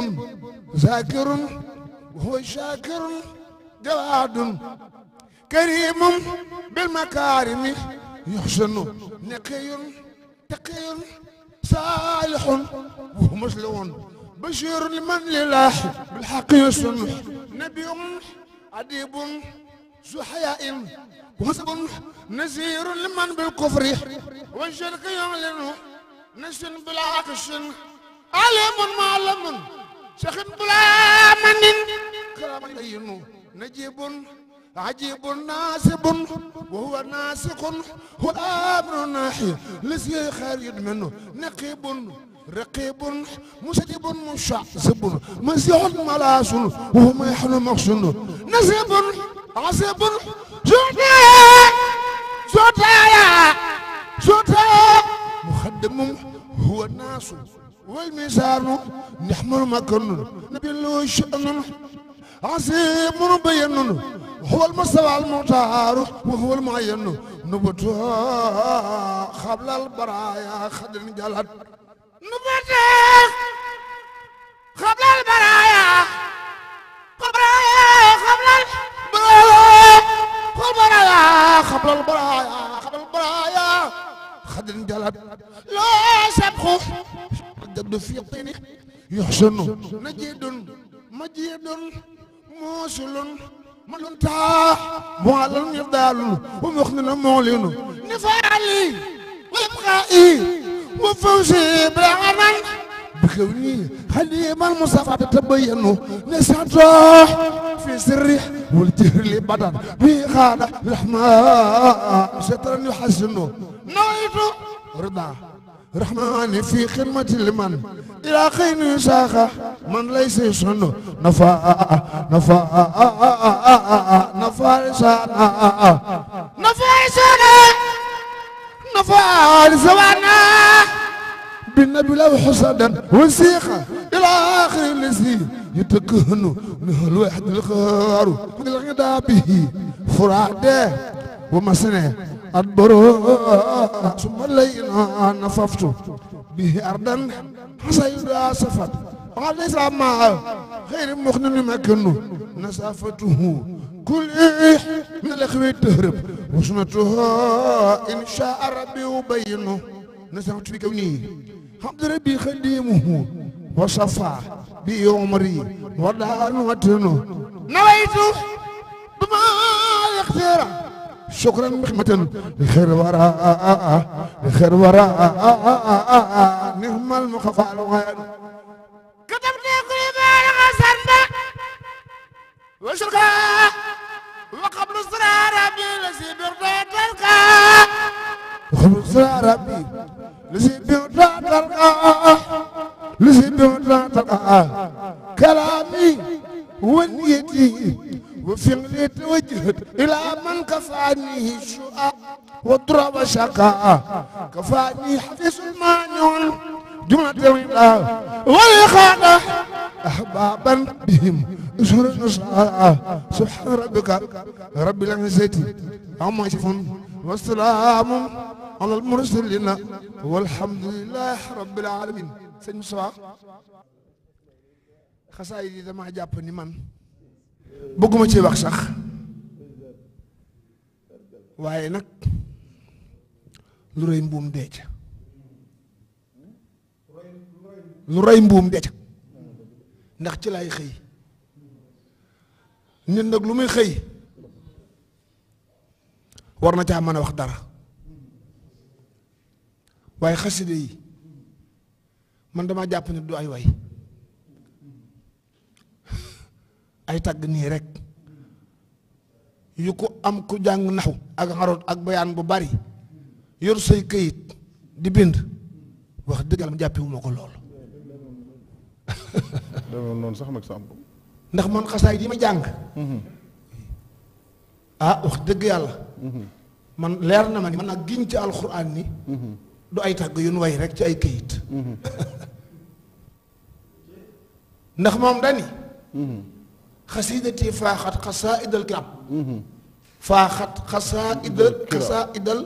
ذاكر هو شاكر جواد كريم بالمكارم يحسن نقي تقي صالح وهو مسلم بشير لمن لله بالحق يسن نبي أديب زحياء وحسب نزير لمن بالكفر وشرك يعلن نسن بالعكس علم معلم شيخ بلا من كرم دين نجيب عجيب ناسب وهو ناسق هو امر ناحي لسي خالد منه نقيب رقيب مسجب مشعزب مزيح ملاس وهو ميحن مقصن نزيب عزيب جوتا جوتا جوتا مخدم هو الناس والميزان نحم المكن نبلو شأن عصيب مبين هو المستوى المختار وهو المعين نبتها قبل البرايا خد جلت نبتها قبل البرايا البرايا قبل البرايا البرايا قبل البرايا قبل البرايا خد جلت لا سبخ العدد في طين يحسن نجد مجيد موصل من تا معلن يبدال ومخنن معلن نفعلي وابقائي وفوزي بالعمل بكوني خليما المصطفى تتبين نسعته في سري والجهر لي بدن بغادة رحمة سترا يحسن نويت رضا رحمن في خدمة لمن إلى خير ساخة من ليس سنه نفاء نفاء نفاء لسانا نفاء لسانا نفاء لسوانا بالنبي لو حسدا وسيخة إلى آخر الذي يتكهن نهل الواحد الخار الغدا به فراده ومسنه أدبروا ثم لينا نففت به أردا حسيدا سفت وقال ليس مع غير مخن مكنه نسافته كل من الأخوة تهرب وسنتها إن شاء ربي وبينه نسمت بكوني حمد ربي خديمه وصفى بيومري ولا نوتنه نويت بما يختاره شكرا مخمة لخير وراء لخير وراء نهم المخفى الغير كتبت كل ما غسلنا وشرقا وقبل صلاة ربي الذي برضا تلقى وقبل صلاة ربي الذي برضا تلقى الذي برضا تلقى كلامي ونيتي وفعلي توجهت إلى من كفاني الشقاء وضرب شقاء كفاني حفظ المانع جمعة الله والإخانة أحبابا بهم أسر نصرى سبحان ربك رب العزة عما يصفون والسلام على المرسلين والحمد لله رب العالمين سيد مصطفى xasaay yi damaa jàpp ni man bëgguma ci wax sax waaye nag lu rëy mbuum dee ca lu rëy mbuum dee ca ndax ci lay xëy nit nag lu muy xëy war na caa mën a wax dara waaye xaside yi man damaa jàpp ne du ay way ay tàgg nii rek yu ko am ku jàng naxu ak xarut ak bayaan bu bari yor say këyit di bind wax dëgg yàlla ko loolu noonu sax nag sa am ko man mhm. ah yàlla mhm. man leer na ma ni man naa giñ ci alxuraan ni mhm. du ay tàgg yu way rek ci ay këyit ndax moom dani xasiidati faaxat xasaa idal kiram faaxat xasaa idal xasaa idal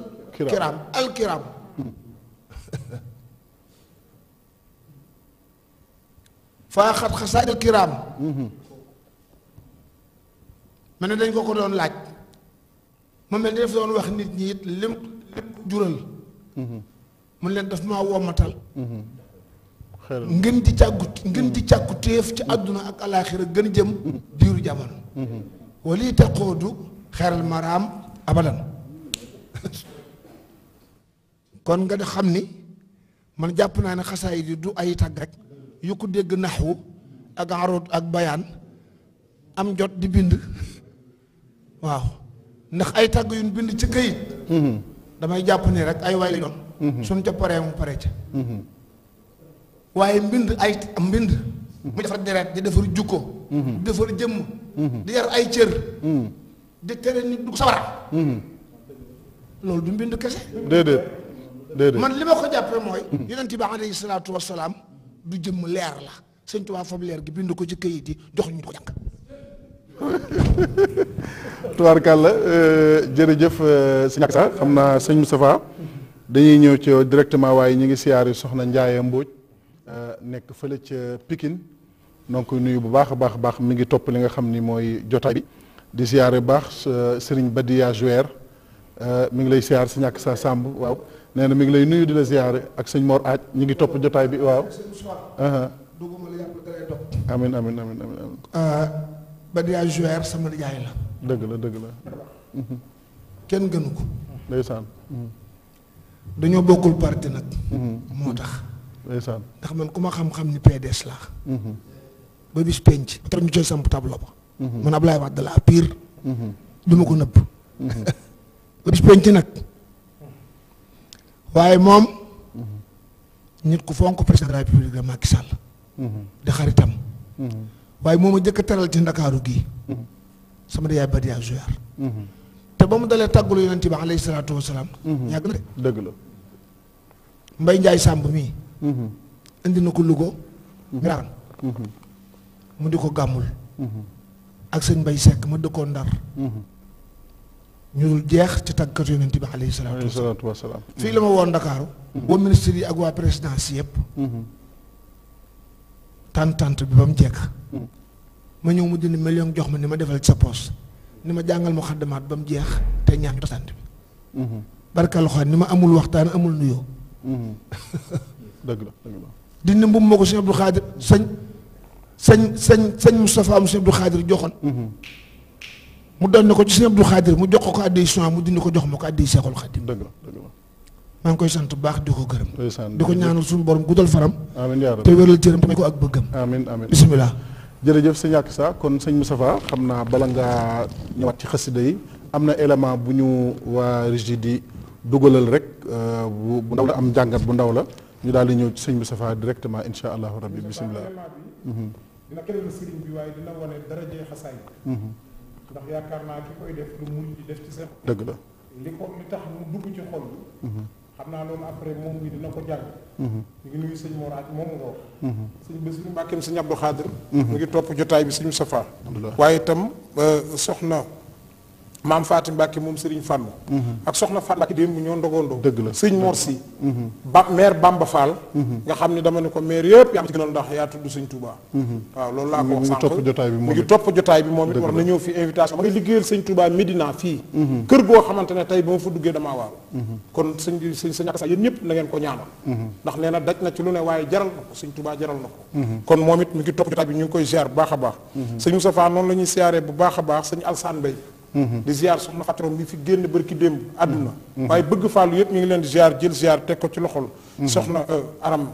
ne dañ ko ko doon laaj mu mel ni daf doon wax nit ñi it lim lim jural mm-hmm. mu leen daf maa womatal mm-hmm. ngën di càggu ngën ji càggu ci àdduna ak alaaxira gën jëm diiru jamono walii taqoodu xeral maraam abadan kon nga xam ni man jàpp naa ne xasaay yi du ay tàgg rek yu ko dégg naxwu ak aroot ak bayaan am jot di bind waaw ndax ay tàgg yu bind ci këyit mm-hmm. damay jàpp nii rek ay way doon mm-hmm. suñ ca paree mu pare ca mm-hmm. waaye mbind ay mbind mu defar deret di defar jukko mhm. di defar jëmm mhm. di yar ay cër mhm. di tere nit dugg sawara loolu du mbind kese déedéet déedéet man li ma ko jàppee mooy yonent bi alayhi salaatu wasalaam du jëmm leer la sëñ Tuubaa fab leer gi bind ko ci këyit yi jox ñu ko jàng tubaarkàlla euh, jërëjëf euh, sëñ sax xam naa sëñ Moustapha dañuy ñëw ci directement waaye ñu ngi siyaar yi soxna Ndiaye Mbodj Euh, nekk fële ca Pikine donc nuyu bu baax a baax a baax mi ngi topp li nga xam ni mooy jotaay bi di ziare baax euh, Serigne Badia Jouer euh, mu ngi lay ziare si ñàkk sa Samb waaw nee na mi ngi lay nuyu di la ziare ak sëñ Mor Aaj ñu ngi topp jotaay bi waaw. Uh-huh. amin amin amin amin Badia sama nijaay la. dëgg la dëgg la. Uh-huh. kenn gënu ko. ndeysaan. Uh-huh. dañoo bokkul parti nag. moo tax. ndeysaan ndax man ku ma xam-xam ni PDS laa. Mhm. ba bis penc. te tax ñu jël sama tableau ba. Mhm. man Ablaye Wade laa pire. Mhm. du ma ko nëbb. ba bis penc nag. waaye moom. nit ku fonk président de la république la Macky di xaritam. waaye moom a jëkk teral ci ndakaaru gii. sama yaay bari yaa joueur. te ba mu dalee tàggulu yonent bi alayhi salaatu wa salaam. yàgg na de. dëgg la. Mbaye mii. indi na ko lugo mhm. mhm. mu di ko gàmmul. Mhm. ak sëñ Mbay Sekk ma dëkkoon Ndar. ñu jeex ci tàggkat yonent bi alayhi salaatu wasalaam fii la ma woon Ndakaaru waa ministre yi ak waa présidence yëpp. tàntante bi ba mu jekk ma ñëw mu dindi million jox ma ni ma defal ci sa poos ni ma jàngal ma xaddamaat ba mu jeex te ñaan cosaan bi barka loxo ni ma amul waxtaan amul nuyoo dëgg la dëgg la dindi mbubb moo ko sëñ Abdou Khadir sëñ sëñ sëñ sëñ Moustapha mu sëñ Abdou Khadir joxoon mhm. mu doon ko ci sëñ Abdou Khadir mu jox ko ko mu dindi ko jox ma ko addiy Seexul Xadim dëgg maa ngi koy sant bu baax di ko gërëm di ko ñaanal suñu borom guddal faram amiin yaa te wéral cëram ko ak bëggam amiin amiin bisimilah jërëjëf sëñ Akisa kon sëñ Moustapha xam naa bala ngaa ñëwaat ci xasida am na élément bu ñu waa Rigid di dugalal rek euh, bu ndaw la am njàngat bu ndaw la ñu daal di ñëw ci sëñ Moustapha directement incha allahu rabbi bisimilah. Mhm. dina keneen sëriñ bi waaye dina wane darajee xasaay. Mhm. ndax yaakaar naa ki koy def lu muñ di def ci seen. dëgg la li ko li tax mu dugg ci xol bi. Mhm. xam naa loolu après moom mi dina ko jàng. ñu ngi nuyu sëñ Moraat moom nga wax. sëñ Bassirou Mbackeem sëñ Abdou Khadir. mu ngi topp jotaay bi sëñ Moustapha. waaye itam euh, soxna. maam Faati Mbàkke moom Serigne Fàllu mhm. ak soxna Fàllu ak démb ñoo ndogandoo dëgg sëñ Mor Si mhm. ba maire Bamba Fall mhm. nga xam ne dama ne ko maire yëpp yaa ci gënal ndax yaa tudd sëñ Touba waaw it war na ñëw fi invitation ma fii kër goo xamante ne tey ba ma fa duggee damaa waaw kon sëñ sëñ sëñ ak sa yéen ñëpp na ngeen ko ñaanal ndax nee na daj na ci lu ne waaye jaral na ko sëñ Touba jaral na ko kon moom it mu ngi topp jotaay bi ñu ngi koy ziar bu baax a baax sëñ Moustapha noonu la ñuy bu baax a baax sëñ Mm-hmm. di ziar soxna Fatou mi fi génn bërki démb àdduna mm-hmm. waaye bëgg fàllu yëpp ñu ngi leen di ziar jël ziar teg ko ci loxol mm-hmm. soxna euh, aram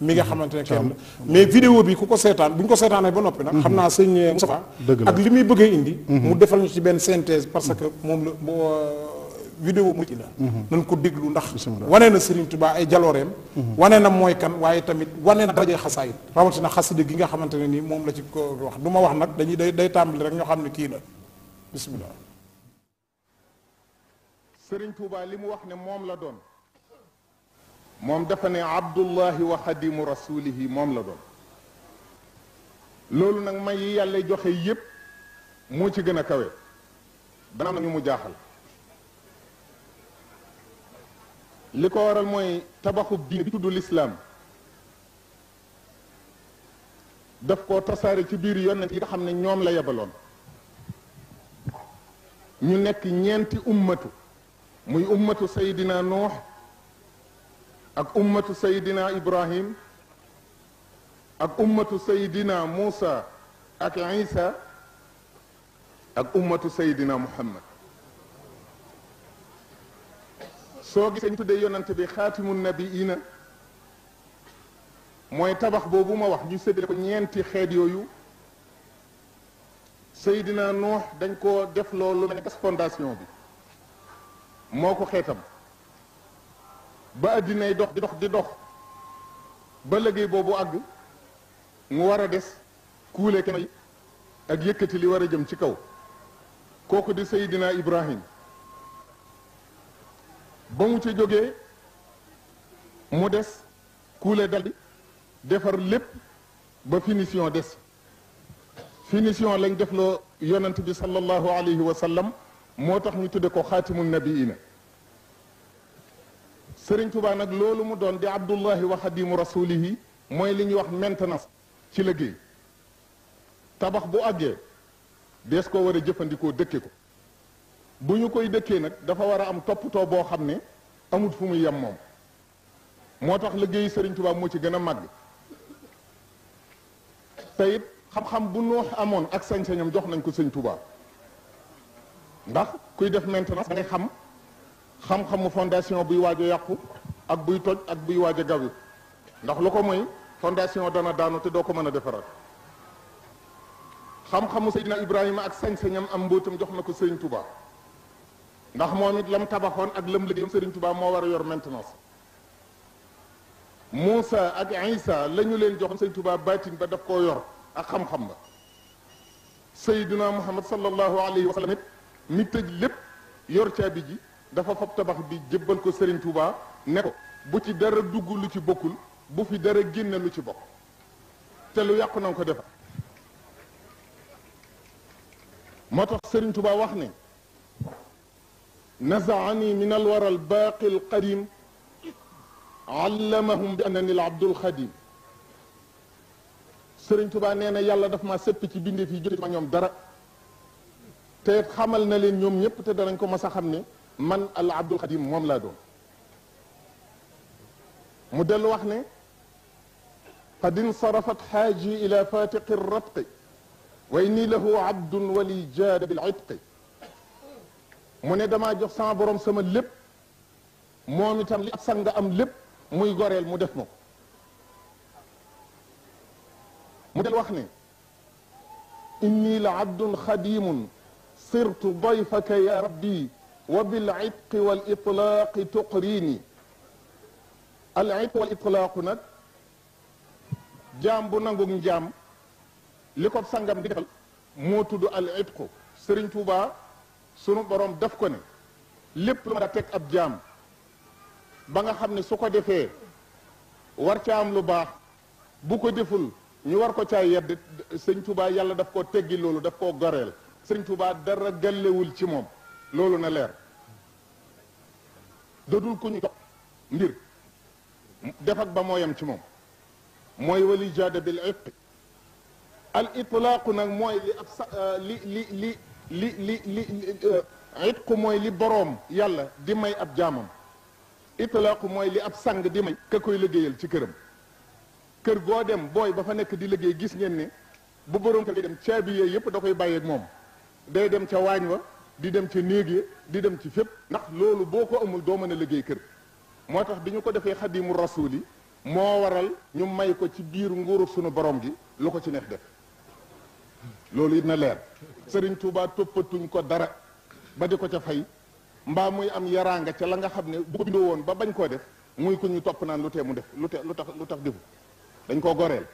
mi nga xamante ne kenn mais vidéo bi ku ko seetaan bu ñu ko seetaanee ba noppi nag xam naa sëñ euh, Moustapha ak li muy bëggee indi mu defal ñu ci benn synthèse parce que moom la euh, vidéo mu ci la nañ ko déglu ndax wanee na Serigne Touba ay jalooreem wane na mooy kan waaye tamit wane na daraje xasaayit rawatina xasida gi nga xamante ne nii moom la ci ko wax du ma wax nag dañuy day day tàmbali rek ñoo xam ne kii la bismillah sëriñ Tuuba li mu wax ne moom la doon moom dafa ne abdullahi wa xadimu rasulihi moom la doon loolu nag may yi yàlla joxe yépp moo ci gën a kawe dana am na ñu mu jaaxal li ko waral mooy tabaxub diine bi tudd lislaam daf ko tasaare ci biir yonent yi nga xam ne ñoom la yebaloon ñu nekk ñeenti ummatu muy ummatu saydina nuux ak ummatu saydina ibrahim ak ummatu saydina muusa ak isa ak ummatu saydina muhammad soo gisee ñu tuddee yonante bi xaatimu nabiina mooy tabax boobu ma wax ñu séddale ko ñeenti xeet yooyu Seydina Nuux dañ ko def loolu mel ne fondation bi moo ko xeetam ba addinay dox di dox di dox ba liggéey boobu àgg mu war a des kuule kenn ak yëkkati li war a jëm ci kaw kooku di Seydina Ibrahim ba mu ci jógee mu des kuule daldi defar lépp ba finition des finition lañ def loo yonant bi sallallahu alayhi wa sallam moo tax ñu tudde ko xaatimul nabiina sëriñ Tuubaa nag loolu mu doon di abdullahi wa xadimu rasulihi mooy li ñuy wax maintenance ci liggéey tabax bu àggee dees ko war a jëfandikoo dëkke ko bu ñu koy dëkkee nag dafa war a am toppatoo boo xam ne amut fu muy yem moom moo tax liggéeyu sëriñ Tuubaa moo ci gën a màgg te it xam-xam bu noox amoon ak sañ-sañam jox nañ ko sëñ Tuubaa ndax kuy def maintenance da ngay xam xam-xamu fondation buy waaj a yàqu ak buy toj ak buy waaj a gawi ndax lu ko mooy fondation dana daanu te doo ko mën a defaraat xam-xamu Seydina Ibrahima ak sañ-sañam am mbóotam jox na ko Serigne tubaa ndax moom it lam tabaxoon ak lam liggéeyam Serigne tubaa moo war a yor maintenance Moussa ak Isa la ñu leen joxoon Serigne Touba baatin ba daf koo yor ak xam-xam ba Seydina Muhammad sallallahu alayhi wa sallam it mi tëj lépp yor caabi ji dafa fab tabax bi jébbal ko Serigne Touba ko bu ci dara dugg lu ci bokkul bu fi dara génne lu ci bokk te lu yàqu na ko defar moo tax Serigne Touba wax ne nazaani min alwara albaaqi alqadim allamahum bi annani alabdul xadim Serigne Touba nee na yàlla daf ma sëpp ci bindee fi jot ma ñoom dara te xamal na leen ñoom ñëpp te danañ ko mas a xam ne man al abdul xadim moom laa doon mu dellu wax ni ne qad insarafat xaaji ila fatiqi rabqi wa inni lahu abdun wali jaada bil itqi mu ne damaa jox sama borom sama lépp moom itam li ab sang am lépp muy goreel mu def ma mu del wax ni inni la abdun xadimun صرت ضيفك يا ربي وبالعتق والإطلاق تقريني العتق والإطلاق nag jaam bu nangu njaam li ko sangam di defal moo tudd al-itqu Sëriñ Tuubaa sunu borom daf ko ne lépp lu ma da teg ab jaam ba nga xam ne su ko defee war ca am lu baax bu ko deful ñu war ko caa yedd Sëriñ Tuubaa yàlla daf koo teggi loolu daf koo goreel sëriñ Tuubaa dara gàllewul ci moom loolu na leer dodul ku ñu jox mbir def ba mooyam ci moom mooy wali jaada bil itq al itlaaqu nag mooy li ab sa euh, li li li li li li euh, itqu mooy li boroom yàlla di may ab jaamam itlaaqu mooy li ab sang di may ka koy liggéeyal ci këram kër goo dem booy ba fa nekk di liggéey gis ngeen ne bu boroom kër gi dem caabi yooyu yëpp da koy bàyyeeg moom day dem ca waañ wa di dem ca néeg ya di dem ci fépp ndax loolu boo ko amul doo mën liggéey kër moo tax bi ñu ko defee mu rasul yi moo waral ñu may ko ci biir nguuru sunu borom gi lu ko ci neex def loolu it na leer sëriñ tuubaa toppatuñ ko dara ba di ko ca fay mbaa muy am yaraanga ca la nga xam ne bu ko bindoo woon ba bañ koo def muy ko ñu topp naan lu tee mu def lu te lu tax lu tax defu dañ koo goreel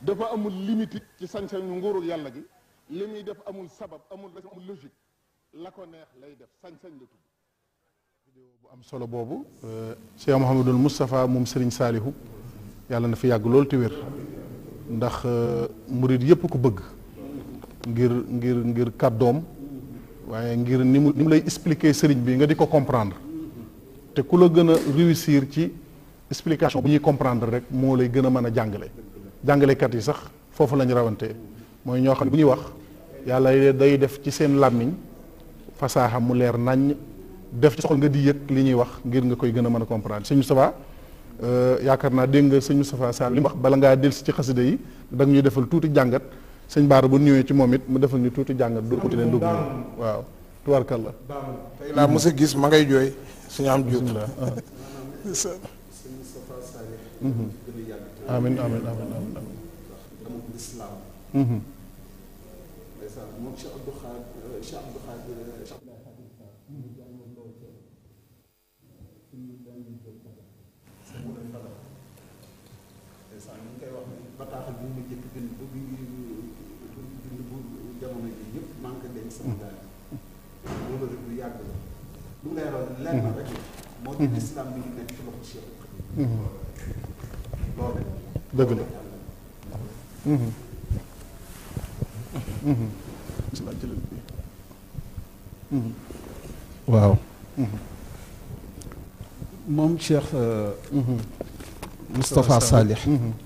dafa amul limite ci sañ-sañu nguuru yàlla gi li muy def amul sabab amul raison amul logique la ko neex lay def sañ-sañ la tudd bu am solo boobu euh, Cheikh Mouhamadul Moustapha moom Serigne Saalihu yàlla na fi yàgg loolu te wér ndax euh, murit yépp ko bëgg ngir ngir ngir doom waaye ngir ni mu ni mu lay expliquer sëriñ bi nga di ko comprendre te ku la gën a réussir ci explication bu ñuy comprendre rek moo lay gën a mën a jàngale jàngalekat yi sax foofu la ñu rawante mooy ñoo xam ne bu ñuy wax yàlla day def ci seen làmmiñ fa fasaaxa mu leer naññ def ci soxla nga di yëg li ñuy wax ngir nga koy gën a mën a comprendre sëñ Moustapha euh, yaakaar naa dégg nga sëñ Moustapha saa li mu wax bala ngaa dellusi ci xasida yi da ñuy defal tuuti jàngat sëñ Baara bu ñëwee ci moom it mu defal ñu tuuti jàngat du ko leen dugg waaw tubaarkalla tey laa mos a gis ma ngay jooy suñu am jóg amin amin amin moom Cheikh Abdou Khadre euh, Cheikh Abdou Khadre euh, Cheikh san ñu ngi koy wax ne bataaxal bi ñu ma jëkk bind bu bi bind bu jamono ji yëpp manque dañ sama daal loolu rek lu yàgg la lu mu lay ron lenn na rek moo di islam bi ñu nekk ci loxo Cheikh loolu dëgg la si laa jëlal bi mm-hmm. waaw mm-hmm. moom Cheikh euh, mm-hmm. Moustapha Salih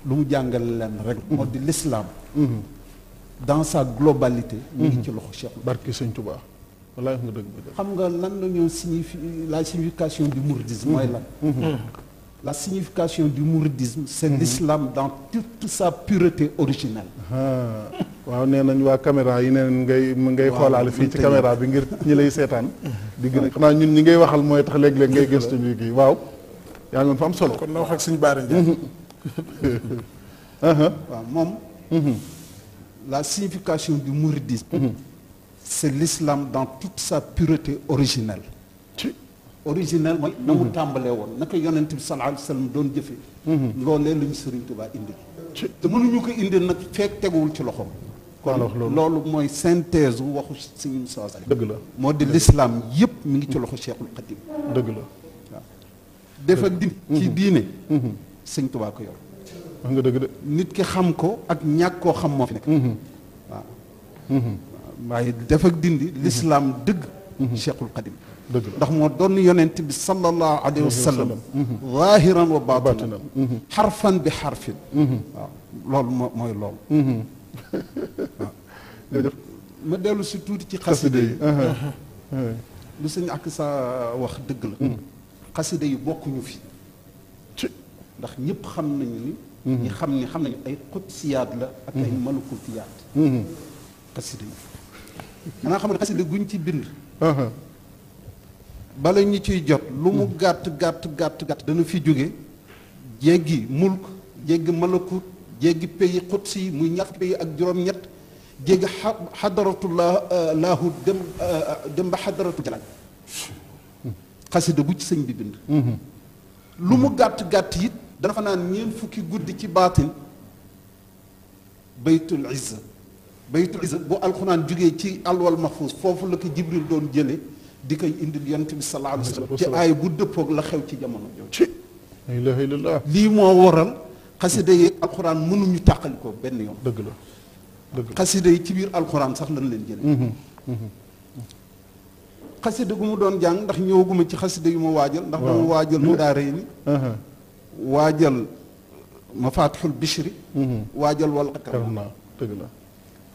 lu mu jàngal leen rek moo di l'islam dans sa globalité mu ngi ci loxo Cheikh barki Sëñ Touba walaay nga dëgg xam nga lan la ñoo signifie la signification du mouridisme mooy lan la signification du mouridisme c'est mhm. l'islam dans toute sa pureté originelle ah, waaw nee nañ waa caméra yi neen ngay ngay xoolaale fii ci caméra bi ngir ñi lay seetaan di gën a xanaa ñun ñi ngay waxal mooy tax léeg-léeg ngay gëstu bi kii waaw yaa ngi fa am solo kon na wax ak suñu baara Ndiaye mhm. waaw moom mhm. la signification du mouridisme c'est l'islam dans toute sa pureté originelle original mooy na mu mhm. tàmbalee woon naka yonent bi sallallahu alayhi wa sallam doon jëfee mhm. loolee lu ñu Sëriñ Tuubaa indi te mënuñu ko indi nag fekk teguwul ci loxo loxoom kon loolu mooy synthèse waxu Sëriñ Musaa Sall dëgg la moo di l'islam yëpp mi ngi ci mhm. loxo Cheikhul Khadim dëgg la waaw di diine Sëriñ Tuubaa ko yor wax nga dëgg de nit ki xam ko ak ñàkk koo xam moo fi nekk waaw waaye dafa dindi l'islam dëgg Cheikhul Khadim ndax moo doon yonent bi sallallahu alayhi wa sallam zaahiran wa mhm. baatinan xarfan mhm. bi xarfin mhm. waaw loolu moo mooy loolu waaw ma dellu si tuuti ci xasida yi uh-huh. lu sëñ ak sa wax dëgg la xasida yi bokkuñu fi ndax ñëpp xam nañu ni xam ni xam nañu ay xudsiyaat la ak ay malakutiyaat xasida yi xanaa xam ne xasida guñ ci bind uh-huh. bala ñu ciy jot lu mu gàtt gàtt gàtt gàtt dana fi jóge jéggi mulk jéggi malakut jéggi pays xutsi muy ñaar pays ak juróom-ñett jéggi xa xadaratullah euh, laahu dem euh, dem ba xadaratu jalal xasida bu ci sëñ bibind lu mu gàtt gàtt it dana fa naan ñeent fukki guddi ci baatin baytul izza baytul izza bu alxuraan jógee ci alwal mahfuus foofu la ko jibril doon jële di koy indil yonent bi sallallahu alayhi wa sallam ci aay bu dëppoog la xew ci jamono jooju la ilaha illallah lii moo waral xasida yi alxuraan mënuñu tàqali ko benn yoon dëgg la dëgg la xasida yi ci biir alxuraan sax lan leen jëlee mm-hmm. Mm-hmm. xasida gu mu doon jàng ndax ñëwaguma ci xasida yu ma waajal ndax dama waajal mu daa rëy ni uh-huh. waajal mafaatixul bishri mm-hmm. waajal wal xatam dëgg la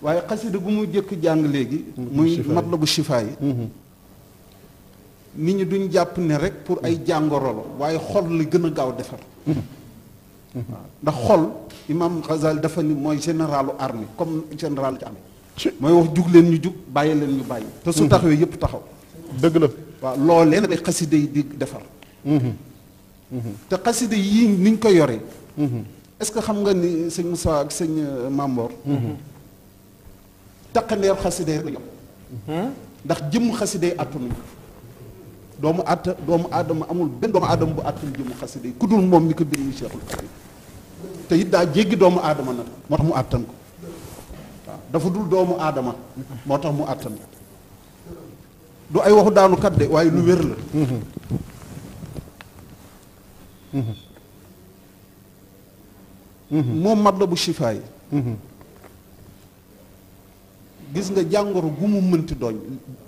waaye xasida gu mu jëkk jàng léegi muy matlabu shifaa yi nit ñi duñ jàpp ne rek pour ay jàngoro la waaye xol la gën a gaaw defar waaw ndax xol imam Ghazali dafa ni mooy généralu armée comme général ci am mooy wax jug leen ñu jug bàyyi leen ñu bàyyi te su mhm. taxawee yëpp taxaw dëgg la waaw loolee nag xaside yi di defar mhm. Mhm. te xaside yi niñ ko yoree est-ce que xam nga ni sëñ Moussa ak sëñ euh, Mamor taqandeer xaside la ndax jëmm xaside yi àttanuñ ko doomu atta doomu aadama amul benn doomu aadama bu attan jëmu xasida yi ku dul moom mi ko bind muy Cheikhul Khadim te it daa jéggi doomu aadama nag moo tax mu attan ko waaw dafa dul doomu aadama moo tax mu attan ko du ay waxu daanu kat de waaye lu wér la mm-hmm. Mm-hmm. moom mat la bu shifaay mm-hmm. gis nga jàngoro gu mu mënti doon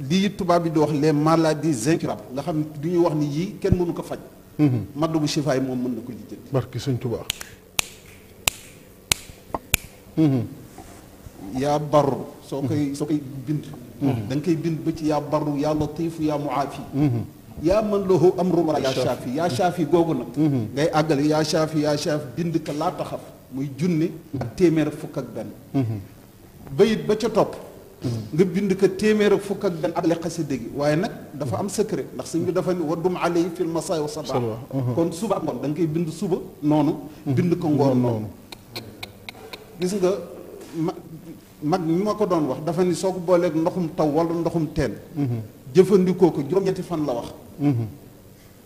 lii tubaab bi di wax les maladies incurables nga xam du ñuy wax ni yii kenn mënu ko faj. Mhm. madd bu sifaay moom mën na ko lijjanti. barki sëñ Tuubaa. Mhm. yaa barru. soo koy mhm. soo koy da koy bind ba ci yaa barru yaa latifu yaa muaafi. yaa man lahu amru yaa shaafi yaa shaafi googu nag. ngay àggale yaa shaafi yaa shaafi bind ka laa taxaf muy junni. ak téeméer fukk ak benn. bayit ba ca topp. nga bind ko téeméer ak fukk ak benn atale xasida gi waaye nag dafa am secret ndax sëñ bi dafa ni waddum alay fil masaay wa sabaa uh-huh. kon suba ak ngoon da nga koy bind suba noonu bind ko ngoon noonu gis nga ma mag ma ko doon wax dafa ni soo ko booleeg ndoxum taw wala ndoxum teen uh-huh. jëfandikoo ko juróom-ñetti fan la wax uh-huh.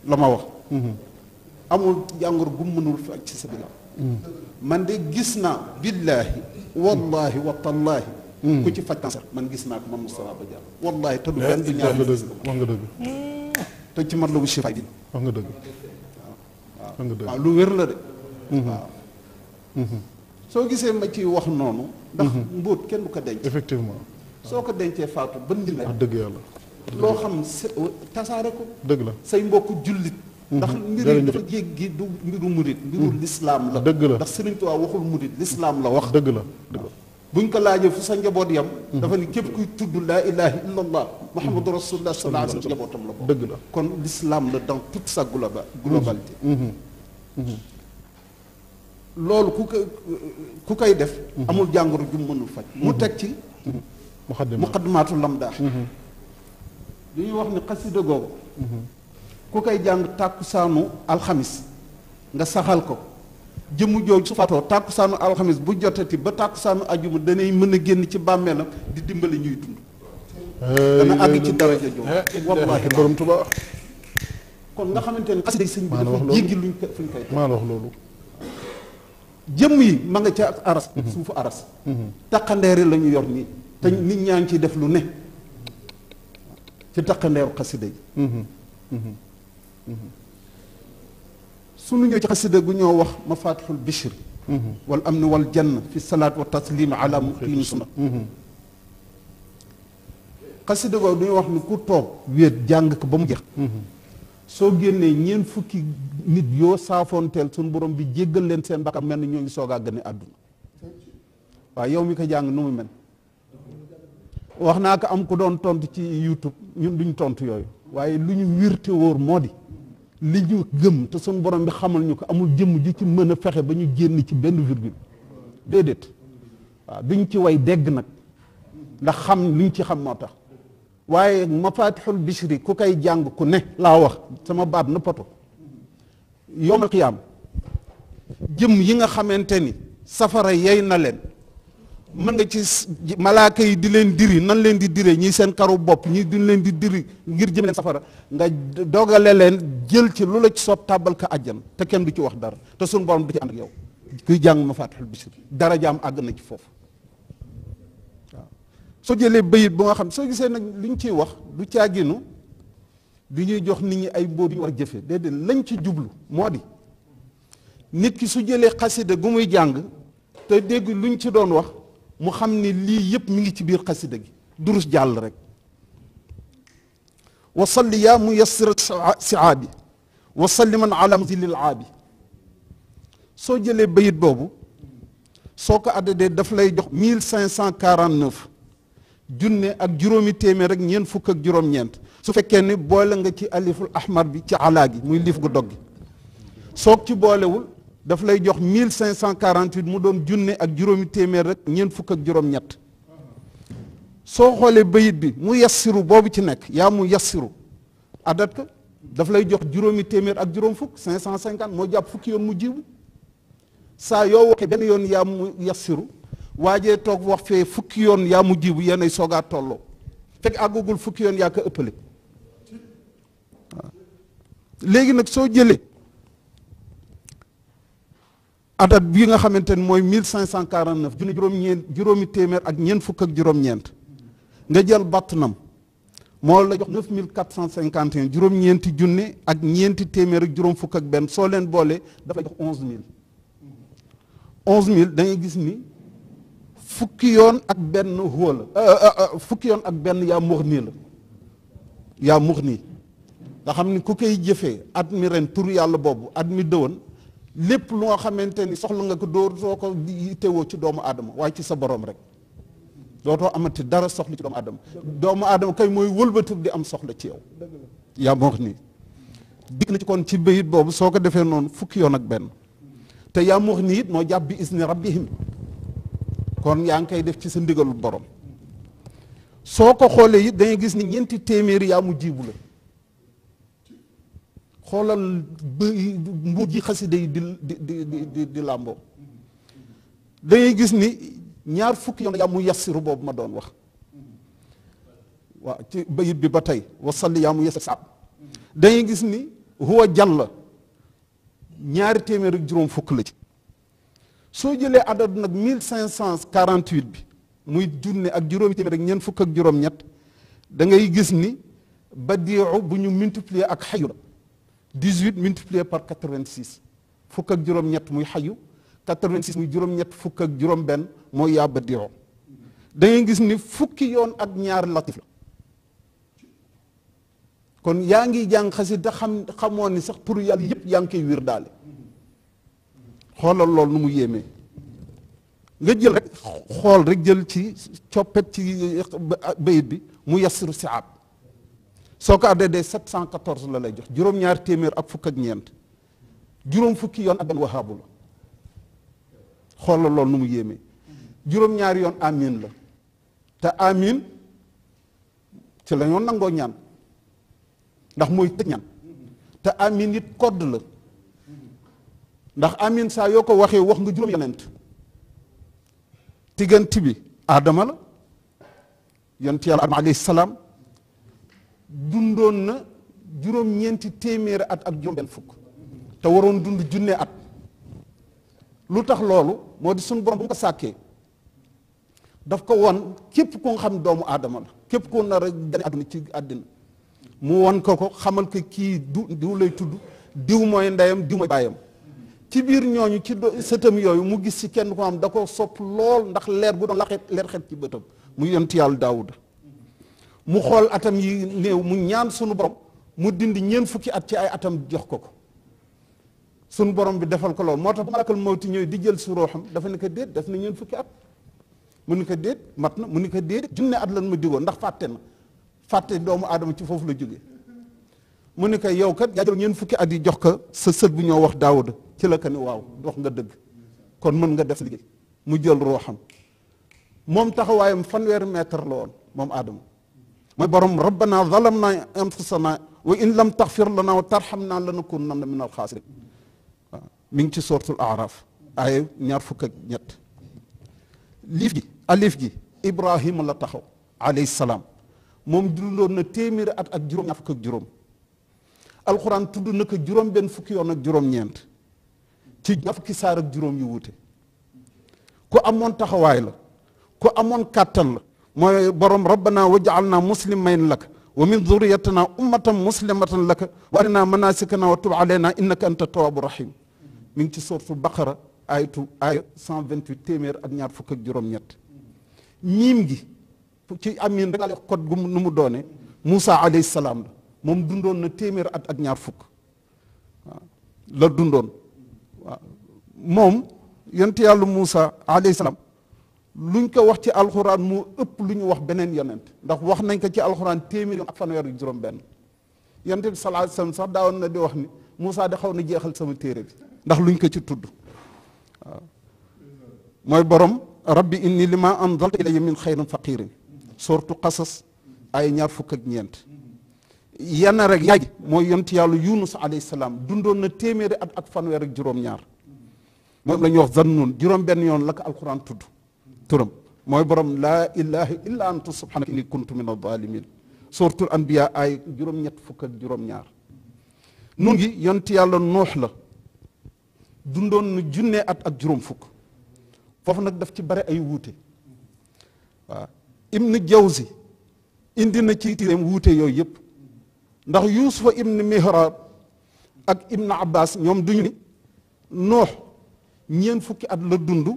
la ma wax amul jàngor gu mënul faj ci sa bilan man de gis naa billaahi wallaahi wa tallaahi Hmm. ku ci faj cancer man gis naa ko man Moustapha Ba Diallo wallaahi te du eh, benn du ñaar wax nga dëgg eh, te ci mat la bu si faj wax nga dëgg waaw waaw lu wér la de hmm. Hmm. soo gisee ma ci wax noonu ndax mbóot kenn du ko denc effectivement soo ko dencee faatu bënd la dëgg yàlla loo xam tasaare ko dëgg la say mbokk jullit ndax mbir yi dafa jéggi du mbiru murit mbiru lislaam la dëgg la ndax Sëriñ Tuubaa waxul murit lislaam la wax dëgg la buñ ko laajee fu sa njaboot yam mhm. dafa ni képp kuy tudd laa ilaha illa allah mhm. muhammadu rasulullah sallallahu alayhi wa njabootam la bokk dëgg la kon l'islam la dans toute sa globa globalité mhm. loolu ku ko koy def amul jàngoro ju mënul faj mu teg ci muqaddimaatu lamdaax li ñuy wax ni xasida googu ku koy jàng tàkkusaanu alxamis nga saxal ko jëmm jooju su faatoo tàkkusaanu alxamis bu jotati ba tàkkusaanu ajjuma danay mën a génn ci bàmmeelam di dimbali ñuy dund dana ci daraja jooju wallaahi borom Tuubaa kon nga xamante ne xasida sëñ bi dafa jéggi luñ fuñ koy wax loolu yi ma nga ca aras mm-hmm. suufu aras mm-hmm. taqandeer la ñu yor nii te mm-hmm. nit ñaa ngi ciy def lu ne ci taqandeeru xasida yi suñu ñëw ci xasida gu ñoo wax ma mafatixul bichri wal am amn wal jan fi salaat wa taslim ala muqimi sunna xasida googu wax ni ku toog wéet jàng ko ba mu jeex soo génnee ñeent fukki nit yoo saafoonteel suñu borom bi jéggal leen seen bakka mel ni ñoo ngi soog a gën a àdduna waaw yow mi ko jàng nu mu mel wax naa ko am ku doon tontu ci YouTube ñun duñ tontu yooyu waaye lu ñu wirte wóor moo di li ñu gëm te suñu borom bi xamal ñu ko amul jëmm ji ci mën a fexe ba ñu génn ci benn virgule déedéet waaw duñ ci way dégg nag ndax xam liñ ci xam moo tax waaye mafatixul bichri ku koy jàng ku ne laa wax sama baat na poto yowmal qiyaam jëm yi nga xamante ni safara yey na leen mën nga ci malaaka yi di leen diri nan leen di dire ñii seen karu bopp ñii duñ leen di diri ngir jëme safara nga dogale leen jël ci lu la ci soob tàbbal ko àjjan te kenn du ci wax dara te suñu borom du ci ànd ak yow kuy jàng ma faatixul bisir dara jaam àgg na ci foofu waaw soo jëlee bayit bu nga xam soo gisee nag li ñu ciy wax du caaginu di ñuy jox nit ñi ay boobu ñu war a jëfe déedéet lañ ci jublu moo di nit ki su jëlee xasida gu muy jàng te dégg luñ ci doon wax mu xam ne lii yëpp mu ngi ci biir xasida gi durus jàll rek wa salli yaa muyassira siaabi wa salliman ala muzilil aabi soo jëlee bayit boobu soo ko addadee daf lay jox mille cinq cent quarante neuf ak juróomi téeméer rek ñeent su fekkee ne boole nga ci aliful bi ci alaa gi muy liif gu ci boolewul daf lay jox mille cinq cent quarante huit mu doon junne ak juróomi téeméer rek ñeent fukk ak juróom-ñett soo xoolee bayit bi mu yassiru boobu ci nekk yaa mu yassiru adat ko daf lay jox juróomi téeméer ak juróom fukk cinq cent cinquante moo jàpp fukki yoon mu jiwu saa yoo waxee benn yoon yaa mu yassiru waajee toog wax fee fukki yoon yaa mu jiwu yéen ay soogaa tolloo fekk àggagul fukki yoon yaa ko ëppale léegi nag soo jëlee adat bi nga xamante ne mooy mille cinq cent quarante neuf junni juróom ñeent juróomi téeméer ak ñeent fukk ak juróom-ñeent nga jël nam moo la jox neuf mille quatre cent cinquante et juróom-ñeenti junni ak ñeenti téeméer ak juróom fukk ak benn soo leen boole dafay jox onze mille onze mille da gis ni fukki yoon ak benn huwa la euh, euh, euh, fukki yoon ak benn yaa mux nii la yaa mux nii nga xam ni ku koy jëfee at mi ren tur yàlla boobu at mi dëwan lépp loo xamante ni soxla nga ko dóor soo ko tewoo ci doomu aadama waaye ci sa borom rek dootoo amati dara soxla ci doomu aadama doomu aadama kay mooy wëlbatu di am soxla ci yow yaa moo nii digg na ci kon ci bayit boobu soo ko defee noonu fukki yoon ak benn te yaa moo wax nii it moo jàpp bi yi rabbihim kon yaa ngi koy def ci sa ndigalu borom soo ko xoolee yit dangay gis ni ñeenti téeméeri yaa mu jiibu la xoolal ba mbuur xasida yi di di di di làmboo da gis ni ñaar fukki yoon yàmmu yassiru bu ma doon wax waaw ci bayit bi ba tey wasalli yàmmu yassir saab da gis ni huwa jàll ñaari téeméer ak juróom fukk la ci soo jëlee adadu nag mille cinq cent quarante-huit bi muy junne ak juróomi téeméer fukk ak juróom-ñett da ngay gis ni badiicu bu ñu multiplier ak xaju la 18 multiplié par 86 fukk ak juróom-ñett muy xayu 86 muy juróom-ñett fukk ak juróom-benn mooy yaa badiiu da ngay gis ni fukki yoon ak ñaar latif la kon yaa ngi jàng xasida xam xamoon ni sax pour yàlla yëpp yaa ngi koy wir daale xoolal loolu nu mu yéeme nga jël rek xool rek jël ci coppet ci ba bi mu yassiru siaab soo ko addee dee 714 la lay jox juróom-ñaar téeméer ak fukk ak ñeent juróom fukki yoon ak benn waxaabu la xoolal loolu nu mu yéemee juróom-ñaar yoon amin la te amin ci la ñoon nangoo ñaan ndax mooy tëj ñaan te amin it code la ndax amin saa yoo ko waxee wax nga juróom yonent diggante bi aadama la yonent yàlla aadama salaam dundoon na juróom-ñeenti téeméeri at ak juróom benn fukk te waroon dund junne at lu tax loolu moo di suñu borom bu ko sàkkee daf ko wan képp koo xam doomu aadama la képp ku na a gane àdduna ci àddina mu won ko ko xamal ko kii du diw lay tudd diw mooy ndeyam diw mooy baayam ci biir ñooñu ci sëtam yooyu mu gis ci kenn ko am da koo sopp lool ndax leer gu doon laqet leer xet ci bëtam mu yonti yàlla daawuda mu xool atam yi néew mu ñaan sunu borom mu dindi ñeent fukki at ci ay atam jox ko ko sunu borom bi defal ko loolu moo tax malakal mawti ñëw di jël su rooxam dafa ne ko déet def na ñeent fukki at mu ni ko déet mat na mu ni ko déet junne at lan ma digoon ndax fàtte na doomu aadama ci foofu la jóge mu ni ko yow kat yaa jël ñeent at yi jox ko sa sët bu ñoo wax daawuda ci la ko waaw wax nga dëgg kon mën nga def liggéey mu jël xam moom taxawaayam fanweeri mètre la woon moom aadama mooy borom rabbana zalamna anfusana wa in lam taxfir lana wa tarxamna lanakunanna min alxaasirin waaw mi ngi ci sortul araf ay ñaar fukk ak ñett liif gi alif gi ibrahima la taxaw alayhi salaam moom dundoon na téeméeri at ak juróom ñaar fukk ak juróom alxuraan tudd na ko juróom benn fukki yoon ak juróom ñeent ci ñaar fukki saar ak juróom yu wuute ku amoon taxawaay la ku amoon kattan la mooy borom rabbana waj'alna muslimayn laka wa min dhurriyyatina ummatan muslimatan laka wa arina manasikana wa tub alayna innaka anta tawwabu rahim mi ngi ci sourate baqara ayatu ay 128 téeméer ak ñaar fukk ak juróom-ñett miim gi ci amin rek laa code gu nu mu doone Moussa alayhi salaam moom dundoon na téeméer at ak ñaar fukk la dundoon waaw moom yonent yàlla Moussa salaam luñ ko wax ci alxuraan moo ëpp lu ñu wax beneen yonent ndax wax nañ ko ci alxuraan téeméer ak fanweer ak juróom-benn yonent bi sax daawoon na di wax ni Moussa di xaw na jeexal sama téere bi ndax luñ ko ci tudd mooy borom rabbi inni lima anzalta ilayya min xayrin faqirin suratu qasas ay ñaar fukk ak ñeent yenn rek yaaj mooy yonent yàlla yunus alayhi salaam dundoon na téeméeri at ak fanweer ak juróom la ñuy wax zannun juróom-benn yoon lakk ko alxuraan tudd turam mooy borom laa ilaha illa anta subhanaka inni kuntu min adh-dhalimin suuratul anbiya ay juróom-ñett fukk ak juróom-ñaar nu ngi yonti yàlla noox la dundoon nu junnee at ak juróom fukk foofu nag daf ci bare ay wuute waaw ibn jawzi indi na ci tiréem wuute yooyu yëpp ndax yuusufa ibn mihrab ak ibn abbas ñoom duñu ni noox ñeen fukki at la dund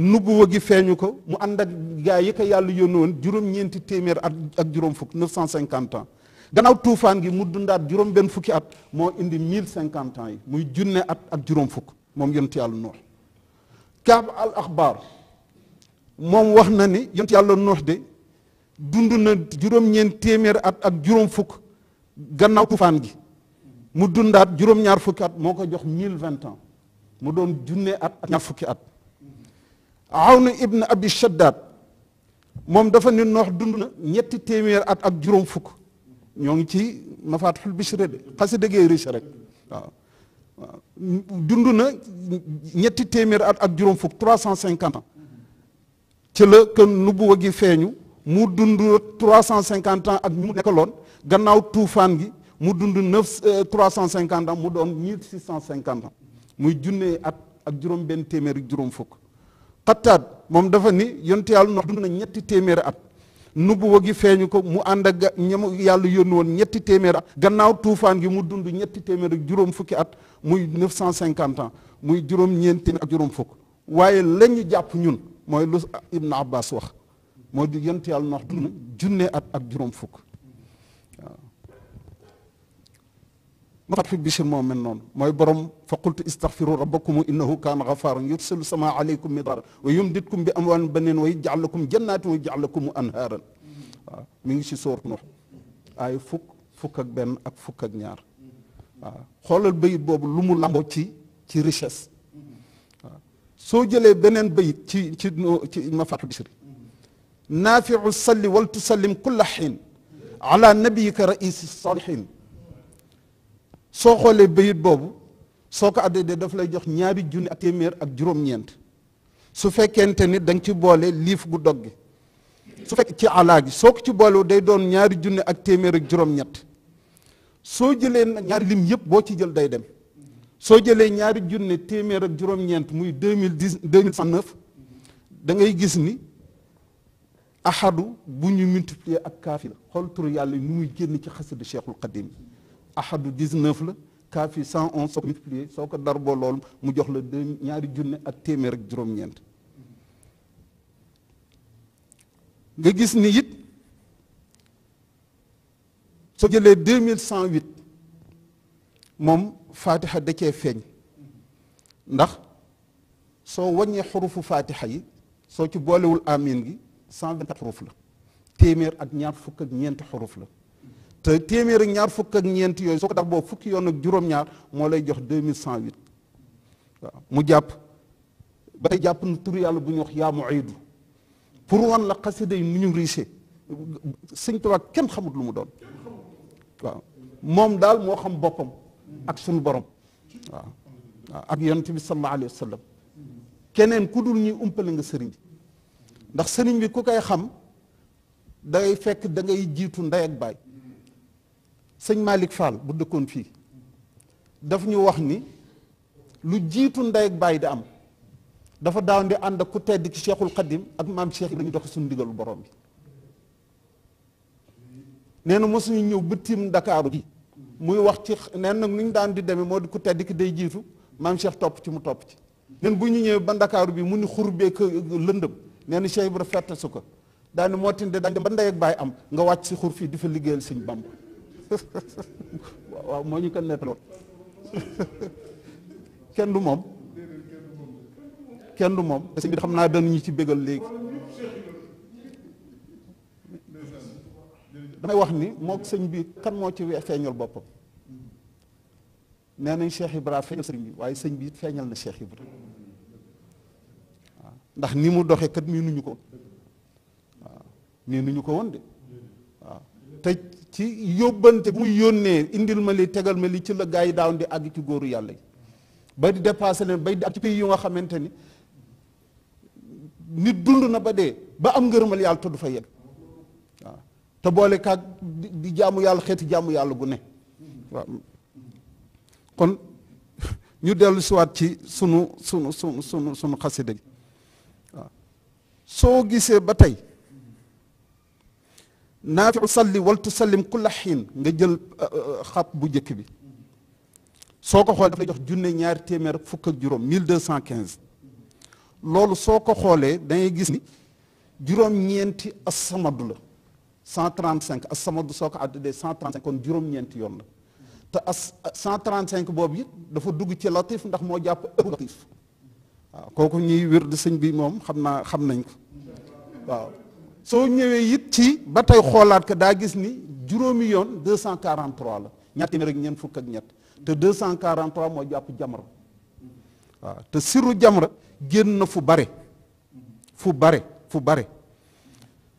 nubuwa gi feeñu ko mu ànd ak gaa yi yàlla yónni woon juróom-ñeenti téeméer at ak juróom fukk cinquante an gannaaw tuufaan gi mu dundaat juróom benn fukki at moo indi 1050 ans yi muy junne at ak juróom moom yonent yàlla nuux kaab al axbaar moom wax na ni yonent yàlla nuux de dund na juróom-ñeent téeméer at ak juróom fukk gannaaw tuufaan gi mu dundaat juróom-ñaar fukki at moo ko jox mille 1020 ans mu doon junne at ak ñaar fukki at awn ibn abi shaddaad moom dafa ne noox dund na ñetti téeméer at ak juróom fukk ñoo ngi ci mafaatixul bishre de xasi dëggee riche rek waaw dund na ñetti téeméer at ak juróom fukk trois cent cinquante ans ci la que nubuwa gi feeñu mu dund trois cent cinquante ans ak ñu mu nekkaloon gannaaw tuufaan gi mu dund neuf euh, trois cent cinquante ans mu doon mille six cent cinquante ans muy junne at ak juróom benn téeméer ak juróom fukk xattaat moom dafa ni yontu yàlla Nuux dund na ñetti téeméeri at nubuwa gi feeñu ko mu ànd ak ñam yàlla yónni woon ñetti téeméeri at gannaaw tuufaan gi mu dund ñetti téeméer ak juróom fukki at muy neuf cent cinquante ans muy juróom ñeenti ak juróom fukk waaye la ñu jàpp ñun mooy lu Ibn Abbas wax moo di yontu yàlla Nuux dund junne at ak juróom fukk matafi Bichir moo mel noonu mooy borom fa qultu istaghfiru rabbakum innahu kaana ghaffaaran yursilu samaa aleykum midaaran wa yumdidkum bi amwaalin baniin wa yaj'al lakum jannaatin wa yaj'al lakum anhaaran waaw mi ngi si soor Nuux ay fukk fukk ak benn ak fukk ak ñaar waaw xoolal bayit boobu lu mu lamboo ci ci richesse waaw soo jëlee beneen bayit ci ci ci ma fatu Bichri naafiu salli wal tusallim kulla xiin ala nabiyika raisi salihin soo xoolee bayit boobu soo ko addee daf lay jox ñaari junni ak téeméer ak juróom-ñeent su fekkente ni danga ci boole liif gu dog gi su fekk ci alaa soo ko ci boole day doon ñaari junni ak téeméer ak juróom soo jëlee ñaari lim yëpp boo ci jël day dem soo jëlee ñaari junni téeméer ak juróom-ñeent muy deux mille dix deux mille neuf da ngay gis ni ahadu bu ñu multiplier ak kaafi la xool turu yàlla nu muy génn ci xasida Cheikhul Xadim ahadu 19 la kaafi 111 soo ko multiplier soo ko darboo loolu mu jox la deux ñaari junne ak téeméer ak juróom-ñeent nga gis ni it soo jëlee cent 2108 moom faatiha da cee feeñ ndax soo wàññee xurufu faatiha yi soo ci boolewul amin gi 124 xuruf la téeméer ak ñaar fukk ak ñeenti xuruf la te téeméer ñaar fukk ak ñeent yooyu soo ko def boobu fukki yoon ak juróom-ñaar moo lay jox deux mille mu jàpp ba jàpp na tur yàlla bu ñu wax yaa mu aydu pour wan la xasida yi nu ñu riche sëñ Tuubaa kenn xamut lu mu doon moom daal moo xam boppam ak suñu borom waaw waaw ak yonent bi sallallahu alayhi wa keneen ku dul ñuy umpale nga sëriñ bi ndax sëriñ bi ku kay xam day fekk dangay jiitu ndey ak baay sëñ Malick Fall bu dëkkoon fii daf ñu wax ni lu jiitu ndey bàyyi baay di am dafa daaw di ànd ak ku tedd ci Cheikhul Khadim ak maam Cheikh Ibrahima dox suñu ndigalu borom bi nee na mosuñu ñëw ba tiim Ndakaaru bi muy wax ci neen nag nu ñu daan di demee moo di ku tedd ki day jiitu maam Cheikh topp ci mu topp ci. nen bu ñu ñëwee ba Ndakaaru bi mu ni xur beeg lëndëm nee na Cheikh Ibrahima fette su ko daani moo tin de daan ba ndey ak baay am nga wàcc si xur fii di fa liggéeyal sëñ Bamba waaw moo ñu kan nekk lool kenn du moom kenn du moom sëñ bi xam naa danañu ci bégal léegi damay wax ni mook sëñ bi kan moo ci feeñal boppam nee nañ Cheikh Ibra feeñal sëñ bi waaye sëñ bi feeñal na seex Ibra waaw ndax ni mu doxee kat mii nuñu ko waaw mii nuñu ko woon de waaw ci yóbbante bu yónnee indil ma li tegal ma li ci la gaa yi daaw di àgg ci góoru yàlla yi ba di dépassé leen bay ak ci pays yu nga xamante ni nit dund na ba dee ba am ngërëmal yàlla te du fa yet waaw te boole kaag di jaamu yàlla xeeti jaamu yàlla gu kon ñu dellu siwaat ci sunu sunu sunu sunu sunu xasida soo gisee ba tey naafiu salli wal tusallim kulla xiin nga jël euh, euh, xat bu njëkk bi soo ko xoolee daf lay jox junne ñaari téeméer ak fukk ak juróom mille deux cent quinze loolu soo ko xoolee da gis ni juróom-ñeenti asamadu la cent trente cinq asamadu soo ko àddee cent trente cinq kon juróom-ñeenti yoon la te as cent trente cinq boobu it dafa dugg ci latif ndax moo jàpp ëpp kooku ñuy wér di sëñ bi moom xam naa xam nañ ko waaw soo ñëwee it ci ba tey xoolaat que daa gis ni juróomi yoon 243 la ñetti mi rek ñeent fukk ak ñett te 243 moo jàpp jamra waaw te siru jamra génn na fu bare fu bare fu bare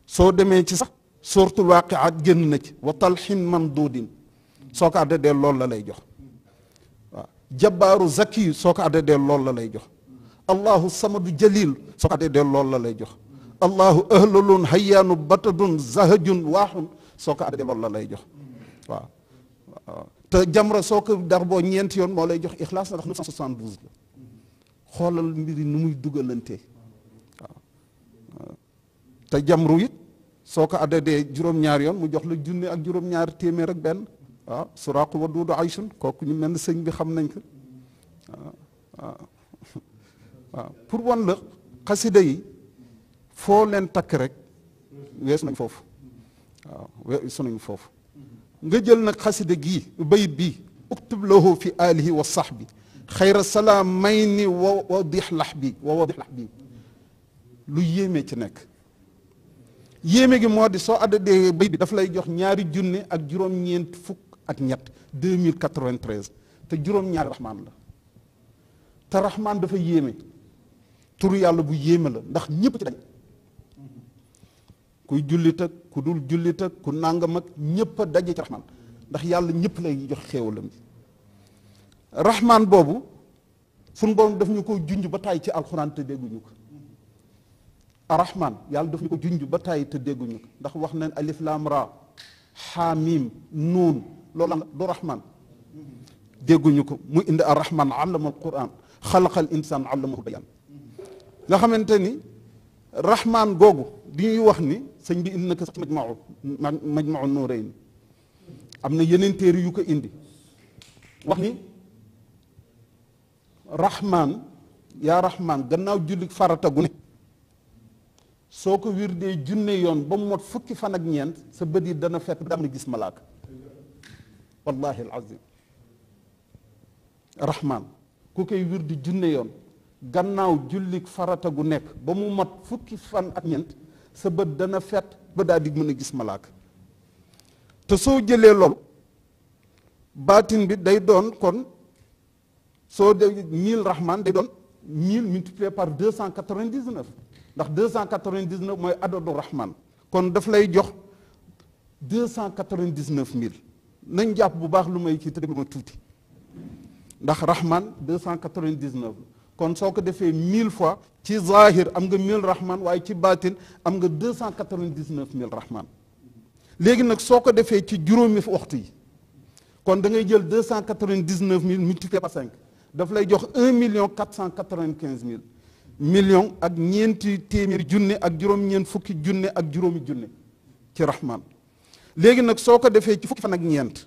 soo demee ci sax sortul ak génn na ci man talxin mandudin soo ko addadee loolu la lay jox waaw jabbaaru zaki soo ko addadee loolu la lay jox allahu samadu jalil soo ko addadee loolu la lay jox allahu ahlalun hayyaanu batadun zahajun waaxun soo ko addee loolu la lay jox waaw waaw soo ko dar boo ñeenti yoon moo lay jox ixlaas na ndax 972 la xoolal mbiri nu muy dugalante te jamru it soo ko addee juróom-ñaar yoon mu jox la junne ak juróom-ñaar téeméer ak benn waaw suraaqu wa duudu aysun kooku ñu mel ne sëñ bi xam nañ ko pour won la xasida yi foo leen takk rek wees nañ foofu waaw foofu nga jël nag xasida gi bayit bii uktub lahu fi alihi wa sahbi xayra salaam may ni wa wadix lax bi wa wadix lax bi lu yéeme ci nekk yéeme gi moo di soo addadee bay bi dafa lay jox ñaari junne ak juróom-ñeent fukk ak ñett 2093 te juróom-ñaari raxmaan la te raxmaan dafa yéeme turu yàlla bu yéeme la ndax ñëpp ci dañ kuy jullit ak ku dul jullit ak ku nàngam ak ñëpp a daje ci raxmaan ndax yàlla ñëpp lay jox xéewalam bi raxmaan boobu sunu borom daf ñu ko junj ba tàyyi ci alxuraan te dégguñu ko arrahman yàlla daf ñu ko junj ba tàyyi te dégguñu ko ndax wax nañ alif laam ra xaamim loola loolu du rahman dégguñu ko mu indi arrahman allama alquran xalaqal insaan allamahu bayaan nga xamante ni raxmaan googu di ñuy wax ni sëñ bi indi na ko sax majmau majmau nuurayni am na yeneen téere yu ko indi wax ni raxmaan yaa raxmaan gannaaw julli farata gu ne soo ko wir dee junne yoon ba mu mot fukki fan ak ñeent sa bët yi dana fekk dama gis malaaka wallahi alazim raxmaan ku koy wir di junne yoon gannaaw jullik farata gu nekk ba mu mat fukki fan ak ñeent sa bët dana fet ba daal di mën a gis malaaka te soo jëlee loolu baatin bi day doon kon soo de mille rahman day doon mille multiplié par deux cent quatre vingt ndax deux cent quatre-vingt-dix-neuf mooy adadu rahman kon daf lay jox deux cent quatre vingt mille nañ jàpp bu baax lu may ci te déglu ma tuuti ndax rahman deux cent quatre vingt dix kon soo ko defee mille fois ci zahir am nga mille rahman waaye ci baatin am nga deux cent quatre vingt dix mille rahman léegi nag soo ko defee ci juróomi waxtu yi kon dangay jël deux cent quatre-vingt-dix-neuf mille multiplié par cinq daf lay jox un million quatre cent quatre vingt mille million ak ñeenti téeméer junni ak juróom-ñeent fukki junne ak juróomi junne ci rahman léegi nag soo ko defee ci fukki fan ñeent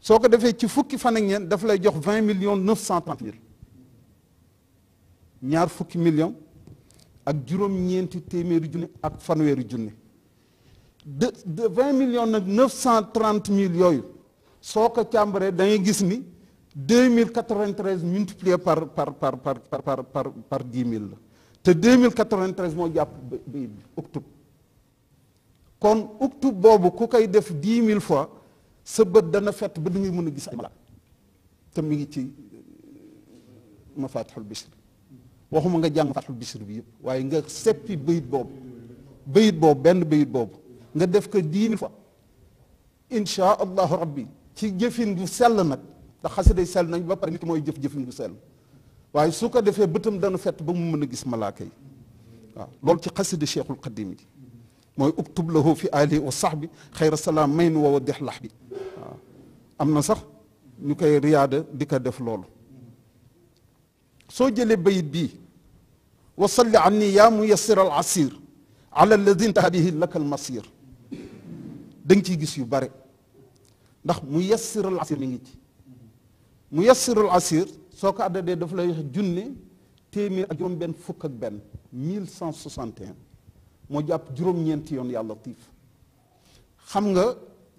soo ko defee ci fukki fan ak ñeent daf lay jox vingt millions neuf cent trente mille ñaar fukki million ak juróom-ñeenti téeméeri junni ak fanweeri junni de de vingt nag neuf cent mille yooyu soo ko càmbaree da ngay gis ni deux mille quatre-vingt-treize multiplié par par par par par par par dix mille la te deux mille quatre-vingt-treize moo jàpp bayit bi uktub kon uktub boobu ku koy def dix mille fois sa bët dana fett ba da ngay mën a gis ay malaat te mu ngi ci euh, mafatixul bisri waxuma nga jàng fatul bisir bi yëpp waaye nga seppi bayit boobu bayit boobu benn bayit boobu nga def ko diini fa insha allahu rabbi ci jëfin bu sell nag ndax xasiday sell nañ ba pare nit mooy jëf jëfin bu sell waaye su ko defee bëtam dana fett ba mu mën a gis malaaka yi waaw loolu ci xasida cheikhul qadim ji mooy uktub lahu fi ali wa sahbi xayra salaam may nu wow a dex lax bi am na sax ñu koy riyaada di ko def loolu soo jëlee bayit bii wa salli an ni yaa muyassir al asir ala alladina bihi laka almasir da nga ciy gis yu bare ndax muyassir al asir mi ngi ci muyassir al asir soo ko addadee daf lay wax junne téeméer ak juróom benn fukk ak benn cent soixante moo jàpp juróom-ñeenti yoon yàlla latiif xam nga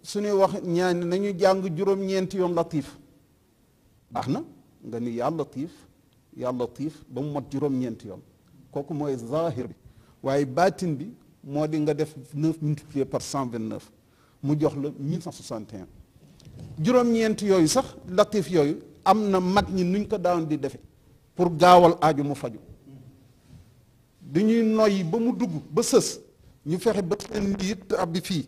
su ñuy wax ñaan nañu jàng juróom-ñeenti yoon latiif baax na nga ni yàlla latiif yàlla tiif ba mu mot juróom-ñeenti yoon kooku mooy zahir bi waaye baatin bi moo di nga def 9 multiplié par 129 mu jox la 1161 juróom-ñeenti yooyu sax latif yooyu am na mag ñi nuñ ko daan di defe pour gaawal aaju mu faju dañuy noyyi ba mu dugg ba sës ñu fexe ba seen liit bi fii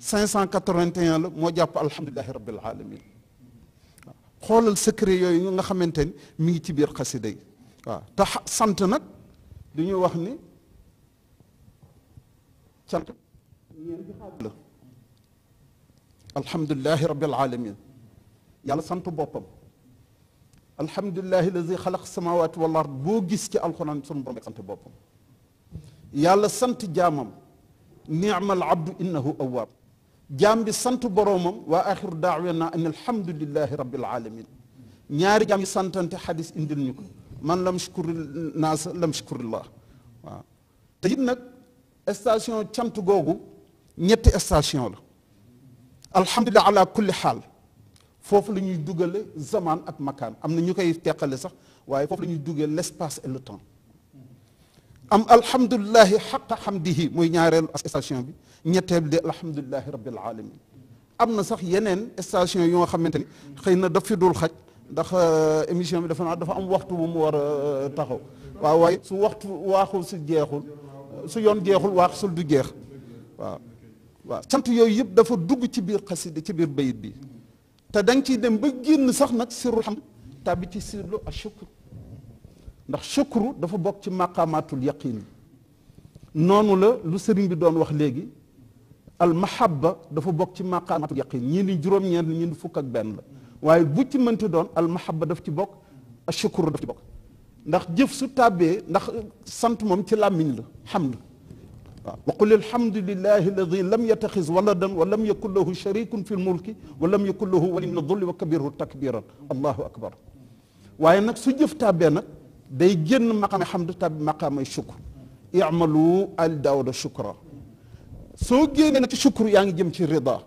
581 la moo jàpp alhamdulilahi rabbil alamin xoolal secret yooyu nga xamante ni mi ngi ci biir xasida yi waaw sant nag dañuy wax ni cant ñeenti xaaj la alhamdulilahi sant boppam alhamdulilahi la xalaq samawati wal ard boo gis ci alxuraan sunu borom sant boppam yàlla sant jaamam ni'mal abdu innahu awwaab jaam bi sant boroomam waa axiru daawana an alhamdulilahi rabbil alamin ñaari jaam yi santante indi indil ñu ko man lam shukuri naasa lam shukurillah waaw te it nag station cant googu ñetti station la alhamdulilah ala kulli xaal foofu la ñuy dugale zamaan ak makaan am na ñu koy teqale sax waaye foofu la ñuy dugale le espace et le temps am alhamdulilahi xaqa xamdihi muy ñaareelu station bi ñetteel di alhamdulilahi rabbil alamin am na sax yeneen station yoo xamante ni xëy na daf fi dul xaj ndax euh, émission bi dafa dafa am waxtu bu mu war a euh, taxaw waaw waaye su waxtu waaxul si jeexul su yoon jeexul waax waaxul du jeex waaw waaw sant yooyu yëpp dafa dugg ci biir xasida ci biir bayit bi te da nga ciy dem ba génn sax nag sirul xam tàbbi ci sirlu ashukr ndax shukru dafa bokk ci maqamatul yaqin noonu la lu sëriñ bi doon wax léegi al mahabba dafa bokk ci maqamatul yaqin ñii ni juróom ñeen ñii ni fukk ak benn la waaye bu ci mënti doon al mahabba daf ci bokk al shukru daf ci bokk ndax jëf su tàbbee ndax sant moom ci làmmiñ la hamd waaw wa qul alhamdulillahi alladi lam yattaxiz waladan wa lam yakun lahu sharikun fi lmulki wa lam yakun lahu waliyun min adulli wa kabirhu takbiran allahu akbar waaye nag su jëf tàbbee nag day génn maqaama xamd tab maqaamay shukr i'malu al daawuda shukra soo génnee nag ci shukr yaa ngi jëm ci rida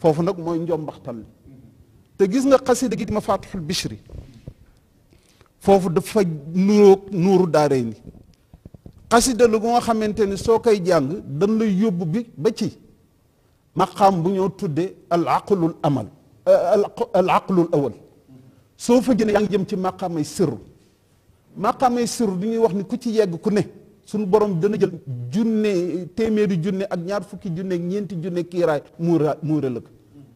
foofu nag mooy njombaxtal li te gis nga xasida gi di ma faatixul bishri foofu dafa faj nuuru daarey ni xasida lu nga xamante ni soo koy jàng dañ lay yóbbu bi ba ci maqaam bu ñoo tudde al aqlul amal al aqlul awal soo fa génne yaa ngi jëm ci maqaamay sirru maqaamay sirru di ñuy wax ni ku ci yegg ku ne suñu borom dana jël junne téeméeri junne ak ñaar fukki junne ak ñeenti junne kiiraay muura muura la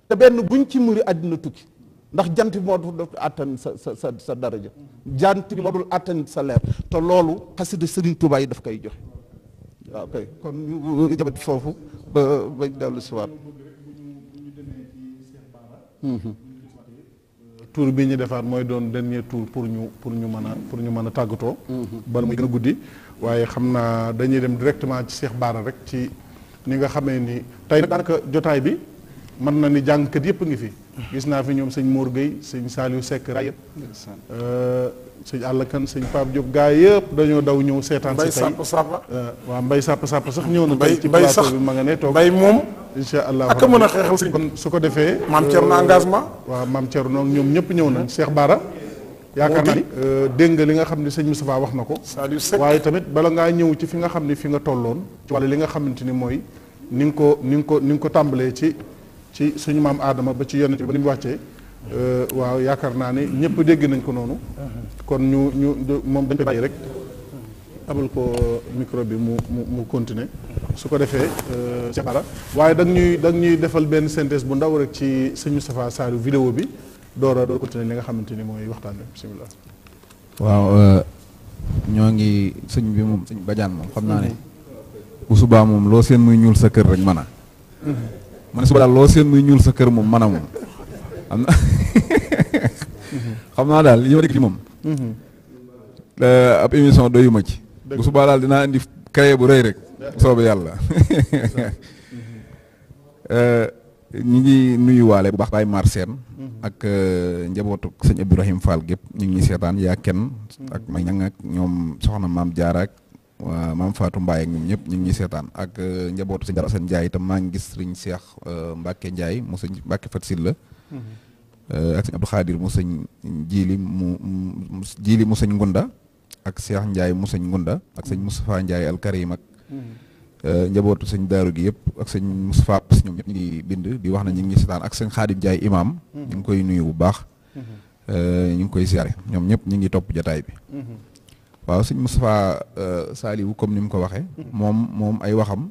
te benn buñ ci muri àddina tukki ndax jant bi moo dul attan sa sa sa sa daraja jant bi moo attan sa leer te loolu xasida Sëriñ Tuubaa yi daf koy joxe waaw kay kon ñu jabat foofu ba ba dellu si waat tour bii ñu defaat mooy doon dernier tour pour ñu pour ñu mën a pour ñu mën a tàggatoo. Mm-hmm. bala muy gën a guddi waaye xam naa dañuy dem directement ci Cheikh Bara rek ci ni nga xamee ni tey nag daanaka jotaay bi mën na ni jàngkat yëpp ngi fi. gis naa fi ñoom sëñ Mor Gueye sëñ Saliou Seck Rayet. Euh, sëñ àll kan sëñ Pape Diop gaa yëpp dañoo daw ñëw seetaan. si tey mbay sàpp euh, waaw mbay sàpp sàpp sax ñëw na. mbay ci plateau bi ma nga ne toog mbay moom. incha allah ak mën a xeexal sëñ kon su ko defee. maam Thierno euh, engagement. waaw maam Thierno ñoom ñëpp ñëw na Cheikh Bara. yaakaar naa dégg nga li nga xam ne sëñ Moustapha wax na ko. waaye tamit bala ngaa ñëw ci fi nga xam ne fi nga tolloon. ci wàllu li nga xamante ni mooy ni nga ko ni nga ko ni nga ko tàmbalee ci ci suñu maam aadama ba ci yonent bi ba ni mu wàccee euh, waaw yaakaar naa ni ñëpp dégg nañ ko noonu kon ñu ñu moom dañ koy bàyyi rek abal ko micro bi mu mu mu continuer su ko defee euh, ci bara waaye da ñuy da ñuy defal benn synthèse bu ndaw rek ci suñu Moustapha Saliou vidéo bi door a door continuer li nga xamante ni mooy waxtaan bi bisimilah waaw euh, ñoo ngi sëñ bi moom sëñ bajaan moom xam naa ne bu subaa moom loo seen muy ñuul sa kër rek mën a mm-hmm. ma ne suba daal loo seen muy ñuul sa kër moom man am na xam naa daal li ma dégg ci moom mhm. euh, ab émission doyuma ci bu subaa daal dinaa indi créé bu rëy rek soobe yàlla euh, ñi ngi waale bu baax baay Marsène mhm. ak euh, njabootu sëñ Abdourahim Fall gépp ñu ngi seetaan yaa kenn mhm. ak ma ñang ak ñoom soxna maam Jaara ak waa maam faatu Mbaye ñoom ñëpp ñu ngi ñuy seetaan ak euh, njabootu sëñ Assane Ndiaye itam ngi gis sëñ Cheikh euh, Mbacke Ndiaye mu sëñ Mbacke Fatou Sylla mm-hmm. euh, ak sëñ Abdou Khadir mu sëñ Jili mu Jili mu sëñ Ngunda ak Cheikh Ndiaye mu sëñ Ngunda ak sëñ Moustapha Ndiaye al Karim ak mm-hmm. njabootu sëñ daaru gi yëpp sëñ Moustapha ñoom ñëpp ñu ngi bind di wax na ñu ngi ñuy ak sëñ Khadim Ndiaye imam mm-hmm. ñu koy nuyu bu baax ñu ngi koy siyaare ñoom ñëpp ñu ngi topp jataay bi waaw sëñ Moustapha euh, saaliwu comme ni mu ko waxee. moom moom ay waxam.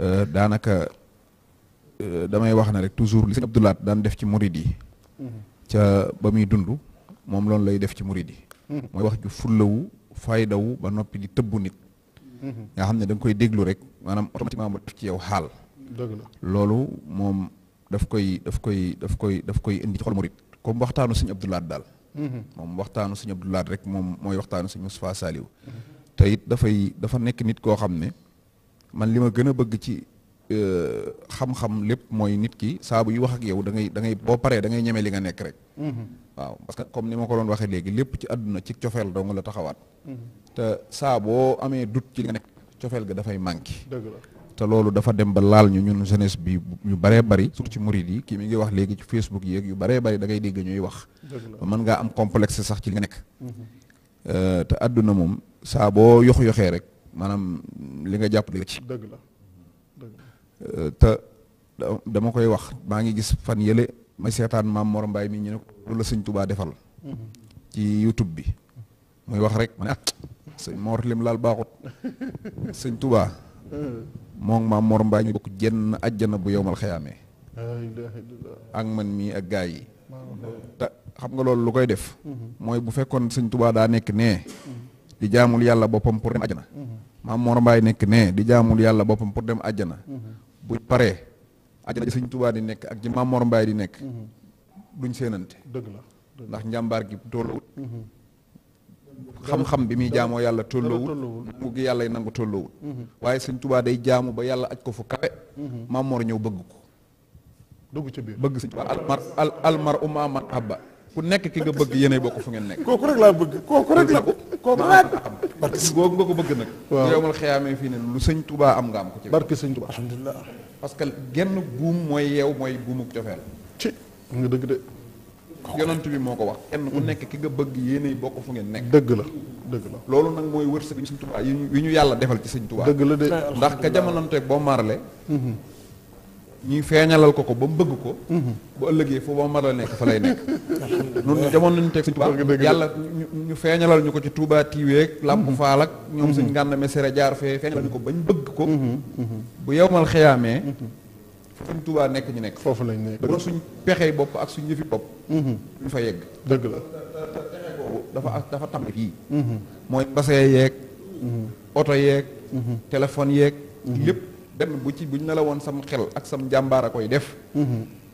Euh, daanaka euh, damay wax ne rek toujours li sëñ Abdou Lahad daan def ci murid yi. ca ba muy dund moom loolu lay def ci murid yi. mooy wax ju fullawu faydawu ba noppi di tëbbu nit. nga xam ne da koy déglu rek maanaam automatiquement mu def ci yow xaal. dëgg la loolu moom daf koy daf koy daf koy daf koy indi ci xol murid comme waxtaanu sëñ Abdou daal. moom waxtaanu suñu Abdoulaat rek moom mooy waxtaanu suñu Moustapha Saliou te it dafay dafa nekk nit koo xam ne man li ma gën a bëgg ci euh, xam-xam lépp mooy nit ki saabu yu wax ak yow dangay ngay da ngay boo paree da ngay ñeme li nga nekk rek waaw parce que comme ni ma ko doon waxee léegi lépp ci àdduna ci cofeel dong la taxawaat mm-hmm. te saa boo amee dut ci li nga nekk cofeel ga dafay manqué dëgg te loolu dafa dem ba laal ñu ñun jeunesse bi ñu baree bari surtout ci murid yi kii mi ngi wax léegi ci Facebook yeeg yu baree bari da ngay dégg ñuy wax mën ngaa am complexe sax ci li nga nekk mhm. euh, te àdduna moom saa boo yox yoxee rek maanaam li nga jàpp ci dëgg la euh, te koy wax maa ngi gis fan yële ma seetaan maam Mor Mbaye mi ñu la sëñ Touba defal mhm. ci YouTube wax rek ma ah, lim laal baaxut sëñ Touba euh. moom maam Mor Mbaay ñu bokk jenn ajjana bu yowmal xayaamee ak man mii ak gaa yi te xam nga loolu lu koy def mhm. mooy bu fekkoon sëñ tubaa daa nekk nee mhm. di jaamul yàlla boppam pour dem ajjana mhm. maam Mor nekk nee di jaamul yàlla boppam pour dem ajjana bu paree ajjana ji sëñ tubaa di nekk ak ji maam Mor di nekk duñ seenante dëgg la ndax njàmbaar gi tolluwut xam-xam bi muy jaamoo yàlla tolloowul nangu gi yàlla nangu tolloowul mhm. waaye sëñ tubaa day jaamu ba yàlla aj ko fu kawe mhm. maamoor ñëw bëgg ko dugg ca biir bëgg sëñ tubaa almar al almar uma man habba ku nekk ki nga bëgg yéenay bokk fu ngeen nekk kooku rek bëgg kooku rek la kooku laa nga ko bëgg nag waaw yow mal xeyaamee fii ne lu sëñ tubaa am nga am ko ci barke sëñ tubaa alhamdulilah parce que genn buum mooy yeew mooy buumuk cofeel ci yonent bi moo ko wax enn ku mm-hmm. nekk ki nga bëgg yéenay bokk fu ngeen nekk dëgg la dëgg la loolu nag mooy wërsëg ñu sëñ Tuubaa yi ñu yàlla defal ci sëñ Tuubaa dëgg la de ndax ka jamononteeg boo marle mm-hmm. ñuy feeñalal ko ko ba mu bëgg ko mm-hmm. bu ëllëgee foofu boo marle nekk fa lay nekk nun jamononteeg sëñ Tuubaa yàlla ñu feeñalal ñu ko ci Tuubaa tiiweeg làmp faal ak ñoom suñ ngànn mesere jaar fee feeñalal ñu ko bañ bëgg ko bu yowmal xiyaamee sëñ nekk ñu nekk. foofu lañ nekk bu suñ pexey bopp ak suñ yëfi bopp. Mhm. ñu fa yegg. dëgg la dafa ak mhm. dafa dafa tàmbali fii. Mhm. mooy base yeeg. oto yeeg. téléphone yeeg. lépp dem bu ci buñ ne la woon sam xel ak sam jàmbaar a koy def.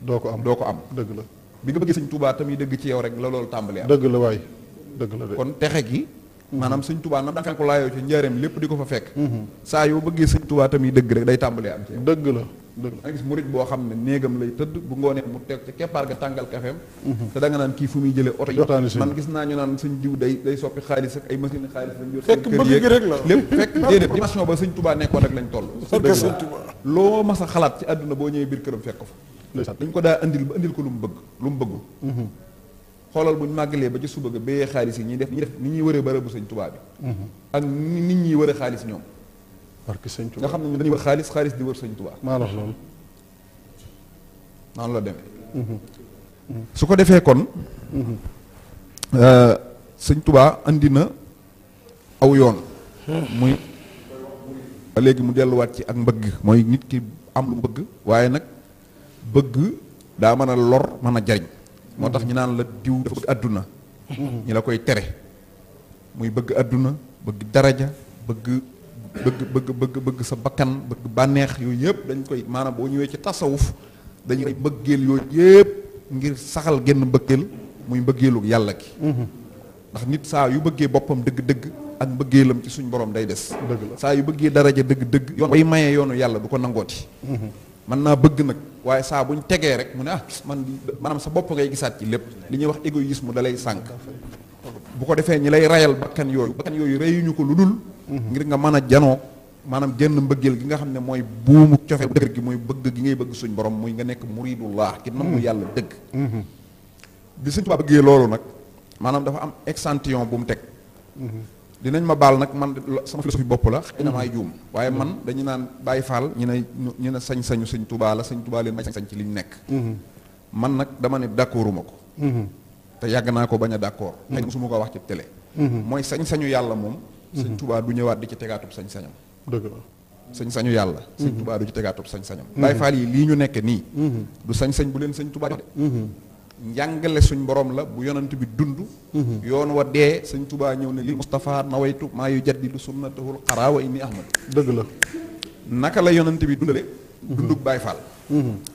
doo ko am doo ko am dëgg la. bi nga bëggee sëñ Tuubaa tamit dëgg ci yow rek la loolu tàmbalee am. dëgg la waay dëgg la de. kon texe gi. maanaam sëñ tubaa nam daan ko laayoo ci njaareem lépp di ko fa fekk saa yoo bëggee sëñ tubaa tamit dëgg rek day tàmbalee dëgg la dëgg la nga gis murit boo xam ne néegam lay tëdd bu ngoonee mu teg ca keppaar ga tàngal kafeem mhm. te da naan kii fu muy jëlee oto yi man gis naa ñu naan suñ jiw day soppi xaalis ay machine xaalis lañ yor fekk ba sëñ Touba nekkoon rek lañ toll loo mas a xalaat ci àdduna boo ñëwee biir këram fekk ko fa dañ ko daa andil ba andil ko lu mu bëgg lu mu bëggul mhm. xoolal buñ màggalee ba ci suba ga béyee xaalis yi ñuy def ñuy def ni ñuy wëree bërëbu sëñ Touba bi mhm. ak barke sëñ nga xam ne dañuy wax xaalis xaalis di wër sëñ Tuubaa maa la wax la demee mhm. Mhm. su ko defee kon mhm. euh, sëñ Tuubaa andi na aw yoon muy léegi mu delluwaat ci ak mbëgg mooy nit ki am lu bëgg waaye nag bëgg daa mën a lor mën a jariñ moo tax ñu naan la diw dafa bëgg àdduna ñi la koy tere muy bëgg àdduna bëgg daraja bëgg bëgg bëgg bëgg bëgg sa bakkan bëgg bànneex yooyu yëpp dañ koy maanaam boo ñëwee ci tasawuf dañ koy mbëggeel yooyu yëpp ngir saxal genn mbëggeel muy mbëggeelu yàlla ki mhm. ndax nit saa yu bëggee boppam dëgg-dëgg ak mbëggeelam ci suñu borom day des saa yu bëggee daraja dëgg-dëgg yoon bay mayee yoonu yàlla du ko nangooti mën mhm. naa bëgg nag waaye saa buñ tegee rek mu ne ah man maanaam sa bopp ngay gisaat ci lépp li ñuy wax égoïsme dalay sànk bu ko defee ñi lay rayal bakkan yooyu bakkan yooyu ñu ko lu dul ngir nga man a janoo maanaam génn mbëggeel gi nga xam ne mooy buumu cofe bu dëgg gi mooy bëgg gi ngay bëgg suñ borom muy nga nekk muridullah ki nam mu yàlla dëgg bi suñ tubaab bëggee loolu nag maanaam dafa am exantillon bu mu teg dinañ ma baal nag man sama philosophie bopp la xëy maay juum waaye man dañu naan bàyyi faal ñu ne ñu ne sañ-sañu sëñ la sëñ tubaa leen may sañ ci liñ nekk mm-hmm. man nag dama ne d'accorduma ko mm-hmm. te yàgg naa ko bañ a d'accord xëy na su ma ko wax ci télé mhm. mooy sañ-sañu yàlla moom mhm. sëñ tubaa du ñëwaat di ci tegaatub sañ-sañam dëgg sañ-sañu yàlla mhm. sëñ tubaa du ci tegaatub sañ-sañam Baay Faal yi lii ñu nekk nii du sañ-sañ bu leen sañ tubaa de njàngale suñ borom la bu yonent bi dund yoon wa dee sëñ tubaa ñëw ne li Moustapha nawaytu maa yu jaddidu sunnatahul xaraa wa inni ahmad dëgg la naka la yonent bi dundale dundug Baay Faal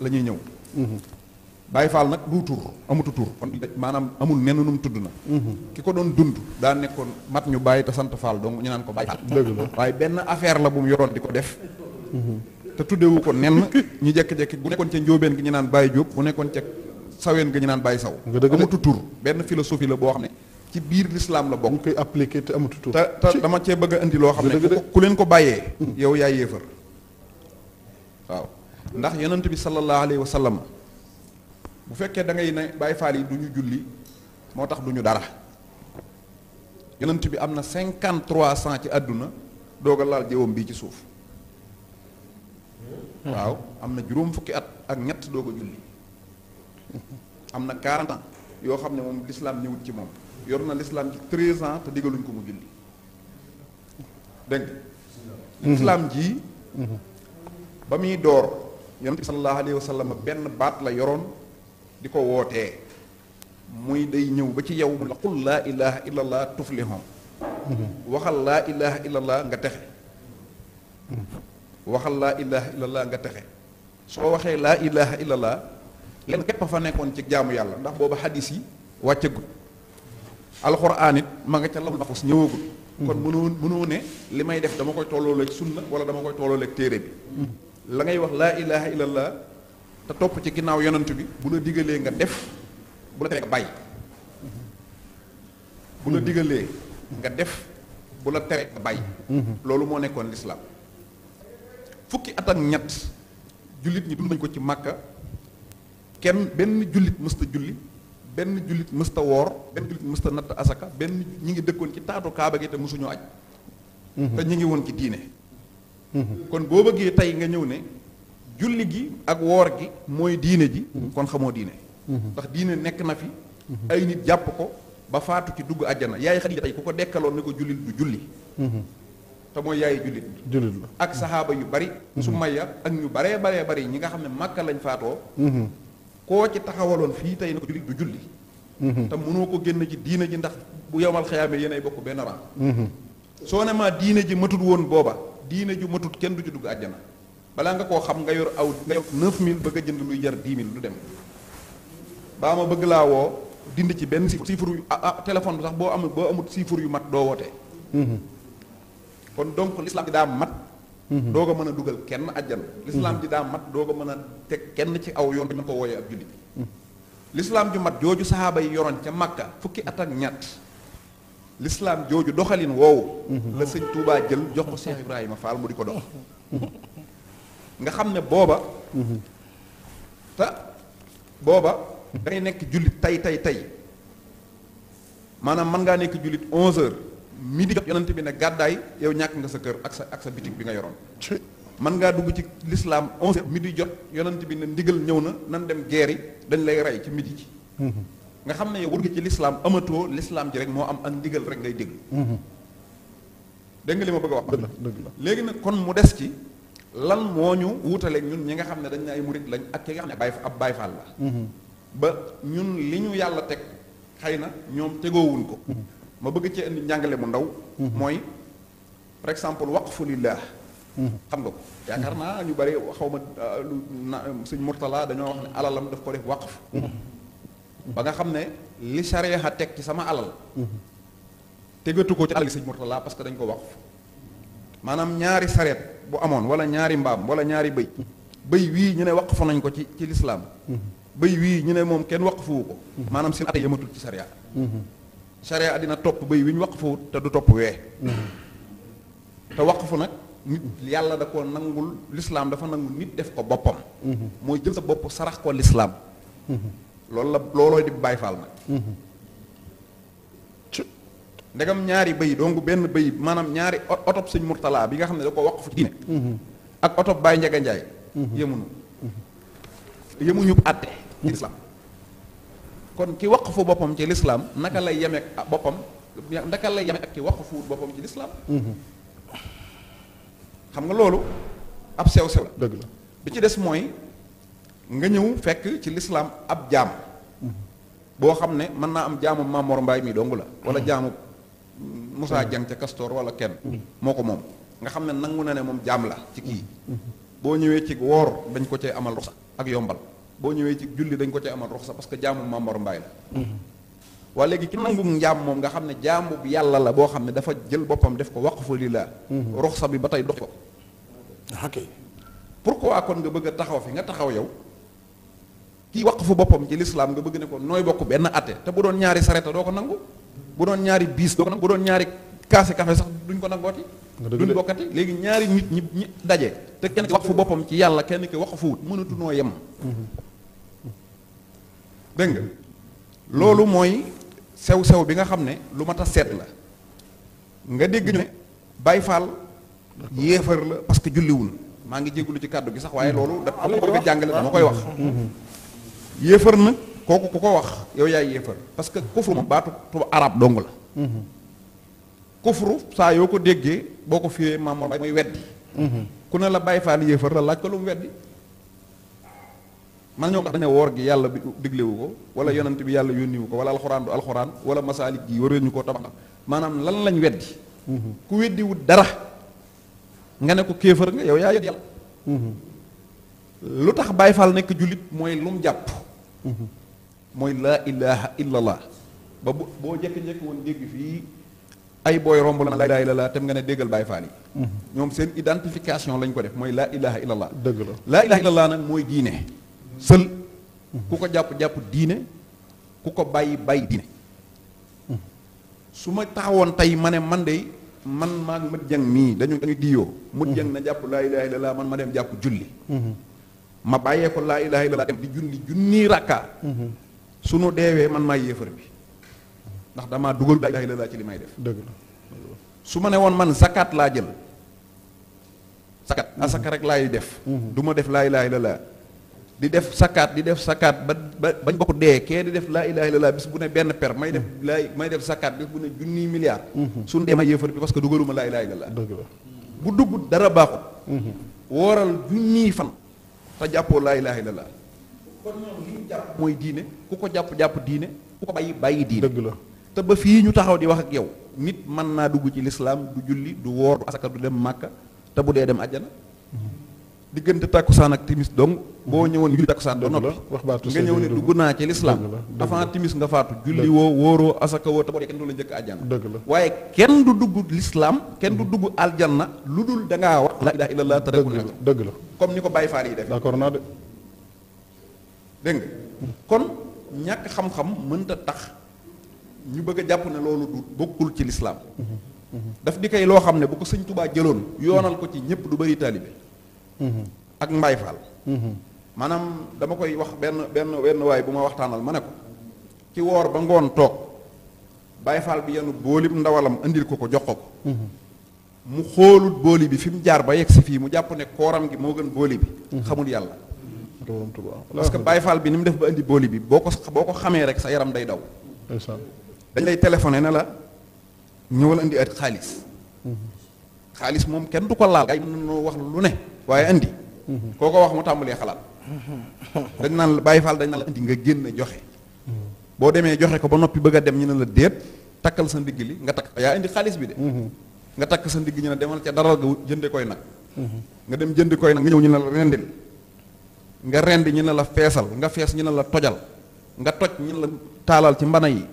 la ñëw Baye faal nag du tur amutu tur kon maanaam amul nenn num tudd na mhm. ki ko doon dund daa nekkoon mat ñu bàyyi te sant Fall donc ñu naan ko Baye Fall waaye benn affaire la bu mu yoroon di ko def mhm. te tuddewu ko nenn ñu jekki jekk bu nekkoon ca njóobeen gi ñu naan Baye Diop bu nekkoon ca saween gi ñu naan Baye Saw amutu tur benn philosophie la boo xam ne ci biir l'islam la bokk ñu koy appliqué te amutu tur te dama cee bëgg a indi loo xam ne ku leen ko bàyyee yow yaay yéefar waaw ndax yonent bi sallallahu alayhi wa sallam bu fekkee dangay ngay ne Baay Faal yi du ñu julli moo tax duñu dara yonent bi am na cinquante trois cent ci àdduna doog a laal jëwam bii ci suuf waaw am na juróom fukki at ak ñett doog julli am na quarante yoo xam ne moom lislaam ñëwut ci moom yor na lislaam ci treize ans te digaluñ ko mu julli dégg nga mhm. lislaam ji mhm. ba muy door yonent bi sallallahu alayhi wa benn baat la yoroon di ko wootee muy day ñëw ba ci yow mu la qul laa ilaha illa allah mm-hmm. waxal laa ilaha illa allah nga texe mm-hmm. waxal laa ilaha illa allah nga texe soo waxee laa ilaha illa allah leen képp fa nekkoon ci jaamu yàlla ndax booba xadis yi wàccagul alxuraan it ma nga ca lam nafus ñëwagul kon mm-hmm. mënoo mënoo ne li may def dama koy tolloo ak sunna wala dama koy tolloo ak téere bi la ngay wax laa ilaha illa allah te topp ci ginnaaw yonant bi bu la digalee nga def bu la teree nga bay bu digalee nga def bu la tere loolu moo nekkoon lislaam fukki at ak ñett jullit ñi dund nañ ko ci màkka kenn benn jullit mësta julli benn jullit mësta woor benn jullit mësta natt asaka benn ñi ngi dëkkoon ci taatu kaaba gi te mësuñoo aj mhm. te ñi ngi woon ci diine mhm. kon boo bëggee tey nga ñëw ne julli gi ak woor gi mooy diine ji kon xamoo diine mhm. ndax diine nekk na fi mhm. ay nit jàpp ko ba faatu ci dugg àjjana yaay Xadiija tey ko dekkaloon ni ko jullit du julli mhm. te mooy yaayu jullit jullit ak saxaaba yu bari Sumayya ak ñu baree baree bari ñi nga xam ne Màkka lañ faatoo koo ci taxawaloon fii tey ni ko jullit du julli te mënoo ko génn ci diine ji ndax bu yowmal xiyaamee yéen ay bokk benn ran soo ne maa diine ji matut woon booba diine ju matut kenn du ci dugg àjjana balaa nga koo xam nga yor aw nga yor 9000 bëgg a jënd luy jar 10000 du dem baa ma bëgg laa woo dind ci benn chiffre yu ah, ah téléphone bi sax boo amul boo amut chiffre yu mat doo wootee mhm. kon donc l'islam ji daa mat mhm. doo ko mën a dugal kenn ajjan mhm. l'islam ji daa doo ko mën a teg kenn ci aw yoon ñu ko wooyee ak jullit l'islam ju mat jooju sahaaba yi yoroon ca màkka fukki at ak ñett l'islam jooju doxalin woowu la sëñ tuubaa jël jox ko Cheikh Ibrahima Fall mu di ko dox nga xam ne booba te booba day nekk jullit tey tey tey maanaam mën ngaa nekk jullit onze heures midi jot yonent bi ne gàddaay yow ñàkk nga sa kër ak sa bitig bi nga yoroon mën ngaa dugg ci lislaam onze heures midi jot yonant bi ne ndigal ñëw na nan dem geeri dañ lay rey ci midi ci nga xam ne yow wut nga ci lislaam amatoo lislaam ji rek moo am ak ndigal rek ngay dégg mhm. dégg nga li ma bëgg a wax léegi nag kon mu des ci lan moo ñu wutaleeg ñun ñi nga xam ne dañ ne ay murit lañ ak ki nga xam ne ab Baay Faal la mm-hmm. ba ñun li ñu yàlla teg xëy na ñoom tegoowuñ ko mm-hmm. ma bëgg ci indi njàngale mu ndaw mm-hmm. mooy par exemple waqfu lillah xam nga ko yaakaar naa ñu bari xaw ma euh, lu na euh, suñ murtala dañoo wax ne alalam daf ko def waqf ba nga xam ne li a teg ci sama alal tegatu ko ci alal gi suñ murtala parce que dañ ko waqf maanaam ñaari sareet bu amoon wala ñaari mbaam wala ñaari bëy bëy wii ñu ne waqfu nañ ko ci ci lislaam mhm. bëy wii ñu ne moom kenn waqfuwu ko mhm. maanaam seen atte yëmatul ci sariya mhm. sariya dina topp bëy wi ñu waqfuwut te du topp wee te fu nag nit yàlla da ko nangul lislaam dafa nangul nit def ko boppam mooy jël sa bopp sarax ko lislaam loolu la loolooy di Baay Faal nag ndegam ñaari bëy donc benn bëy maanaam ñaari otop sëñ Murtala bi nga xam ne da ko waqfu diine mm-hmm. ak otop Baye Ndiaga Ndiaye yëmunu mm-hmm. yëmuñu mm-hmm. àtte ci lislaam kon ki waqfu boppam ci lislaam naka lay yeme ak boppam naka lay yeme ak ki waqfu boppam ci lislaam xam nga loolu ab sew sew la bi ci des mooy nga ñëw fekk ci lislaam ab jaam boo xam ne mën naa am jaamu Maam Mbaay mi dong la wala jaamu Moussa Dieng ca kastoor wala kenn mm. moo ko moom nga xam ne nangu na ne moom jaam la ci kii mm-hmm. boo ñëwee ci woor dañ ko cay amal ruxsa ak yombal boo ñëwee ci julli dañ ko cay amal ruxsa parce que jaamu Mamor Mbaay la mm-hmm. waa léegi ki nangu njaam moom nga xam ne jaamu bu yàlla la boo xam ne dafa jël boppam def ko waqfu lillah mm-hmm. ruxsa bi ba tey dox ko ah, ok pourquoi kon nga bëgg a taxaw fi nga taxaw yow kii waqfu boppam ci lislaam nga bëgg ne ko nooy bokk benn atte te bu doon ñaari sareta doo ko nangu bu doon ñaari biis doo ko nag bu doon ñaari kaasi café sax duñ ko nangooti duñ bokkati léegi ñaari nit ñi ñi daje te kenn ki wax fu boppam ci yàlla kenn ki wax fu wut mënatunoo yem dégg nga loolu mooy sew sew bi nga xam ne lu mat a seet la nga dégg ñu ne Baay Faal yéefar la parce que julliwul maa ngi jégalu ci kàddu gi sax waaye loolu dafa am ko jàngale dama koy wax mm-hmm. yéefar nag kooku ku ko wax yow yaay yéefar parce que kufru moom baatu tuba arab dong la kufru saa yoo ko déggee boo ko fiwee maamoor bay mooy weddi ku ne la bàyyi faal yéefar la laaj ko lu mu weddi man ñoo ko dañu woor gi yàlla diglewu ko wala yonent bi yàlla yónniwu ko wala alxuraan du alxuraan wala masaalik gi war ñu koo tabax maanaam lan lañ weddi ku weddiwut dara nga ne ko kéefar nga yow yaa yedd yàlla lu tax bàyyi faal nekk jullit mooy lu mu jàpp mooy laa ilaha illallah ba bu boo jékki-jékki woon dégg fii ay booy romb la laa ilaha illallah tam nga ne déggal Baay Faal yi mm-hmm. ñoom seen identification lañ ko def mooy laa ilaha illallah dëgg la laa ilaha illallah nag mooy diine ku ko jàpp-jàpp diine ko bàyyi bàyyi diine mm-hmm. taxawoon tey ma man de man maag mat mii dañu dañu diyoo mat jang na mm-hmm. jàpp man ma dem jàpp julli ma bàyyee ko laa ilaha illallah dem di julli junni rakkaa su nu deewee man maay yéefar bi ndax damaa dugal la ilaha illallah ci li may def su ma ne woon man sakaat laa jël zakat asaka rek laay def mhm. du ma def laa ilaha illallah di def sakaat di def zakat ba ba bañ bokk dee kee di def laa ilaha illallah bis bu ne benn per may def mhm. laay may def zakat bis bu ne junniy milliard mhm. su nu dee may yéefar bi parce que dugaluma laa ilaha illallah dëgg la bu dugg dara baaxut wooral junniy fan te jàppoo laa ilaha illallah kon ñoom li ñu jàpp mooy diine ku ko jàpp jàpp diine ku ko bàyyi bàyyi diine. dëgg la te ba fii ñu taxaw di wax ak yow nit mën naa dugg ci lislaam du julli du woor du asaka du dem màkka te bu dee dem àjjana. diggante tàkkusaan ak timis donc boo ñëwoon julli tàkkusaan ba noppi nga ñëw ne dugg naa ci lislaam avant timis nga faatu julli woo wóoroo asaka woo taboo kenn du la njëkk àjjana waaye kenn du dugg lislaam kenn du dugg aljanna lu dul da ngaa wax la ilaha illallah te dëgg la comme ni ko Baye Fall yi def dégg nga kon ñàkk xam-xam mënta tax ñu bëgg a jàpp ne loolu du bokkul ci lislaam daf di kay loo xam ne bu ko sëñ tubaa jëloon yoonal ko ci ñëpp du bëri taalibe ak mbaay faal maanaam dama koy wax benn benn benn waay bu ma waxtaanal ma ne ko ki woor ba ngoon toog baay faal bi yenu bóolib ndawalam indil ko ko jox ko mu xoolut bóoli bi fi mu jaar ba yegg si fii mu jàpp ne kooram gi moo gën bóoli bi xamul yàlla borom Touba parce que Baye Fall bi ni mu def ba indi booli bi boo ko boo ko xamee rek sa yaram day daw. dañ lay téléphoné ne la ñëwal indi at xaalis. Mhm. xaalis moom kenn du ko laal. ay mën noo wax lu ne waaye indi. Mhm. koo ko wax mu tàmbalee xalaat. Mhm. dañ naan la Baye Fall dañ naan la indi nga génn joxe. boo demee joxe ko ba noppi bëgg a dem ñu ne la déet takkal sa ndigg li nga takk yaa indi xaalis bi de. nga takk sa ndigg ñu ne demal ca daral ga jënde koy nag. nga dem jënd koy nag nga ñëw ñu ne la rendil nga rend ñu ne la feesal nga fees ñu ne la tojal nga toj ñu ne la taalal ci mbana yi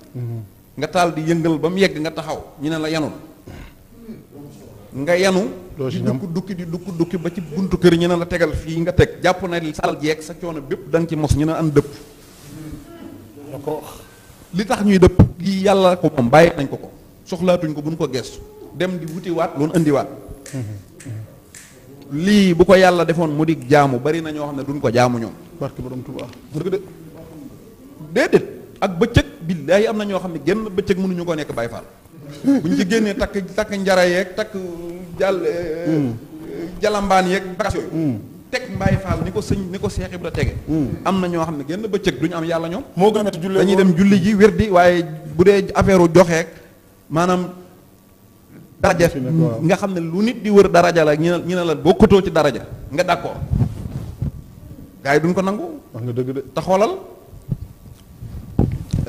nga taal di yëngal ba mu yegg nga taxaw ñu ne la yanul nga yanu di dukk dukki di dukk dukki ba ci buntu kër ñu ne la tegal fii nga teg jàpp na salal jeeg sa coono bépp da nga ci mos ñu ne an dëpp li tax ñuy dëpp lii yàlla ko moom bàyyi nañ ko ko soxlaatuñ ko buñ ko gestu dem di wutiwaat loolu indiwaat mhm. lii bu ko yàlla defoon mu dig jaamu bari na ñoo xam ne duñ ko jaamu ñoom. barke borom Tuubaa déedéet ak bëccëg billaahi am na ñoo xam ne génn bëccëg mënuñu ko nekk Baay Faal buñ ci génnee takk takk njara yeeg takk jàll eh, hmm. jalambaan yeeg bagas yooyu hmm. teg Baay Faal ni ko sëñ ni ko Seex Ibra tege hmm. am na ñoo xam ne génn bëccëg duñu am yàlla ñoom moo gën a metti julli dañuy dem julli ji wér di waaye bu dee affaire u joxeek maanaam daraja nga xam ne lu nit di wër daraja la ñu ne ñu la bokkutoo ci daraja nga d'accord gars yi duñ ko nangu wax nga dëgg de te xoolal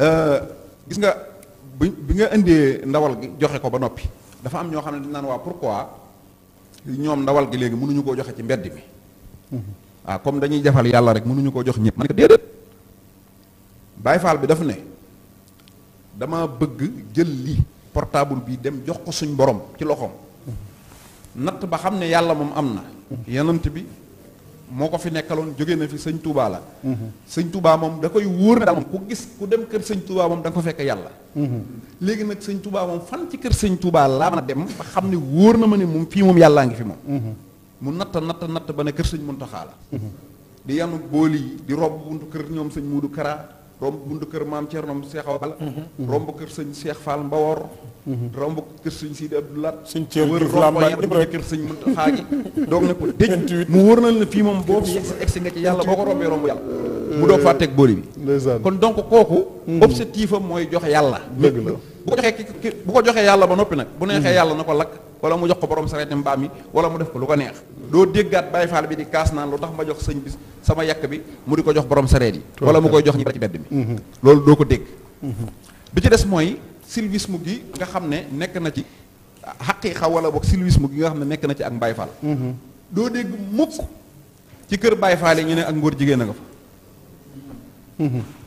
euh, gis nga bi bi nga indee ndawal gi joxe ko ba noppi dafa am ñoo xam ne dinaan waa pourquoi ñoom ndawal gi léegi mënuñu koo joxe ci mbedd mi waaw mm-hmm. ah, comme dañuy jafal yàlla rek mënuñu koo jox ñëpp man ko déedéet Baay Faal bi dafa ne dama bëgg jël lii portable bi dem jox ko suñ borom ci loxoom natt ba xam ne yàlla moom am na yonent bi moo ko fi nekkaloon jóge na fi sëñ Touba la sëñ Touba moom da koy wóor ne daal moom ku gis ku dem kër sëñ Touba moom da ko fekk yàlla léegi nag suñ Touba moom fan ci kër sëñ Touba laa mën dem ba xam ne wóor na ma ne moom fii moom yàllaa ngi fi moom mu natt natt natt ba ne kër sëñ Muntaxa la di yanu bool yi di robb buntu kër ñoom sëñ Muudu Kara romb buntu kër maam Thierno Cheikh Awa Balla mhm. romb kër sëñ Cheikh Fall Mbawor mhm. romb kër sëñ Sidi Abdoulat sëñ wër romb kër sëñ Muntaxa gi doog ne ko dëj mu wër nañ la fii moom boo fi egsi nga ci yàlla boo ko rombee romb yàlla euh, mu doog faa teg booli bi kon donc kooku mhm. objectif mooy jox yàlla dëgg la bu ko joxee ki bu ko joxee yàlla ba noppi nag bu neexee mm-hmm. yàlla na ko lakk wala mu jox ko borom sareeti mbaam yi wala mu def ko lu ko neex doo déggaat Baay Faal bi di kaas naan lu tax ma jox sëñ bi sama yàq bi mu di ko jox borom sareet yi wala mu koy jox ñi ci bedd mi mm-hmm. loolu doo ko dégg mm-hmm. bi ci des mooy silvisme gi nga xam ne nekk na ci xaw wala boog silvisme yi nga xam ne nekk na ci ak Baay Faal doo dégg mukk ci kër Baay Faal yi ñu ne ak ngóor jigéen a nga fa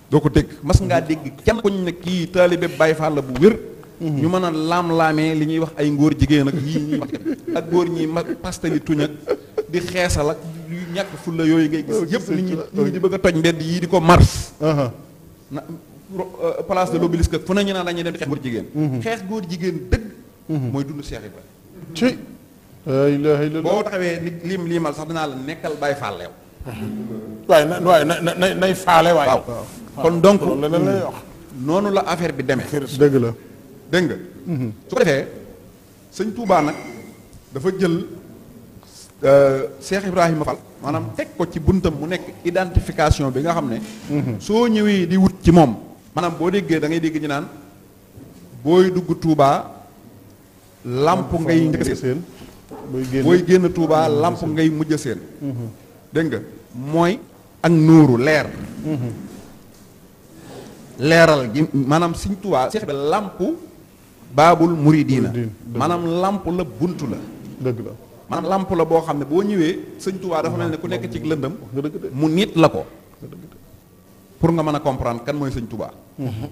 doo ko dégg mas ngaa dégg kenn kuñ ne kii taalibe Baay Faal la bu wér mhm. ñu mën a laam-laamee li ñuy wax ay ngóor jigéen ak yii ñuy wax ak góor ñi ma pasteli tuñ ak di xeesal ak yu ñàkk fulla yooyu ngay oh, yëpp nit ñi nit ñi bëgg a toj yii di mars na euh, place de l'obélisque ak fu nañu naan dañuy dem di xeex góor jigéen mhm. xeex góor jigéen dëgg mhm. mooy dund Seex Ibra la ilaha illallah boo taxawee nit lim limal sax dinaa la nekkal Baay Faal leew waaye waaye na nay faale waaye kon donc noonu la affaire bi demee. dëgg la dégg nga. Mhm. su ko defee sëñ Touba nag dafa jël euh, Cheikh Ibrahima Fall maanaam teg ko ci buntam mu nekk identification bi nga xam ne. Mhm. soo ñëwee di wut ci moom. maanaam boo déggee da ngay dégg ñu naan booy dugg Touba làmp ngay njëkk seen. booy génn Touba lamp ngay mujj seen. Mhm. dégg nga mooy ak nuuru leer. leeral gi maanaam Sëñ Tuubaa Seex bi làmp baabul na maanaam làmp la bunt la dëgg la maanaam làmp la boo xam ne boo ñëwee Sëñ Tuubaa dafa mel ne ku nekk ci lëndëm mu nit la ko pour nga mën a comprendre kan mooy Sëñ Tuubaa mhm.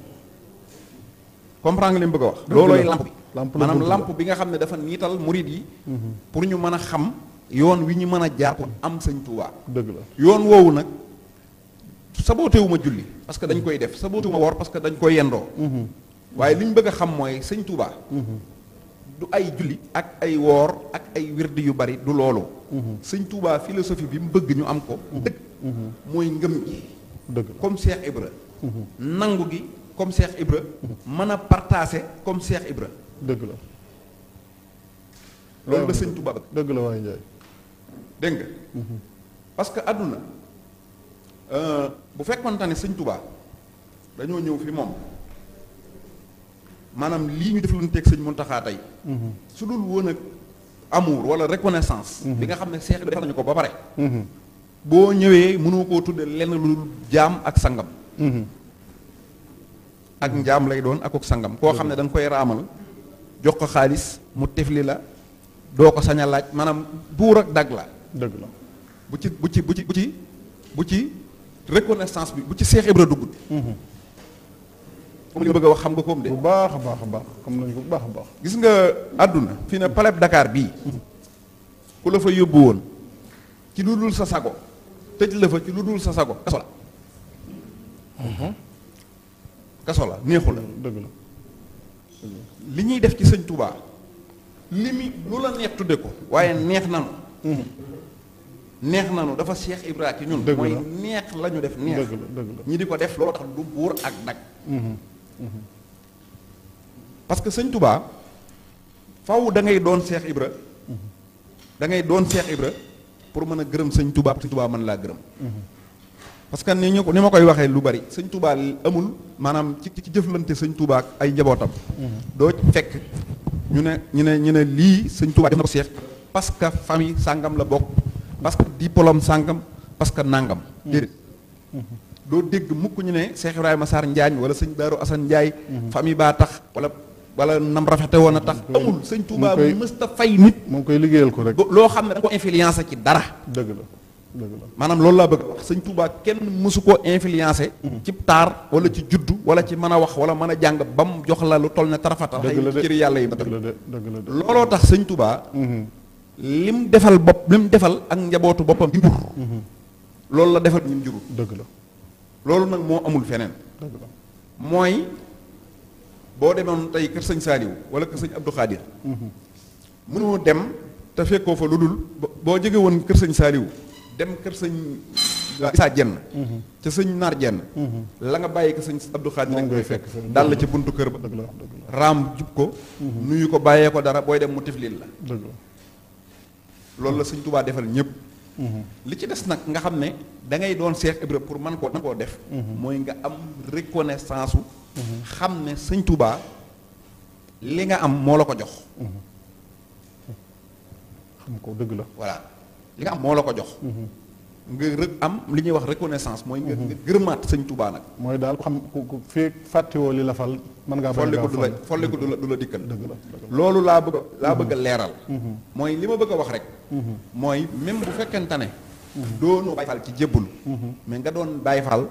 comprendre nga li bëgg wax loolooy làmp bi maanaam làmp bi nga xam ne dafa niital murid yi mhm. pour ñu mën a xam yoon wi ñu mën a jaar pour am Sëñ Tuubaa dëgg la yoon woowu nag sabooteewuma julli parce que dañ koy def sabooteewuma woor parce que dañ koy yendoo mm-hmm. waaye li ñu bëgg xam mooy sëñ Touba. Mm-hmm. du ay julli ak ay woor ak ay wirdi yu bari du loolu mm-hmm. sëñ Touba philosophie bi mu bëgg ñu am ko dëgg mooy ngëm gi dëgg comme Cheikh Ibra nangu gi comme Cheikh Ibra mën a partager comme Cheikh Ibra dëgg la loolu sëñ Touba dëgg la waaye Njaay dégg nga parce que àdduna Euh, bu fekkoon ne sëñ Touba dañoo ñëw fi moom maanaam lii ñu def lu ñu teg sëñ mun Muntaxa tey. Mhm. su dul woon ak amour wala reconnaissance. bi mhm. nga xam ne seex bi defal nañu ko ba pare. Mhm. boo ñëwee mënoo koo tuddee lenn lu jaam ak sangam. ak njaam lay doon ak ak sangam. koo xam ne da koy raamal jox ko xaalis mu tefli la doo ko saña laaj maanaam buur ak dag la. dëgg la bu ci bu ci bu ci bu ci bu ci. reconnaissance bi bu ci Cheikh Ibra dugg. comme li nga bëgg a wax xam nga koom de. bu baax a baax a baax xam nañu ko bu baax a baax. gis nga àdduna fi na palais dakaar bii. ku la fa yóbbu woon ci lu dul sa sago tëj la fa ci lu dul sa sago kaso la. la neexu la. dëgg la li ñuy def ci sëñ Touba. li mi lu la neex tudde ko waaye neex nanu neex nanu dafa Cheikh Ibra ci ñun mooy neex la ñu def neex ñi di ko def loolu tax du buur ak nag mm-hmm. Mm-hmm. parce que sëñ Touba faw da ngay doon Cheikh Ibra mm-hmm. da doon Cheikh Ibra pour mën a gërëm sëñ Touba sëñ tubaa mën laa gërëm parce que ni ñu ko ni ma koy waxee lu bari sëñ Touba amul maanaam ci ci jëflante sëñ Touba ak ay njabootam doo fekk ñu ne ñu ne ñu ne lii sëñ tubaa def na ko Cheikh parce que famille sàngam la bokk parce que diplôme sàngam parce que nàngam mm. déedéet doo dégg mukk ñu ne Cheikh Ibrahima Sarr Njaañ wala sëñ Daaru Assane Njaay mm-hmm. famille baa tax wala wala nam rafete woon a tax mm-hmm. amul sëñ Touba mësta fay nit moom koy liggéeyal ko rek loo xam ne da ko influencé ci dara dëgg la dëgg la maanaam loolu laa bëgg sëñ Touba kenn mësu koo influencé mm-hmm. ci taar wala ci juddu wala ci mën a wax wala mën a jàng ba mu jox la lu toll tarafata xëy cër yàlla yi dëgg la de looloo tax sëñ Touba lim defal bopp lim defal ak njabootu boppam ci loolu la defal ñim jurul dëgg la loolu nag moo amul feneen mooy boo demoon tey kër sëñ Saaliw wala kër sëñ Abdou Khadir mhm. mënoo dem te fekkoo fa lu dul boo jege woon kër sëñ Saaliw dem kër sëñ Isaa jenn mhm. ca sëñ naar jenn mhm. la nga bàyyi ko sëñ Abdou Khadir rek koy fekk dal ci buntu kër ba raam jub ko nuyu ko bàyyee ko dara booy dem mu tiflil la loolu la sëñ Tuubaa defal ñëpp. Mhm. li ci des nag nga xam ne da ngay doon Cheikh Ibra pour man koo mën koo def. Mhm. mooy nga am reconnaissance su. Mhm. xam ne sëñ Tuubaa li nga am moo la ko jox. xam ko dëgg la voilà li nga am moo la ko jox. nga am li ñuy wax reconnaissance. mooy nga mhm. gërëmaat sëñ tubaa nag. mooy daal xam ku feeg fàttewoo li la fal. mën ngaa bañ a du la folli ko du la du la dikkal. loolu laa bëgg laa bëgg a mhm. Mhm. li ma bëgg a wax rek. mooy même bu fekkente ne. doonu Baay Faal ci jébbul. mais nga doon Baay Faal.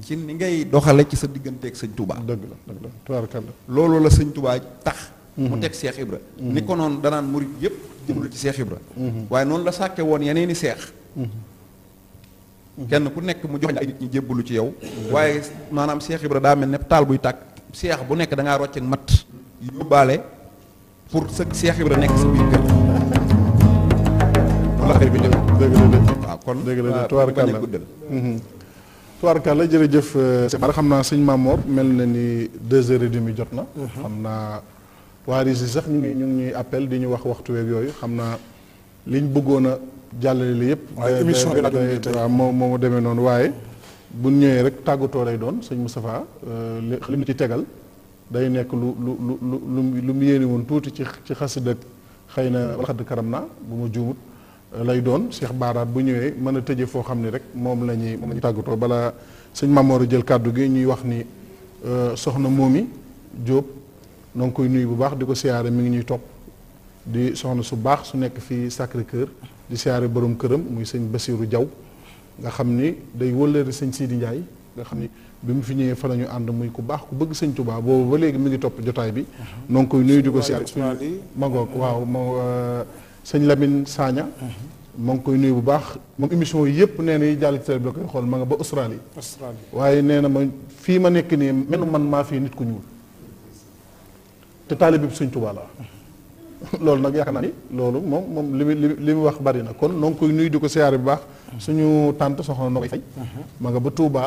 ci ni ngay doxale ci sa digganteeg sëñ Touba. dëgg la dëgg la tubaarkalla loolu la sëñ Touba tax. mu teg Seex Ibra. ni ko noonu danaan murit yëpp jëmlu ci Seex Ibra. waaye noonu la sàkke woon yeneen i seex. kenn ku nekk mu jox ay nit ñi jébbalu ci yow. waaye maanaam Cheikh Ibra daa mel ni taal buy tàkk. seex bu nekk da ngaa rocc ak mat. yóbbaale pour sa Cheikh Ibra nekk sa biir kër. loolu affaire bi dëgg la waaw kon dëgg la ah, tubaarkàlla guddal. Mhm. tubaarkàlla euh, xam naa sëñ Mamor mel na ni deux heures et demie jot na. Mhm. xam naa waa RIS sax ñu ngi ñu ngi ñuy appel di ñu wax waxtu week yooyu xam naa liñ bëggoon a jàllale li yëpp. waaye émission bi nag waaw moo moo demee noonu waaye. bu ñëwee rek tàggatoo lay doon sëñ Moustapha euh, li mu ci tegal day nekk lu lu lu lu lu mu tuuti ci ci xasida xëy na waxad karam naa bu ma juumut euh, lay doon Cheikh Baaraat bu ñëwee mën a tëje foo xam ne rek moom la ñuy moom la ñuy tàggatoo balaa sëñ Mamoro jël kàddu gi ñuy wax ni euh, soxna Momi Diop noo ngi koy nuyu bu baax di ko siyaare mi ngi ñuy topp di soxna su baax su nekk fii Sacré Cœur di siyaare borom këram muy sëñ Basiiru Jaw nga xam ni day wëllëri sëñ Sidi Ndiaye nga xam ni bi mu fi ñëwee fa la ñu ànd muy ku baax ku bëgg sëñ Touba boobu ba léegi mi ngi topp jotaay bi donc koy nuyu di ko siyaare magoog waaw moo euh, sëñ Lamine Sagna ma koy nuyu bu baax moom émission yi yëpp nee na yi jàll ci télé bi la koy xool ma nga ba Australie waaye nee na ma fii ma nekk nii mel man maa fi nit ku ñuul te taalibe bi sëñ Touba la loolu nag yaakaar naa ni loolu moom moom li mu li mu wax bari na kon noo ngi koy nuyu di ko siyaare bu baax suñu tante soxna na koy fay uh-huh. ma nga ba Touba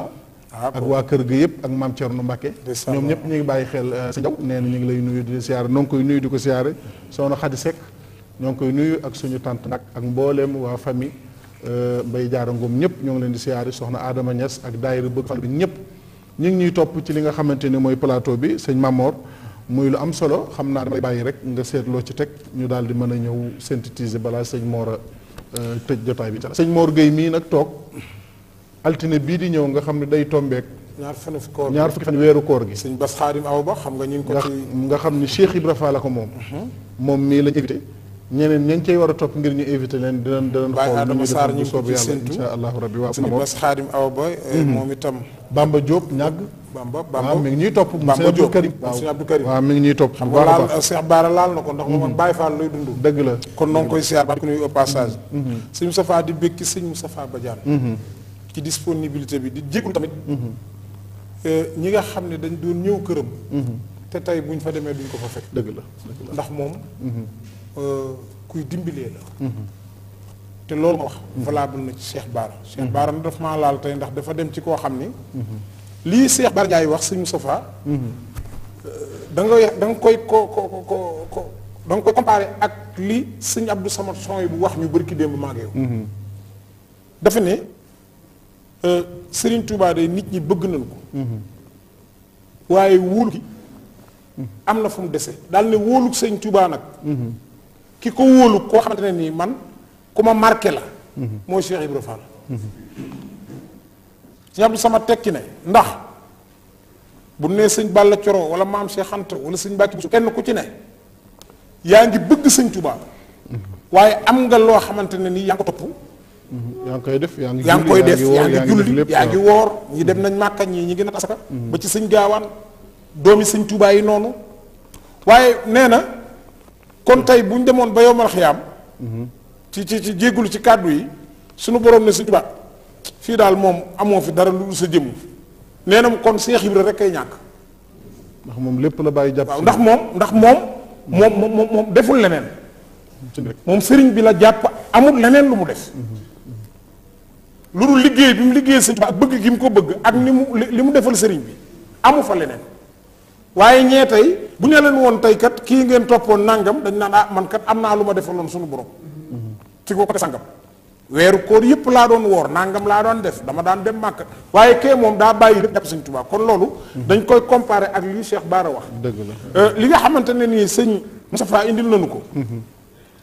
ah, ak waa kër gi yëpp ak maam Thierno Mbacke ñoom ñëpp ñu ngi bàyyi xel uh, sa jaw nee na ñu ngi lay nuyu di siyaare noo ngi koy di ko siyaare soxna Khady Seck ñoo ngi nuyu ak suñu tante nag ak mbooleem waa famille uh, Mbaye Diarra Ngom ñëpp ñoo ngi leen di siyaare soxna aadama Niass ak daayira bëgg fan bi ñëpp ñu ngi ñuy topp ci li nga xamante ni mooy plateau bi sëñ Mamor muy lu am solo xam naa damay bàyyi rek nga seetloo ci teg ñu daal di mën a ñëw synthétiser balaa sëñ Mor a euh, tëj jotaay bi. ca sëñ moor Gueye mii nag toog altine bii di ñëw nga xam ne day tombeek ñaar fan koor ñaar fukki fan weeru koor gi. sëñ Bass Xaadim aw ba xam nga ñu ko. nga xam ni Cheikh Ibra Fall la ko moom. Mhm. moom mii lañ invité. ñeneen ña ngi cay war a topp ngir ñu éviter leen dinañ dinañ xool nu ñuy defar bu soobu yàlla incha allahu rabbi waaw suñu bas xaadim awa boy eh, mhm. moom itam Bamba Diop ñàgg Bamba Bamba waaw mi ngi ñuy topp Bamba Diop Karim Sëñ Abdou Karim waaw mi ngi ñuy topp xam nga laal Cheikh Baara laal na ko ndax moom mhm. Baye Fall lay dund dëgg la kon noo ngi koy siyaar ba ko nuyu au passage mhm. sëñ Moustapha di bég ci sëñ Moustapha Badiane ci disponibilité bi di jégalu tamit eh, ñi nga xam ne dañ doon ñëw këram te tey buñ fa demee duñ ko fa fekk dëgg la ndax moom Euh, kuy dimbilee la te loolu ma wax valable na ci Cheikh Bara Cheikh Bara na daf ma laal tey ndax dafa dem ci koo xam ni lii seex Bara Ndiaye wax sëñ Moustapha euh, danga koy ko ko ko ko koy comparé ak li sëñ Abdou Samad Songe bu wax ñu bëri ki démb maag yow dafa ne euh, Serigne Touba de nit ñi bëgg nañ ko waaye wóolu ki am na fu mu dese daal ne wóolu Serigne Touba nag ki ko wóolu koo xamante ne nii man ku ma marqué la mooy Cheikh Ibra Fall Cheikh Abdou Samad tekki ne ndax bu nee sëñ Balla Coro wala maam Cheikh Anta wala sëñ Mbàkke Buso kenn ku ci ne yaa ngi bëgg sëñ Tuubaa waaye am nga loo xamante ne nii yaa ngi ko topp mm-hmm. yaa ngi koy def yaa ngi koy def yaa julli yaa ngi woor ñi dem nañ màkka ñii ñi ngi nat asaka mm-hmm. ba ci sëñ gaawaan doomi sëñ Tuubaa yi noonu waaye nee na kon tey bu ñu demoon ba yow malxiyaam ci ci ci jéggulu ci kàddu yi suñu borom ne si tubaab fii daal moom amoo fi dara lu sa jëmm nee na kon Seex Ibra rek ay ñàkk. ndax moom lépp la bàyyi jàpp. waaw ndax moom ndax moom. moom moom moom moom deful leneen. moom sëriñ bi la jàpp amul leneen lu mu def. lu dul liggéey bi mu liggéey sëriñ bi ak bëgg gi mu ko bëgg ak li mu li mu defal sëriñ bi amu fa leneen. waaye ñee tey bu ñu leen woon tey kat kii ngeen toppoon nangam dañ naan ah man kat am naa lu ma defaloon suñu borom ci ko côté sangam weeru koor yëpp laa doon woor nangam laa doon def dama daan dem màkk waaye kee moom daa bàyyi lépp def sëñ Tuubaa kon loolu dañ koy comparer ak li Cheikh Baara wax dëgg la euh, li nga xamante ne nii sëñ Moustapha indil nañu ko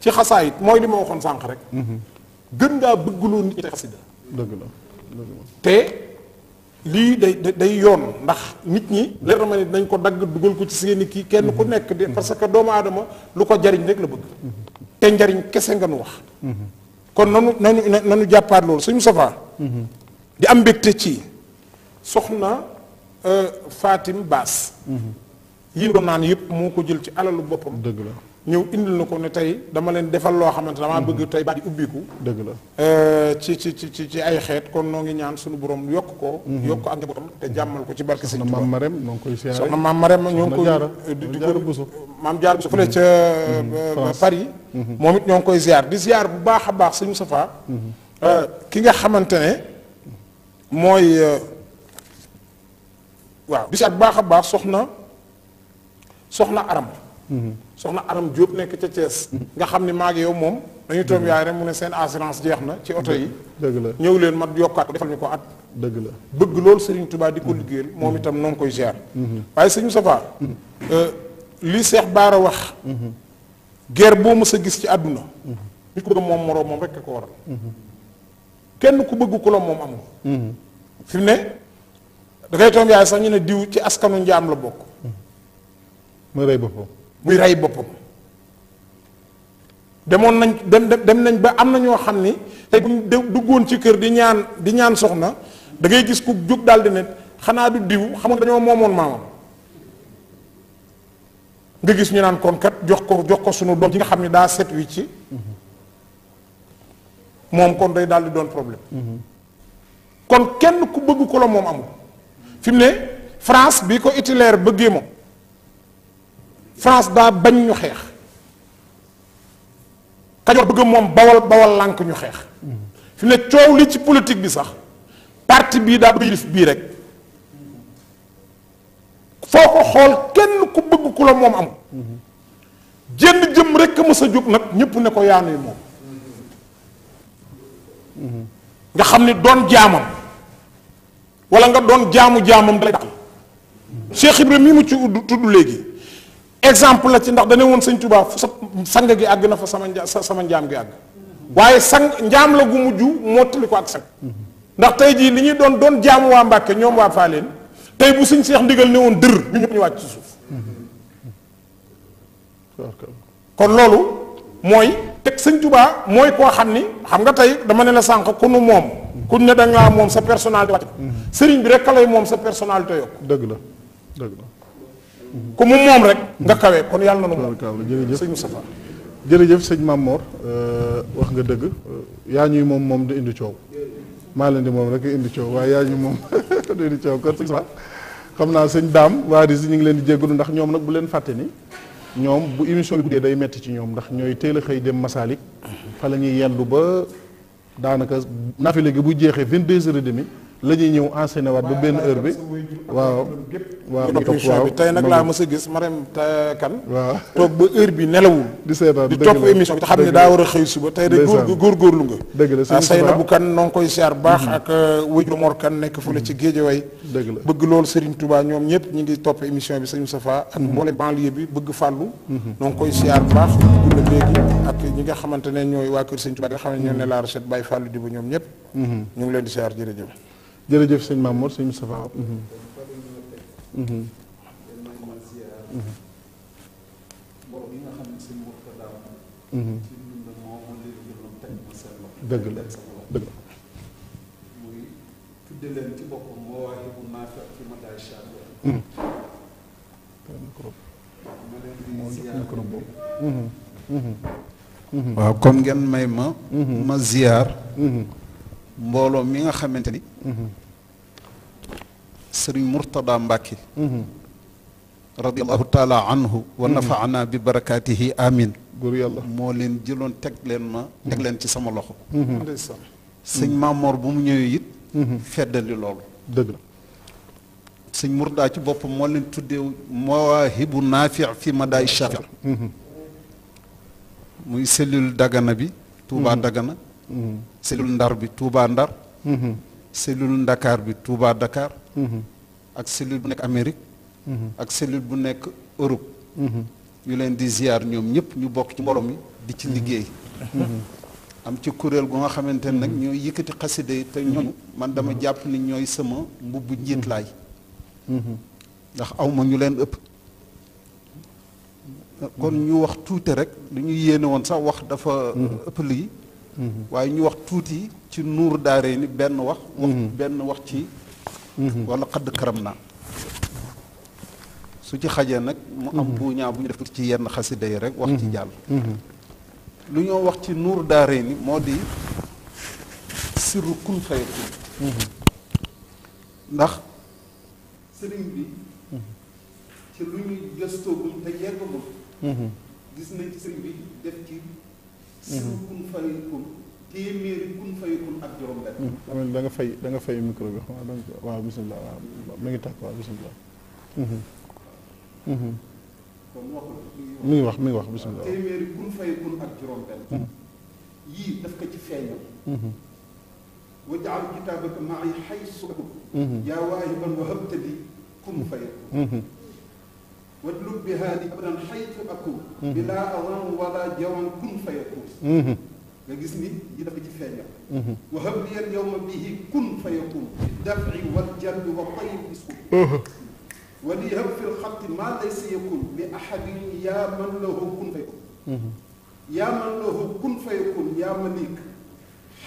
ci xasaa xasaayit mooy li ma waxoon sànq rek mm-hmm. gën ngaa bëggloo nit ñi te xasida te lii day day yoon ndax nit ñi leer na ne dañ ko dagg dugal ko ci seeni kii kenn ku nekk de parce que doomu aadama lu ko jariñ rek la bëgg te njariñ kese nga nu wax kon nanu nanu nanu jàppaat loolu suñu safaa di am mbégte ci soxna euh, faatim Baas mhm. yi doon naan yëpp moo ko jël ci alalu boppam dëgg la ñëw indil na ko ne tey dama leen defal loo xamante damaa mhm. bëgg tey baat yi ubbiku dëgg la euh, ci ci ci ci ay xeet kon noo ngi ñaan suñu borom yokk ko mhm. yokk ko ak njabootam te mhm. jàmmal ko ci barke Sëñ Tuubaa soxna maam Marème ñoo ngi koy siyaare soxna maam Marème ñoo ngi koy di ko maam Jaara Buso fële ca moom it ñoo ngi koy ziar di ziar bu baax a baax Sëñ Safaa euh, nga xamante ne mooy euh, bu baax a baax soxna soxna aram soxna Aram Diop nekk ca Thiès. nga xam ni maag yow moom. dañu toog yaay rek mu ne seen assurance jeex na ci oto yi. dëgg la ñëw leen ma yokkaat ko defal ñu ko at. dëgg la bëgg loolu Serigne tubaab di ko liggéeyal moom itam noo ngi koy gérer. Mm-hmm. waaye sëñ Moustapha euh, li Seex Baara wax. Mm-hmm. guerre boo mës a gis ci àdduna. Mm-hmm. nit moom moroom moom rek ko waral. kenn ku bëgg ku la moom am ne da ngay ne diw ci askanu njaam la bokk. ma rëy boppam. muy rey boppam demoon nañ dem dem nañ ba am na ñoo xam ni tey bu ñu ci kër di ñaan di ñaan soxna dangay gis ku jóg daal di ne xanaa du diw xam dañoo moomoon maamam nga gis ñu naan kon kat jox ko jox ko sunu doom ji nga xam ne daa set wi ci moom kon day daal di doon problème kon kenn ku bëgg ko la moom amul fi mu ne France bii ko Hitler bëggee moom France daa bañ ñu xeex Kajoor bëgg moom bawal bawal lànk ñu xeex fi ne coow li ci politique bi sax parti bii daa bëgg yilif bii rek foo ko xool kenn ku bëgg ku la moom am jenn jëm rek a mës a nag ñépp ne ko yaanuy moom nga xam ne doon jaamam wala nga doon jaamu jaamam dalay dàq Cheikh Ibrahima mi mu ci tudd léegi exemple la ci ndax dana woon sëñ Tuubaa sa sang gi àgg na fa sama nja sama njaam gi àgg waaye sang njaam la gu mujj mottali ko ak sang ndax tey jii li ñuy doon doon jaamu waa Mbàkke ñoom waa leen tey bu sëñ Seex ndigal ne woon dër ñu ñëpp ñu wàcc ci suuf kon loolu mooy teg sëñ tubaa mooy koo xam ni xam nga tey dama ne la sànq ku nu moom ku ne da ngaa moom sa personnalité wàcc sëriñ bi rek lay moom sa personnalité yokk dëgg dëgg la comme mu moom rek nga kawee kon yàlla na moom jërëjëf sëñ Moustapha jërëjëf sëñ Mamor euh, wax nga dëgg yaa ñuy moom moom du indi coow maa leen di moom rek indi coow waaye yaa ñuy moom du indi coow kon sëñ Moustapha xam naa sëñ daam waa RIS ñu ngi leen di jéggalu ndax ñoom nag bu leen fàtte ni ñoom bu émission bi guddee day metti ci ñoom ndax ñooy teel a xëy dem Masalik fa la ñuy yendu ba daanaka nafile léegi bu jeexee 22 heures et demie la ñuy ñëw enseigné waat ba benn heure bi waaw waaw topp émission bi tey nag laa ma a gis Marème Kane waaw toog ba heure bi nelawul di seetaan di topp émission bi te xam ne daa war a xëy suba tey de góor góorgóorlu nga dëgg la say na bu kan noo ngi koy siyaar baax mhm. ak euh, wëjur Mor kan nekk fële ci Géejawaay dëgg la bëgg loolu Serigne tubaa ñoom ñëpp ñu ngi topp émission bi Serigne Moustapha ak mhm. mboolem banlieue bi bëgg fàllu mhm. noo ngi koy siyaar baax gunda léegi ak ñi nga xamante ne ñooy waa kër Serigne Touba nga xam la recette Baye Fallou di ñoom ñëpp ñu ngi leen di siyaar jërëjëf jërëjëf sëñ Mamour sëñ Moustapha mhm. Mhm. dëgg la dëgg la mhm. waaw comme ngeen may ma ma ziyaar mbooloo mi nga xamante ni sëriñ Mourtada Mbacke mhm. radiallahu taala anhu wa mhm. nafaana bi barakaatihi amin moo leen jëloon teg leen ma teg leen ci sama loxo mhm. sëñ Maamoor bu mu ñëwee it feddali loolu dëgg sëñ Mourtada ci boppam moo leen tuddee mawaahibu naafi fi madaay shafi muy cellule Dagana bi Touba Dagana cellule Ndar bi Touba Ndar cellule Ndakaar bi Touba Dakar. Mhm. ak cellule bu nekk Amérique. Mhm. ak cellule bu nekk Europe. Mhm. ñu leen di ziar ñoom ñëpp ñu bokk ci mborom mi di ci liggéey. am ci kuréel gu nga xamante ne nag ñooy yëkkati xasida yi te ñoom man dama jàpp ni ñooy sama mbubb njiit laay ndax awma ñu leen ëpp. kon ñu wax tuuti rek lu ñu yéene woon sax wax dafa ëpp lii. waaye ñu wax tuuti ci nuur daaree ni benn wax mhm. benn wax ci mhm. wala xadd karam naa su ci xajee nag mu am mhm. buuñaa bu ñu def ci yenn xasida yi rek wax ci jàll lu ñoo wax ci nuur daaree ni moo di sirru kun fayakun ndax sëriñ bi ci lu ñuy gëstoogul te yeggagul gis nañ ci sëriñ bi def ci sëñ mhm. kun fayakun téeméeri kun fayakun ak juróom-benn. Hmm. amiin da nga fay danga fay micro bi waaw bisimilah waaw mi ngi tàkk waaw mhm. Mhm. mi ngi wax mi ngi wax bisimilah. téeméeri kun fayakun ak juróom-benn. yii daf ko ci feeñal. wa jaal kitaabaka maay xay sukkub. yaa waahiban wa habtadi kun fayakun. واطلب بهادي ابدا حيث اكون بلا اظن ولا جوع كن فيكون nga gis ni ñi dafa ci feeñal wa habliyan yawma bihi kun fayakun bi daf'i wal jalbi wa tayyib iskun wa li hab fi lxatti ma laysa yakun li ahadin yaa man lahu kun fayakun yaa man lahu kun fayakun yaa malik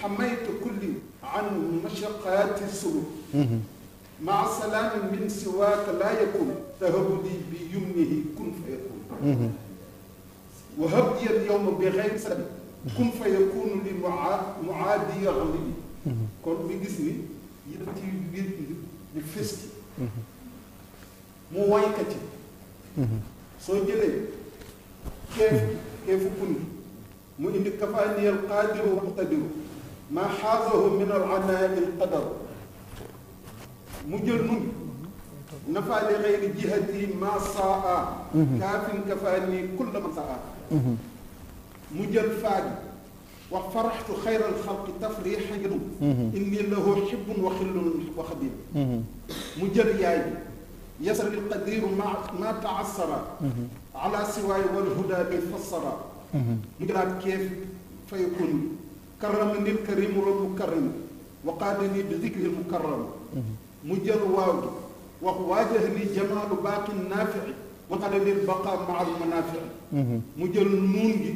xamayta kulli an mashaqaati suluk maa salaamin min siwaaka laa yakun tahabudi bi yumnihi kun fa yakun wa habdiyan yowma bi xeyr sabi kun fa yakunu li muaadi yaxli bi kon mi gis ni yëpp ci biir bi di fës ci mu woyka ci soo jëlee keef keefu kun gi mu indi kafaaniyal qaadiru waqtadiru maa xaasahu min al anaai al qadaru mu jël nun nafa li xayri jihati ma saa mhm. kaafin kafaani kulla man saa mhm. mu jël faagi wax faraxtu xayral xalqi tafrixa ngidum mhm. inni lahu xibbun wa xillun wa xabib mu jël yaay bi yasar il qadiru ma ma taassara ala siwaay walhuda bi fassara mu jëlaat keef fayakun karama nil karimu wal mukarram wa qaadani bi dikri mukarram mu jël waaw gi wax waajah li jamaalu baaqin naafii wa qadalil baqaa maal manaafici mhm. mu jël nuun gi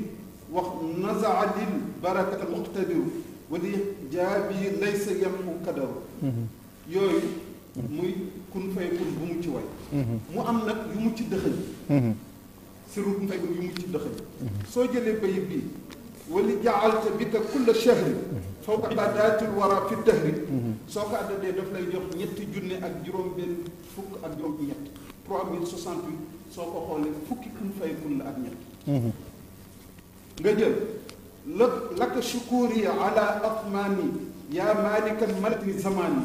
wax nazaa lil barakata muqtadiru wa li jaabi laysa yamxu kadaru mhm. yooyu mhm. muy kun fay kun bu mu ci way mu am nag yu mu ci dëxëñ sirub fay yu mu ci dëxëñ soo jëlee bayit bii wali jaalta bi foo kulla chahri fawqa adaatil wara fi dahri soo ko addadee daf lay jox ñetti junne ak juróom benn fukk ak juróom ñett trois mille soixante huit soo ko xoolee fukki kun fay kun la ak ñett nga jël la laka shukuri ala atmani yaa malikan malki zamani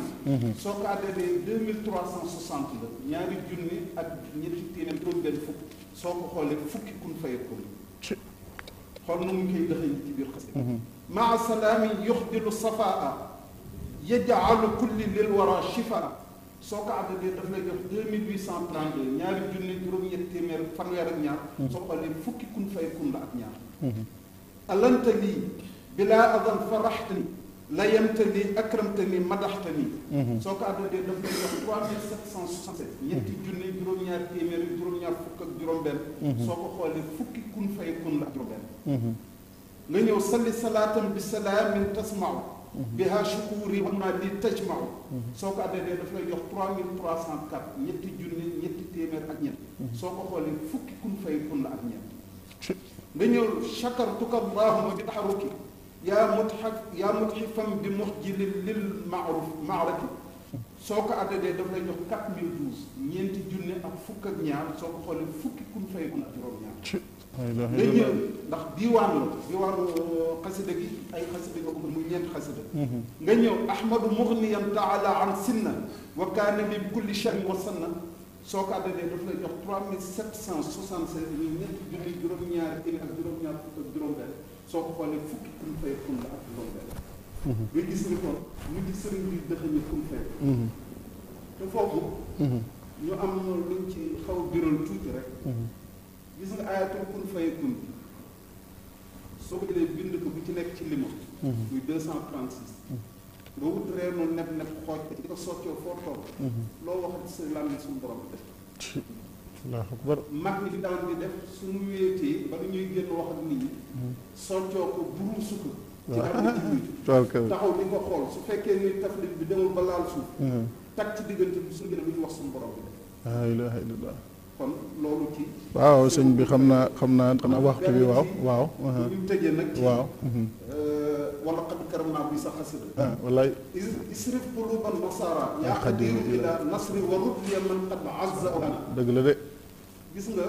soo ko addadee deux mille trois cent soixante la ñaari junne ak ñetti téeméer juróom benn fukk soo ko xoolee fukki kun fay kun xool na mu koy dëxëñ ci biir xasida mhm. maa salaami yuxdilu safaa yajaalu kulli lil soo ko àddadee daf lay jox deux mille huit cent trente deux ñaari junni juróom-ñett téeméer fanweer ak ñaar mhm. soo xoolee fukki kun fay kun la ak ñaar mhm. alanta lii bilaa adan faraxtani la yemtani akramtani madaxtani soo ko àddadee daf lay jox trois mille sept cent soixante sept ñetti junni juróom-ñaar téeméer juróom-ñaar fukk ak juróom-benn soo ko xoolee fukki kun fay kun la juróom-benn nga ñëw salli salaatam bi salaamin tasmaaw biha shukuri am naa li tajmaaw soo ko addadee daf lay jox trois mille trois cent quatre ñetti junni ñetti téeméer ak ñett soo ko xoolee fukki kun fay kun la ak ñett nga ñëw chakartuka allahuma bi taxaruki yaa mutxaf yaa mutxifam bi muxjilin lil maaruf maarati soo ko addadee daf lay jox quatre mille douze ñeenti junne ak fukk ak ñaar soo ko xoolee fukki kuñ fay ak ndax diwaan la diwaan euh, xasida gi ay xasida nga ubbi muy ñeent xasida mhm. nga ñëw ahmadu mughniyan taala an sinna wa kaana bi kulli shay wa sanna soo ko addadee daf lay jox trois mille cent soixante cinq mille ñeenti junne juróom-ñaar ak juróom-ñaar soo ko xoolee fukki kuñ Mhm. nga gis ni kon ñu gis sëriñ bi dëxañu kum fekk te foofu mhm. ñu am ñoo luñ ci xaw biral tuuti rek mhm. gis nga ayatul kun fayakun bi soo ko jëlee bind ko bu ci nekk ci lima muy deux cent trente six nga wut reenu nepp nepp xooj ko di ko soccoo foo toog loo a sa làmmiñ suñu borom def waaw akbar mag ñi fi daan di def suñu wéetee ba dañuy génn wax ak nit ñi soccoo ko buruusu ko waaw taxaw ni nga xool su fekkee ni taflit bi demul ba suuf. Hmm. takk ci diggante bi suñu gën a wax suñu borom bi. laa ilaaha illallaah. kon loolu waaw sëñ bi xam naa xam naa xanaa waxtu bi waaw waaw. bu ñu tëjee nag. waaw. Euh, wala qad karamnaa bi sa xasida. ah wallaay. isrif quluban nasara. yaa xadiru ila nasri wa rubbiya man qad azza dëgg la de. gis nga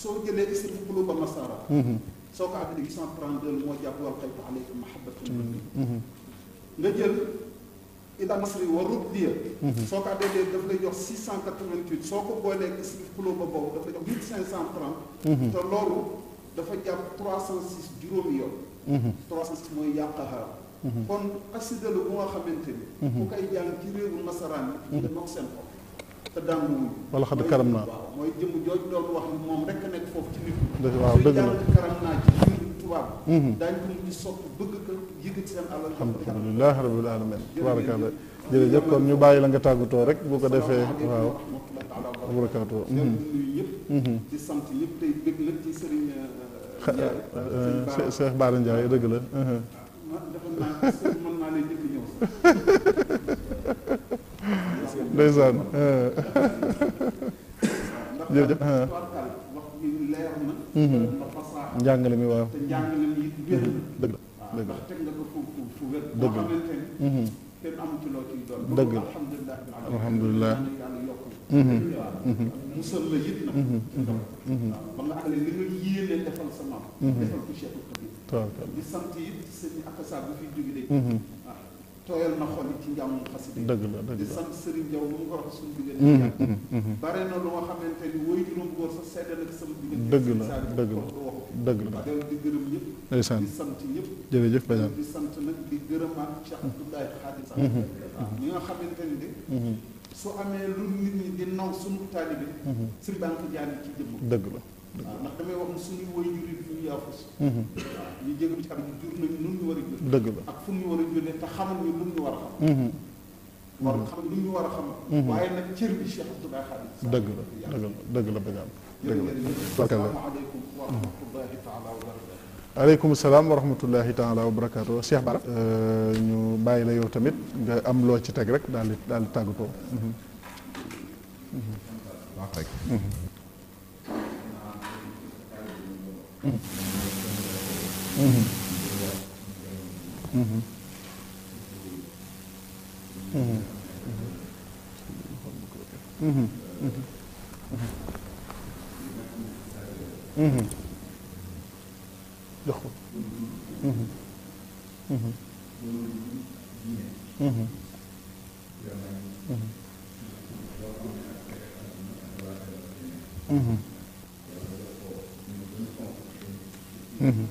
soo jëlee isrif quluban nasara. Hmm, hmm. soo ko àddina 832 moo jàpp wal xaytu aleykum mahabbatu mm-hmm. Mm-hmm. nga jël ida masri wa rubdiya mm-hmm. soo ko àddee daf lay jox 688 soo ko boolee isrif kulóoba boobu dafa jox 1530 te loolu dafa jàpp 306 juróomi yoon 306 mooy yàqahaar kon xasida la bu nga xamante ni ku koy jàng ci réewu nasaraan yi da nok te daanu wuñ. xam karam naa waaw dëgg la karam naa ci biir tubaab. Mhm. daañu ko mujj kon ñu bàyyi la nga tàggatoo rek boo ko defee waaw. abarakaatu. ñëpp. Mhm. di sant euh, euh, dëgg la. Mhm. Ah, ndeysaan euh. jërëjëf euh. mhm. mi waaw mhm. dëgg la ah, dëgg la dëgg la mhm. dëgg la alhamdulilah musal la yit na ah, ba nga àggale li nga yéene defal sa maam defal ko Cheikh Xadim di sant it sëñ Akasa bu fi jóge de tooyal na xol ci njàngum xasida dëgg la dëgg la di sant Serigne Diaw mu mm-hmm, mm-hmm. dëgg la dëgg la dëgg la del di gërëm ñëpp di sant ñëpp jërëjëf Badiane di sant nag di gërëmaat Cheikh mm-hmm. Abdoulaye Khadim sax ñi nga xamante ni de su amee lu nit ñi di naw suñu taalibe Serigne Bank Diagne ci jëmm dëgg la ndax damay wax ne suñu woy jur yi ñu yaafus mhm. waaw ñu jégalu ci am ñu jur nañu nun ñu war a jur dëgg la ak fu ñu war a jur te xamal ñu lu ñu war a xam mhm. war a xam lu ñu war a xam mhm. waaye nag cër bi Cheikh Abdoulaye Khadim dëgg la dëgg la dëgg la bëggaan dëgg la asalaamaaleykum wa rahmatullahi taala wa barakatu aleykum salaam wa rahmatullahi taala wa barakatu Cheikh Bara euh, ñu bàyyi la yow tamit nga am loo ci teg rek daal di daal di tàggatoo wax rek jox ko. Mm-hmm. when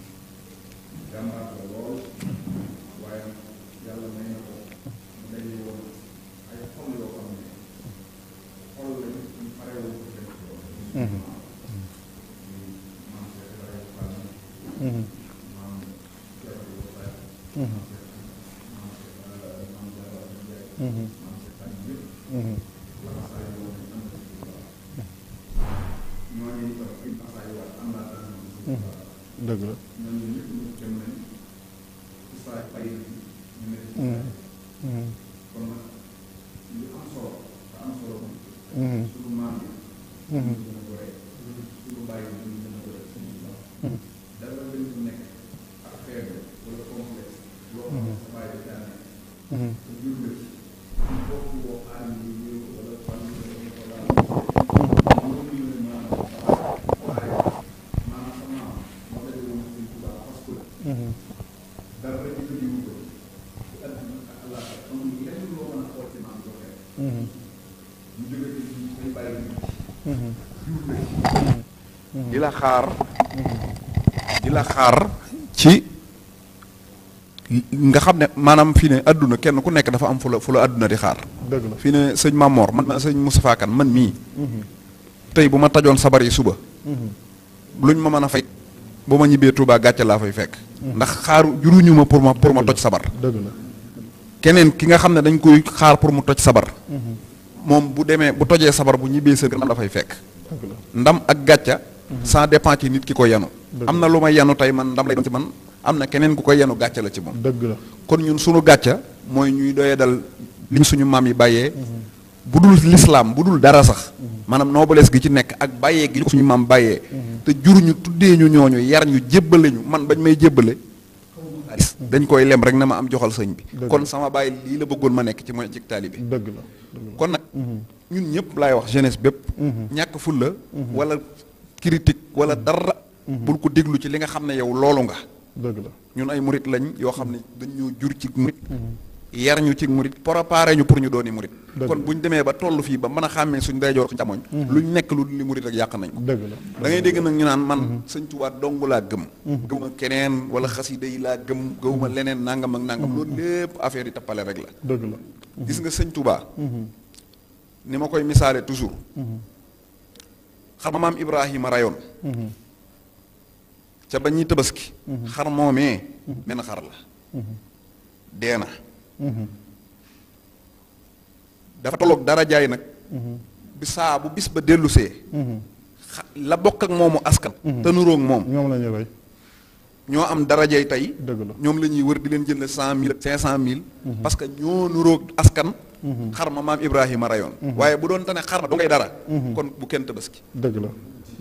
la xaar di la xaar ci nga xam ne maanaam fii ne àdduna kenn ku nekk dafa am fu la fu la àdduna di xaar dëgg la fii ne sëñ Mamor man sëñ Moustapha man mii mhm. tey bu ma tajoon sabar yi suba mhm. luñ ma mën a fay ba ma ñibbee Touba gàcce laa fay fekk mhm. ndax xaaru juruñu ma pour ma pour ma toj sabar dëgg la keneen ki nga xam ne dañ koy xaar pour mu toj sabar moom bu demee bu tojee sabar bu ñibbee sër la fay fekk ndam ak gàcca ça dépend ci nit ki ko yenu am na lu may yenu tey man ndam lay doon ci man am na keneen ku ko yenu gàcce la ci moom dëgg la kon ñun suñu gàcce mooy ñuy doyee dal li suñu maam yi bàyyee bu dul lislaam bu dul dara sax maanaam noobulees gi ci nekk ak bàyyee gi li ko suñu maam bàyyee te jur ñu tuddee ñu ñooñu yar ñu jébbale ñu man bañ may jébbale dañ koy lem rek na ma am joxal sëñ bi kon sama bàyyi lii la bëggoon ma nekk ci mooy ci taalibe dëgg la kon nag mhm. ñun ñëpp laay wax jeunesse bépp mhm. ñàkk fulla mhm. wala critique wala mm-hmm. dara. Mm-hmm. bul ko déglu ci li nga xam ne yow loolu nga. dëgg la ñun ay murit lañ yoo xam ne mm-hmm. dañu jur ci murit. yar ñu ci murit préparé ñu pour ñu dooni murit kon bu ñu demee ba toll fii ba mën a xàmmee suñ ndeyjoor suñ càmmoñ lu ñu nekk lu li murit rek yàq nañ ko dëgg la da dégg nag ñu naan man sëñ Tuubaa dong laa gëm gëmuma keneen wala xasida yi laa gëm gëmuma leneen nangam ak nangam loolu lépp affaire yi tappale rek la dëgg la gis nga sëñ Tuubaa ni ma koy misaale toujours xar maam Ibrahima rayoon. ca ba ñuy tabaski. xar moomee. men xar la. dee na. dafa tolloog dara jaay nag. bi saabu bis ba dellusee. la bokk ak moomu askan. te nuróog moom ñoom la ñu rey. ñoo am darajay tey. dëgg la ñoom la ñuy wër di leen jël cinq mille ak cinq cent mille. parce que ñoo nurook askan. xar ma maam Ibrahima rayoon. Mhm. waaye bu doon tane xar ma doo ngay dara. Mhm. kon bu kenn tabaski. dëgg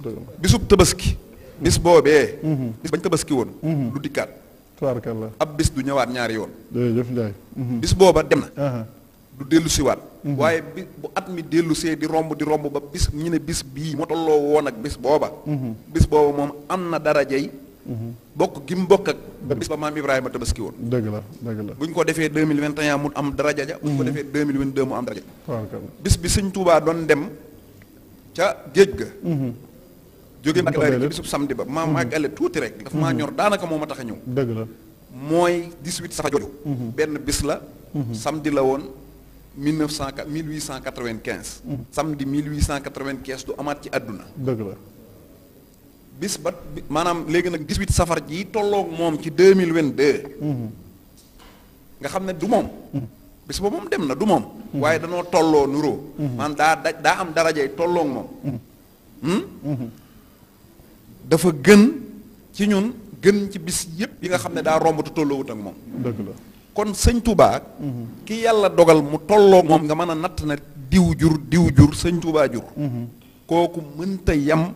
dëgg la bisub tabaski. bis boobee. Mhm. bis bañ tabaski woon. du dikkaat. tubaarkalla ab bis du ñëwaat ñaari yoon. bis booba dem na. du dellu siwaat. waaye bi bu at mi dellu see di romb di romb ba bis ñu ne bis bii moo tolloo woon ak bis booba. bis booba moom am na dara darajay. bokk gi mu bokk ak bis ba maam Ibrahima tabaski woon dëgg la dëgg la bu ñu ko defee deux mille vingt et un mu am daraja ja bu ñu ko mhm. defee deux mille vingt bis bi sëñ Tuubaa doon dem ca géej ga mhm. jóge Mbàkke Bari ci bisub samedi ba maa màggale mhm. tuuti rek dafa maa ñor daanaka moom ma tax ñëw dëgg la mooy dix-huit safa jooju benn bis la samedi la woon mille neuf cent mille huit cent quatre-vingt-quinze samedi mille huit cent quatre-vingt-quinze du amaat ci àdduna dëgg la bis ba maanaam léegi nag 18 safar ji tollook moom ci 2022. nga xam ne du moom. bis ba moom dem na du moom. waaye danoo tolloo nuroo. man daa da daa am darajay tolloog moom. Hmm? dafa gën ci ñun gën ci bis yëpp yi nga xam ne daa romb te tolloowut ak moom. dëgg la kon sëñ Touba. ki yàlla dogal mu tolloog moom nga mën a natt na diw jur diw jur sëñ Touba jur. Hmm. kooku mënta yam.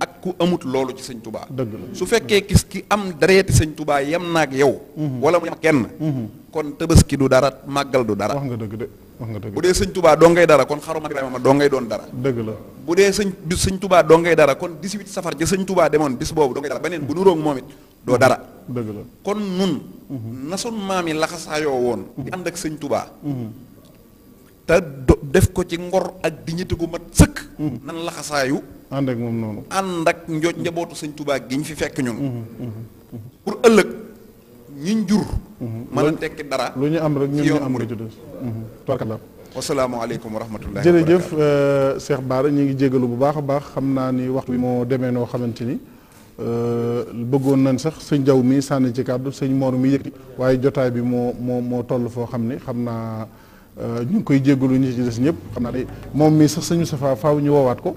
ak ku amut loolu ci sëñ tubaa su fekkee kis ki am dareeti sëñ tubaa yem naag yow mhm. wala mu kenn mhm. kon tabaski du dara màggal du dara wax nga dëgg wax nga dëgg bu dee sëñ tubaa doo ngay dara kon xaruma ma doo ngay doon dara dëgg la bu dee sëñ sëñ tubaa doo ngay dara kon 18 safar ja sëñ tubaa demoon bis boobu doo ngay dara beneen bu nuróog moom it doo dara dëgg la kon nun mhm. na maam yi laxasaayoo woon di ànd ak sëñ tubaa te def ko ci ngor ak dignité gu mat sëkk nan laxasaayu ànd ak moom noonu. ànd ak njooj njabootu sëñ Tuubaa gi ñu fi fekk ñun. Mm-hmm, mm-hmm. pour ëllëg ñiñ jur. Mm-hmm. mën a tekki dara. lu ñu am rek ñun ñu am lu ci des. tubarkalla. wasalaamaaleykum wa rahmatulah. jërëjëf euh, Cheikh Bara ñu ngi jégalu bu baax a baax xam naa ni waxtu bi moo demee noo xamante ni. Euh, bëggoon nañ sax sëñ njaw mi sànni ci kàddu sëñ moor mi yëkkati jotaay bi moo moo moo toll foo xam ne xam naa euh, ñu ngi koy jéggalu ñi ci des ñëpp xam naa moom mii sax sëñu safaa faaw ñu woowaat ko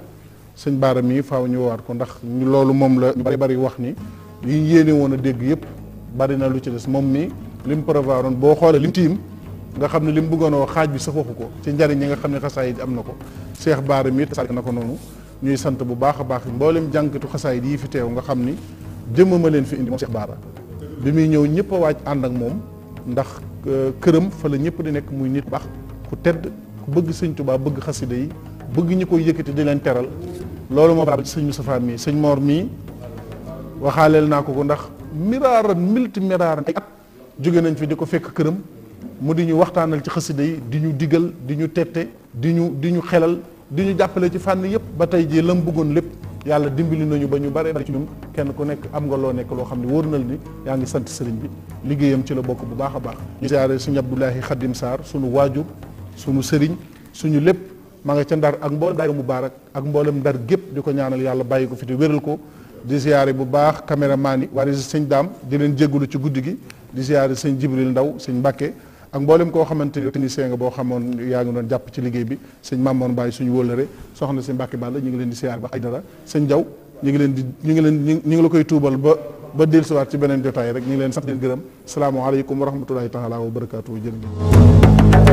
sëñ Baara mii faaw ñu woowaat ko ndax loolu moom la ñu bari bari wax ni lii yéene woon a dégg yëpp bari na lu ci des moom mii li mu prévoir woon boo xoolee li mu tiim nga xam ne li mu bëggoon a xaaj bi sax waxu ko ci njariñ yi nga xam ne xasaayid am na ko Cheikh Baara mii tasaare na ko noonu ñuy sant bu baax a baax mbooleem jànkatu xasaayid yi fi teew nga xam ni ma leen fi indi moom Cheikh Baara bi muy ñëw ñëpp a waaj ànd ak moom ndax euh, këram fa la ñëpp di nekk muy nit baax ku tedd bëgg sëñ Tuubaa bëgg xasida yi bëgg ñi koy yëkkati di leen teral loolu moo ci sëñ Moustapha mii sëñ moor mii waxaaleel naa ko ko ndax miraaran milti miraaran ay at jóge nañ fi di ko fekk këram mu di ñu waxtaanal ci xasida yi di ñu diggal di ñu tette di ñu di ñu xelal di ñu jàppale ci fànn yëpp ba tey jii mu bëggoon lépp yàlla dimbali nañu ba ñu bare ci ñun kenn ku nekk am nga loo nekk loo xam ne wóor nal ni yaa ngi sant sëriñ bi liggéeyam ci la bokk bu baax a baax ñu siyaare suñu Abdoulahi Khadim Sarr suñu waajur suñu sëriñ suñu lépp maa nga ca ndar ak mboolem daay mubaarak ak mboolem ndar gépp di ko ñaanal yàlla bàyyi ko fi te wéral ko di ziyaare bu baax caméraman yi waaye sëñ daam di leen jégalu ci guddi gi di ziyaare sëñ jibril ndaw sëñ mbàkke ak mboolem koo xamante ni technicien nga boo xamoon yaa ngi doon jàpp ci liggéey bi sëñ Mamoon Mbaye suñu wóolëre soxna si Mbàkke Balla ñu ngi leen di siyaar ba ay dara sëñ Jaw ñu ngi leen di ñu ngi leen ñu ngi la koy tuubal ba ba dellusiwaat ci beneen jotaay rek ñu ngi leen sant leen gërëm salaamaaleykum wa rahmatulahi taala wa barakaatu jërëjëf